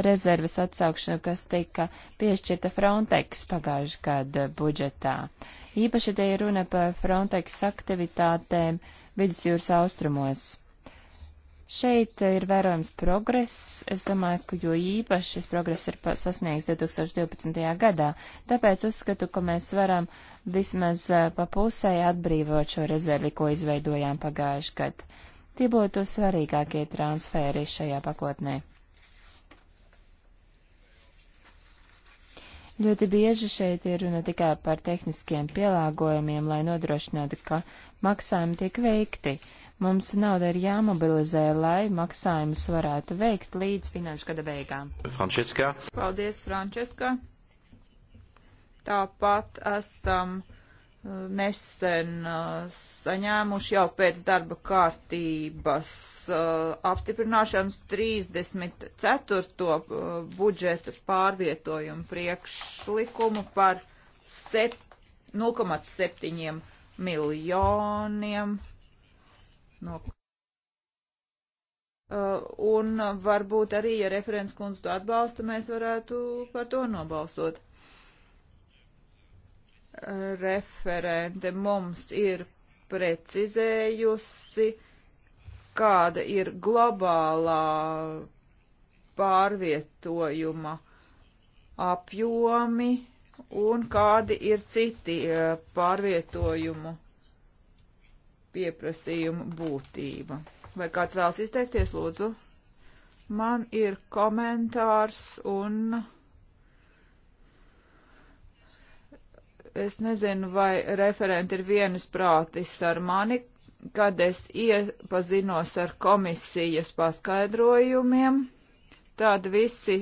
rezerves atsaukšanu, kas tika piešķirta Frontex pagājuši gada budžetā. Īpaši te ir runa par Frontex aktivitātēm vidusjūras austrumos. Šeit ir vērojams progress, es domāju, ka jo īpaši šis progress ir sasniegts 2012. gadā, tāpēc uzskatu, ka mēs varam vismaz pa pusē atbrīvot šo rezervi, ko izveidojām pagājuši gadu. Tie būtu svarīgākie transfēri šajā pakotnē. Ļoti bieži šeit ir runa tikai par tehniskiem pielāgojumiem, lai nodrošinātu, ka maksājumi tiek veikti. Mums nauda ir jāmobilizē, lai maksājumus varētu veikt līdz finanšu gada beigām. Frančiska. Paldies, Frančiska. Tāpat esam nesen uh, saņēmuši jau pēc darba kārtības uh, apstiprināšanas 34. Uh, budžeta pārvietojumu priekšlikumu par 0,7 miljoniem. No Un varbūt arī, ja referents kundze to atbalsta, mēs varētu par to nobalsot referente mums ir precizējusi, kāda ir globālā pārvietojuma apjomi un kādi ir citi e, pārvietojumu pieprasījumu būtība. Vai kāds vēlas izteikties, lūdzu? Man ir komentārs un. Es nezinu, vai referenti ir vienas prātis ar mani, kad es iepazinos ar komisijas paskaidrojumiem, tad visi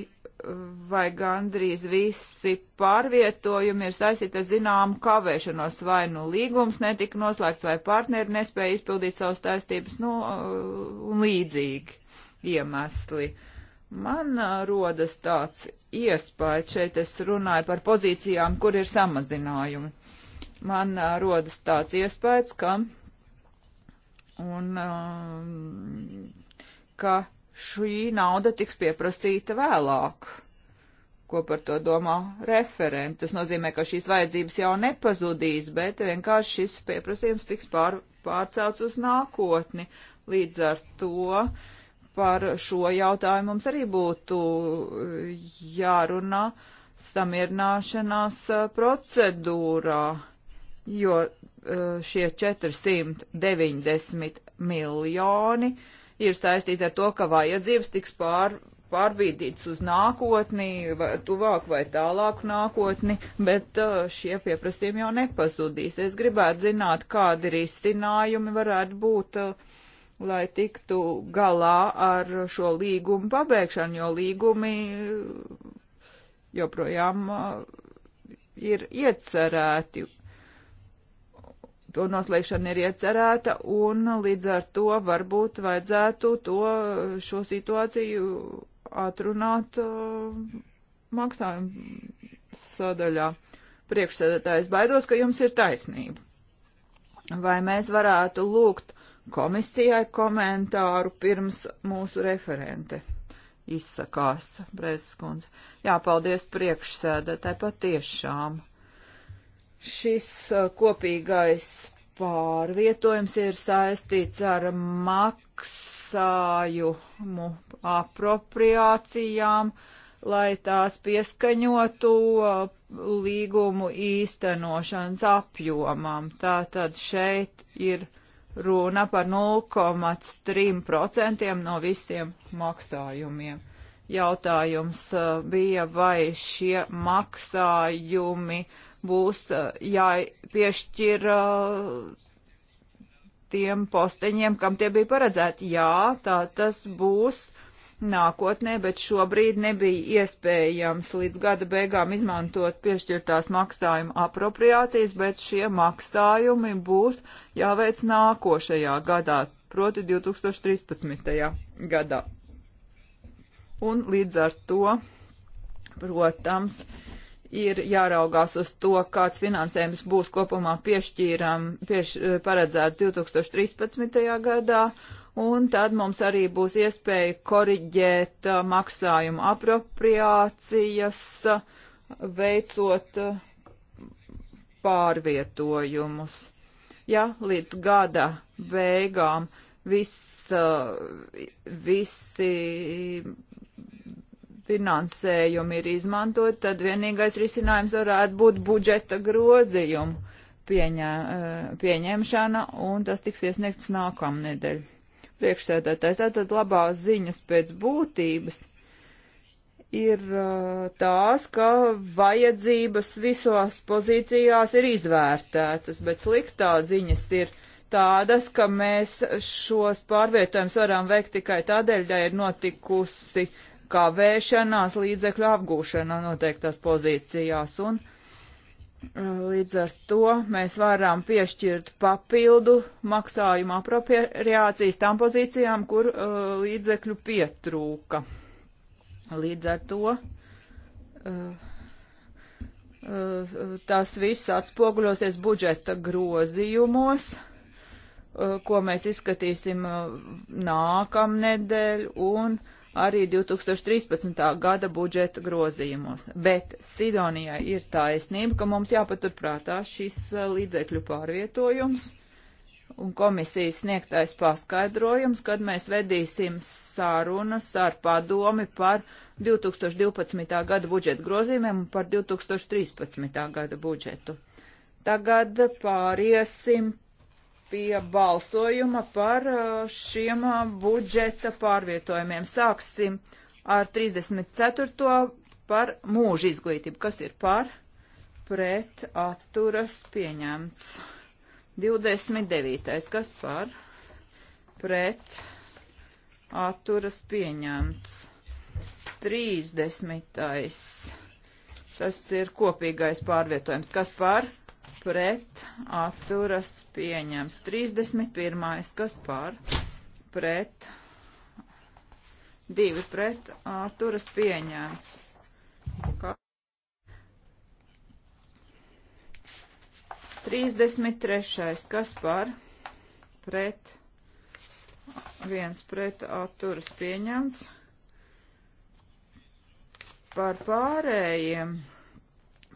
vai gandrīz visi pārvietojumi ir saistīti ar zināmu kavēšanos, vai nu līgums netika noslēgts, vai partneri nespēja izpildīt savas taistības, nu, un līdzīgi iemesli. Uh, Man rodas tāds iespējas, šeit es runāju par pozīcijām, kur ir samazinājumi. Man rodas tāds iespējas, ka, un, ka šī nauda tiks pieprasīta vēlāk. Ko par to domā referenti? Tas nozīmē, ka šīs vajadzības jau nepazudīs, bet vienkārši šis pieprasījums tiks pār, pārcelts uz nākotni. Līdz ar to par šo jautājumu mums arī būtu eh, jārunā samierināšanās eh, procedūrā, jo eh, šie 490 miljoni ir saistīti ar to, ka vajadzības tiks pār, pārbīdīts uz nākotni, vai tuvāk vai tālāk nākotni, bet šie pieprasījumi jau nepazudīs. Es gribētu zināt, kādi risinājumi varētu būt uh, lai tiktu galā ar šo līgumu pabeigšanu, jo līgumi joprojām uh, ir iecerēti. To noslēgšana ir iecerēta, un līdz ar to varbūt vajadzētu to, šo situāciju atrunāt uh, maksājumu sadaļā. Priekšsēdētājs baidos, ka jums ir taisnība. Vai mēs varētu lūgt komisijai komentāru pirms mūsu referente izsakās, Brezskundze. Jā, paldies priekšsēdētāji patiešām. Šis kopīgais pārvietojums ir saistīts ar maksājumu apropriācijām, lai tās pieskaņotu līgumu īstenošanas apjomam. Tātad šeit ir runa par 0,3% no visiem maksājumiem. Jautājums uh, bija, vai šie maksājumi būs uh, jāpiešķir uh, tiem posteņiem, kam tie bija paredzēti. Jā, tā tas būs nākotnē, bet šobrīd nebija iespējams līdz gada beigām izmantot piešķirtās maksājuma apropriācijas, bet šie maksājumi būs jāveic nākošajā gadā, proti 2013. gadā. Un līdz ar to, protams, ir jāraugās uz to, kāds finansējums būs kopumā piešķīram, pieš, paredzēts 2013. gadā, un tad mums arī būs iespēja koriģēt uh, maksājumu apropriācijas, uh, veicot uh, pārvietojumus. Ja līdz gada beigām viss, visi finansējumi ir izmantot, tad vienīgais risinājums varētu būt budžeta grozījumu pieņē, pieņemšana, un tas tiks iesniegts nākamnedēļ priekšsēdētājs. Tātad labās ziņas pēc būtības ir uh, tās, ka vajadzības visos pozīcijās ir izvērtētas, bet sliktā ziņas ir tādas, ka mēs šos pārvietojumus varam veikt tikai tādēļ, ja ir notikusi kavēšanās līdzekļu apgūšana noteiktās pozīcijās. Un, Eh, līdz ar to mēs varam piešķirt papildu maksājumu apropriācijas tām pozīcijām, kur uh, līdzekļu pietrūka. Līdz ar to uh, uh, tas viss atspoguļosies budžeta grozījumos, uh, ko mēs izskatīsim uh, nākamnedēļ un uh, arī 2013. gada budžeta grozījumos. Bet Sidonijai ir taisnība, ka mums jāpaturprātā šis eh, līdzekļu pārvietojums un komisijas sniegtais paskaidrojums, kad mēs vedīsim sārunas ar padomi par 2012. gada budžeta grozījumiem un par 2013. gada budžetu. Tagad pāriesim pie balsojuma par uh, šiem uh, budžeta pārvietojumiem. Sāksim ar 34. par mūža izglītību. Kas ir par? Pret atturas pieņemts. 29. Kas par? Pret atturas pieņemts. 30. Tas ir kopīgais pārvietojums. Kas par? pret atturas pieņems. 31. kas par pret divi pret atturas pieņēmts. Kā? 33. kas par pret viens pret atturas pieņemts. Par pārējiem,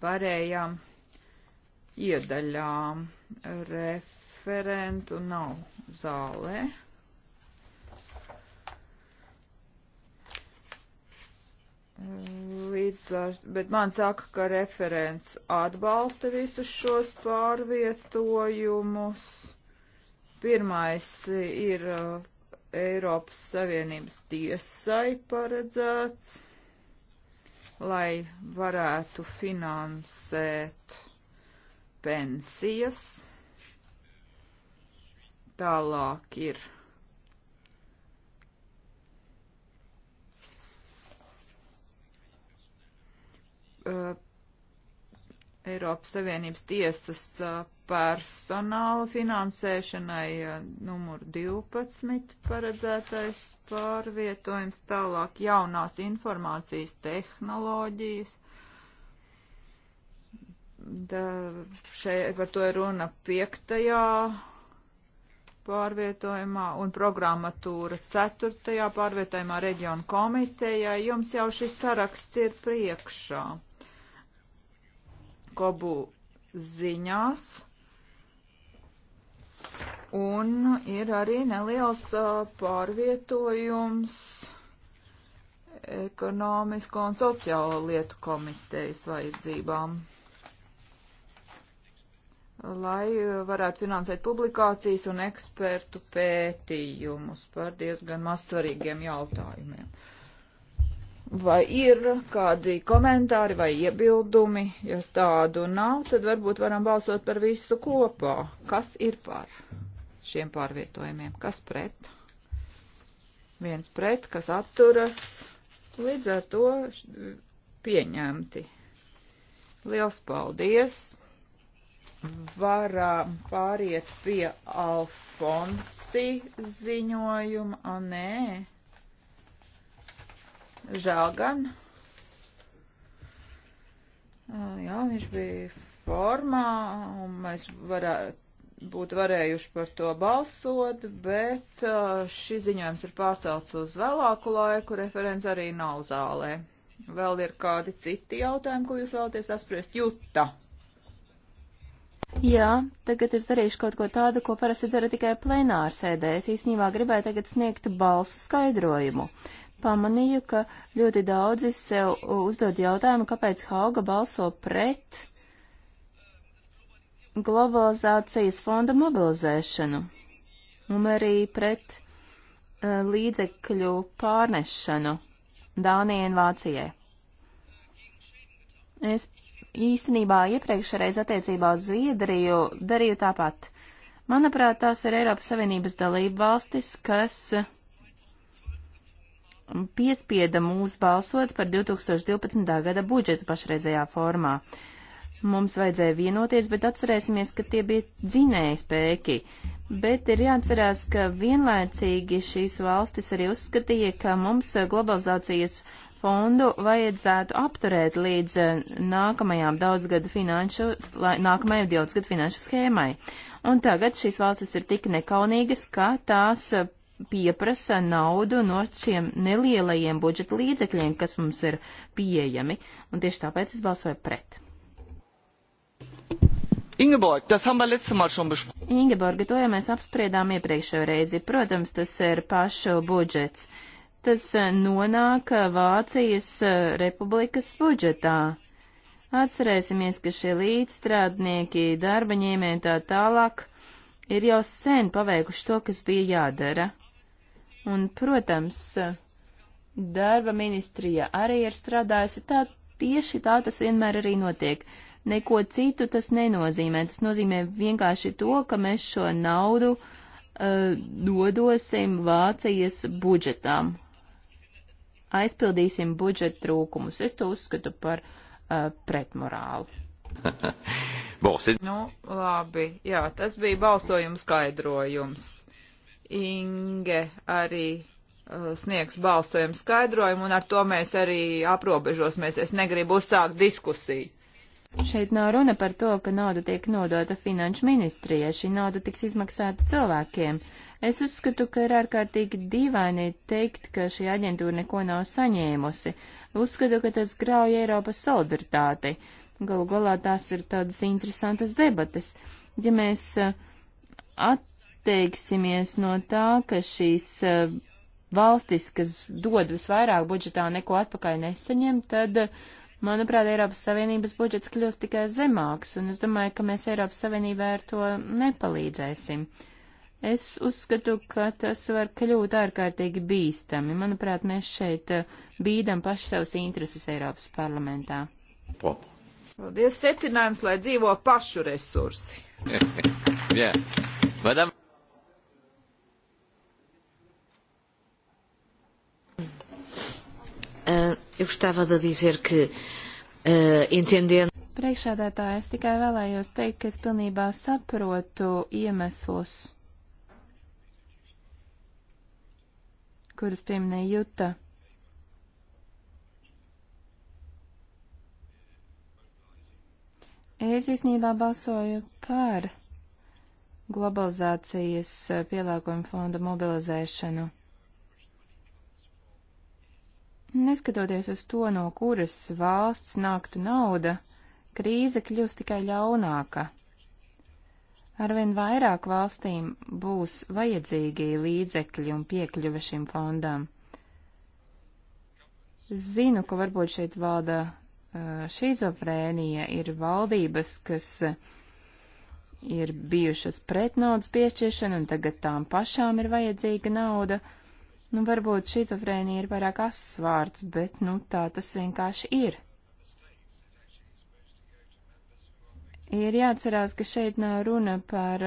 pārējām iedaļām. Referentu nav zālē. Līdz ar, bet man saka, ka referents atbalsta visus šos pārvietojumus. Pirmais ir uh, Eiropas Savienības tiesai paredzēts, lai varētu finansēt uh, pensijas. Tālāk ir uh, Eiropas Savienības tiesas eh, personāla finansēšanai eh, numur 12 paredzētais pārvietojums, tālāk jaunās informācijas tehnoloģijas, da, šeit par to ir runa piektajā pārvietojumā un programmatūra ceturtajā pārvietojumā reģionu komitejā. Jums jau šis saraksts ir priekšā. Kobu ziņās. Un ir arī neliels pārvietojums ekonomisko un sociālo lietu komitejas vajadzībām lai eh, varētu finansēt publikācijas un ekspertu pētījumus par diezgan mazsvarīgiem jautājumiem. Vai ir kādi komentāri vai iebildumi? Ja tādu nav, tad varbūt varam balsot par visu kopā. Kas ir par šiem pārvietojumiem? Kas pret? Viens pret, kas atturas. Līdz ar to pieņemti. Liels paldies! varam pāriet pie Alfonsi ziņojuma. O, nē. Žēl gan. Jā, viņš bija formā, un mēs varētu būtu varējuši par to balsot, bet šis ziņojums ir pārcelts uz vēlāku laiku, referents arī nav zālē. Vēl ir kādi citi jautājumi, ko jūs vēlaties apspriest? Juta. Jā, tagad es darīšu kaut ko tādu, ko parasti dara tikai plenāra sēdē. Es īstenībā gribēju tagad sniegt balsu skaidrojumu. Pamanīju, ka ļoti daudzi sev uzdod jautājumu, kāpēc Hauga balso pret globalizācijas fonda mobilizēšanu un arī pret uh, līdzekļu pārnešanu Dānijai un Vācijai. Es īstenībā iepriekšreiz attiecībā uz Zviedriju darīju tāpat. Manuprāt, tās ir Eiropas Savienības dalība valstis, kas piespieda mūs balsot par 2012. gada budžetu pašreizējā formā. Mums vajadzēja vienoties, bet atcerēsimies, ka tie bija dzinēji spēki. Bet ir jāatcerās, ka vienlaicīgi šīs valstis arī uzskatīja, ka mums globalizācijas uh, fondu vajadzētu apturēt līdz eh, nākamajām daudzgadu finanšu, nākamajai daudzgadu finanšu schēmai. Un tagad šīs valstis ir tik nekaunīgas, ka tās eh, pieprasa naudu no šiem nelielajiem budžeta līdzekļiem, kas mums ir pieejami, un tieši tāpēc es balsoju pret. Ingeborg, tas haben wir letzte Mal schon besprochen. Ingeborg, to jau mēs apspriedām iepriekšējo reizi. Protams, tas ir pašu budžets. Uh, tas e, nonāk e, Vācijas e, republikas budžetā. Atcerēsimies, ka šie līdzstrādnieki, darba ņēmēji tā tālāk ir jau sen paveikuši to, kas bija jādara. Un, protams, darba ministrija arī ir strādājusi tā, tieši tā tas vienmēr arī notiek. Neko citu tas nenozīmē. Tas nozīmē vienkārši to, ka mēs šo naudu uh, nodosim Vācijas budžetām aizpildīsim budžeta trūkumus. Es to uzskatu par uh, pretmorālu. Balsi. Nu, labi, jā, tas bija balsojums skaidrojums. Inge arī uh, sniegs balsojumu skaidrojumu, un ar to mēs arī aprobežosimies. Es negribu uzsākt diskusiju. Šeit nav runa par to, ka nauda tiek nodota finanšu ministrijai, šī nauda tiks izmaksāta cilvēkiem. Es uzskatu, ka ir ārkārtīgi dīvaini teikt, ka šī aģentūra neko nav saņēmusi. Uzskatu, ka tas grauj Eiropas solidaritāti. Galu galā tās ir tādas interesantas debates. Ja mēs uh, atteiksimies no tā, ka šīs uh, valstis, kas dod visvairāk budžetā, neko atpakaļ nesaņem, tad uh, Manuprāt, Eiropas Savienības budžets kļūst tikai zemāks, un es domāju, ka mēs Eiropas Savienībā ar to nepalīdzēsim. Es uzskatu, ka tas var kļūt ārkārtīgi bīstami. Manuprāt, mēs šeit eh, bīdam paši savus intereses Eiropas parlamentā. Pop. Paldies, secinājums, lai dzīvo pašu resursi. Jā, vadam. Uh, eh, Eu gostava de dizer que, uh, entendendo. Priekšādātāji, es tikai vēlējos teikt, ka es pilnībā saprotu iemeslus, kurus pieminēja Juta. Es īstenībā balsoju par globalizācijas eh, pielāgojuma fonda mobilizēšanu. Neskatoties uz to, no kuras valsts nāktu nauda, krīze kļūs tikai ļaunāka. Arvien vairāk valstīm būs vajadzīgi līdzekļi un piekļuve šim fondam. Zinu, ka varbūt šeit valda šizofrēnija, ir valdības, kas ir bijušas pret naudas piešķiršanu, un tagad tām pašām ir vajadzīga nauda. Uh, Nu, varbūt šizofrēnija ir pārāk ass vārds, bet, nu, tā tas vienkārši ir. Ir jāatcerās, ka šeit nav runa par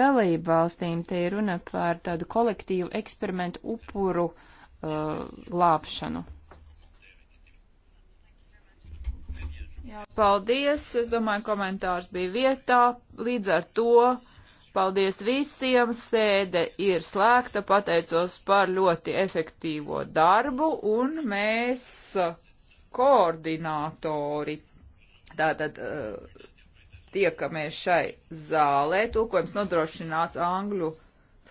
dalību valstīm, te ir runa par tādu kolektīvu eksperimentu upuru uh, glābšanu. Jā, paldies! Es domāju, komentārs bija vietā. Līdz ar to Paldies visiem, sēde ir slēgta, pateicos par ļoti efektīvo darbu un mēs uh, koordinātori. Tātad uh, tiekamies šai zālē, tūkojums nodrošināts angļu,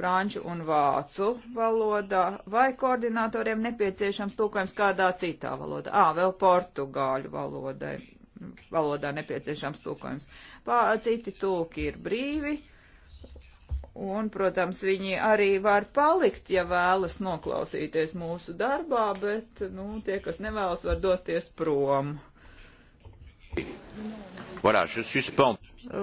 franču un vācu valodā, vai koordinātoriem nepieciešams tūkojums kādā citā valodā, ā, vēl portugāļu valodai, valodā nepieciešams tūkojums. Pā, citi tūki ir brīvi Un, protams, viņi arī var palikt, ja vēlas noklausīties mūsu darbā, bet, nu, tie, kas nevēlas, var doties prom. Voilà,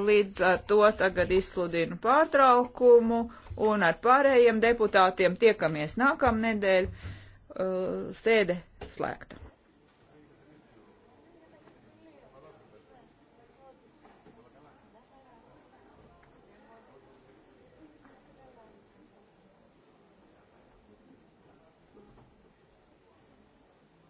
Līdz ar to tagad izsludinu pārtraukumu un ar pārējiem deputātiem tiekamies nākamnedēļ. Uh, sēde slēgta.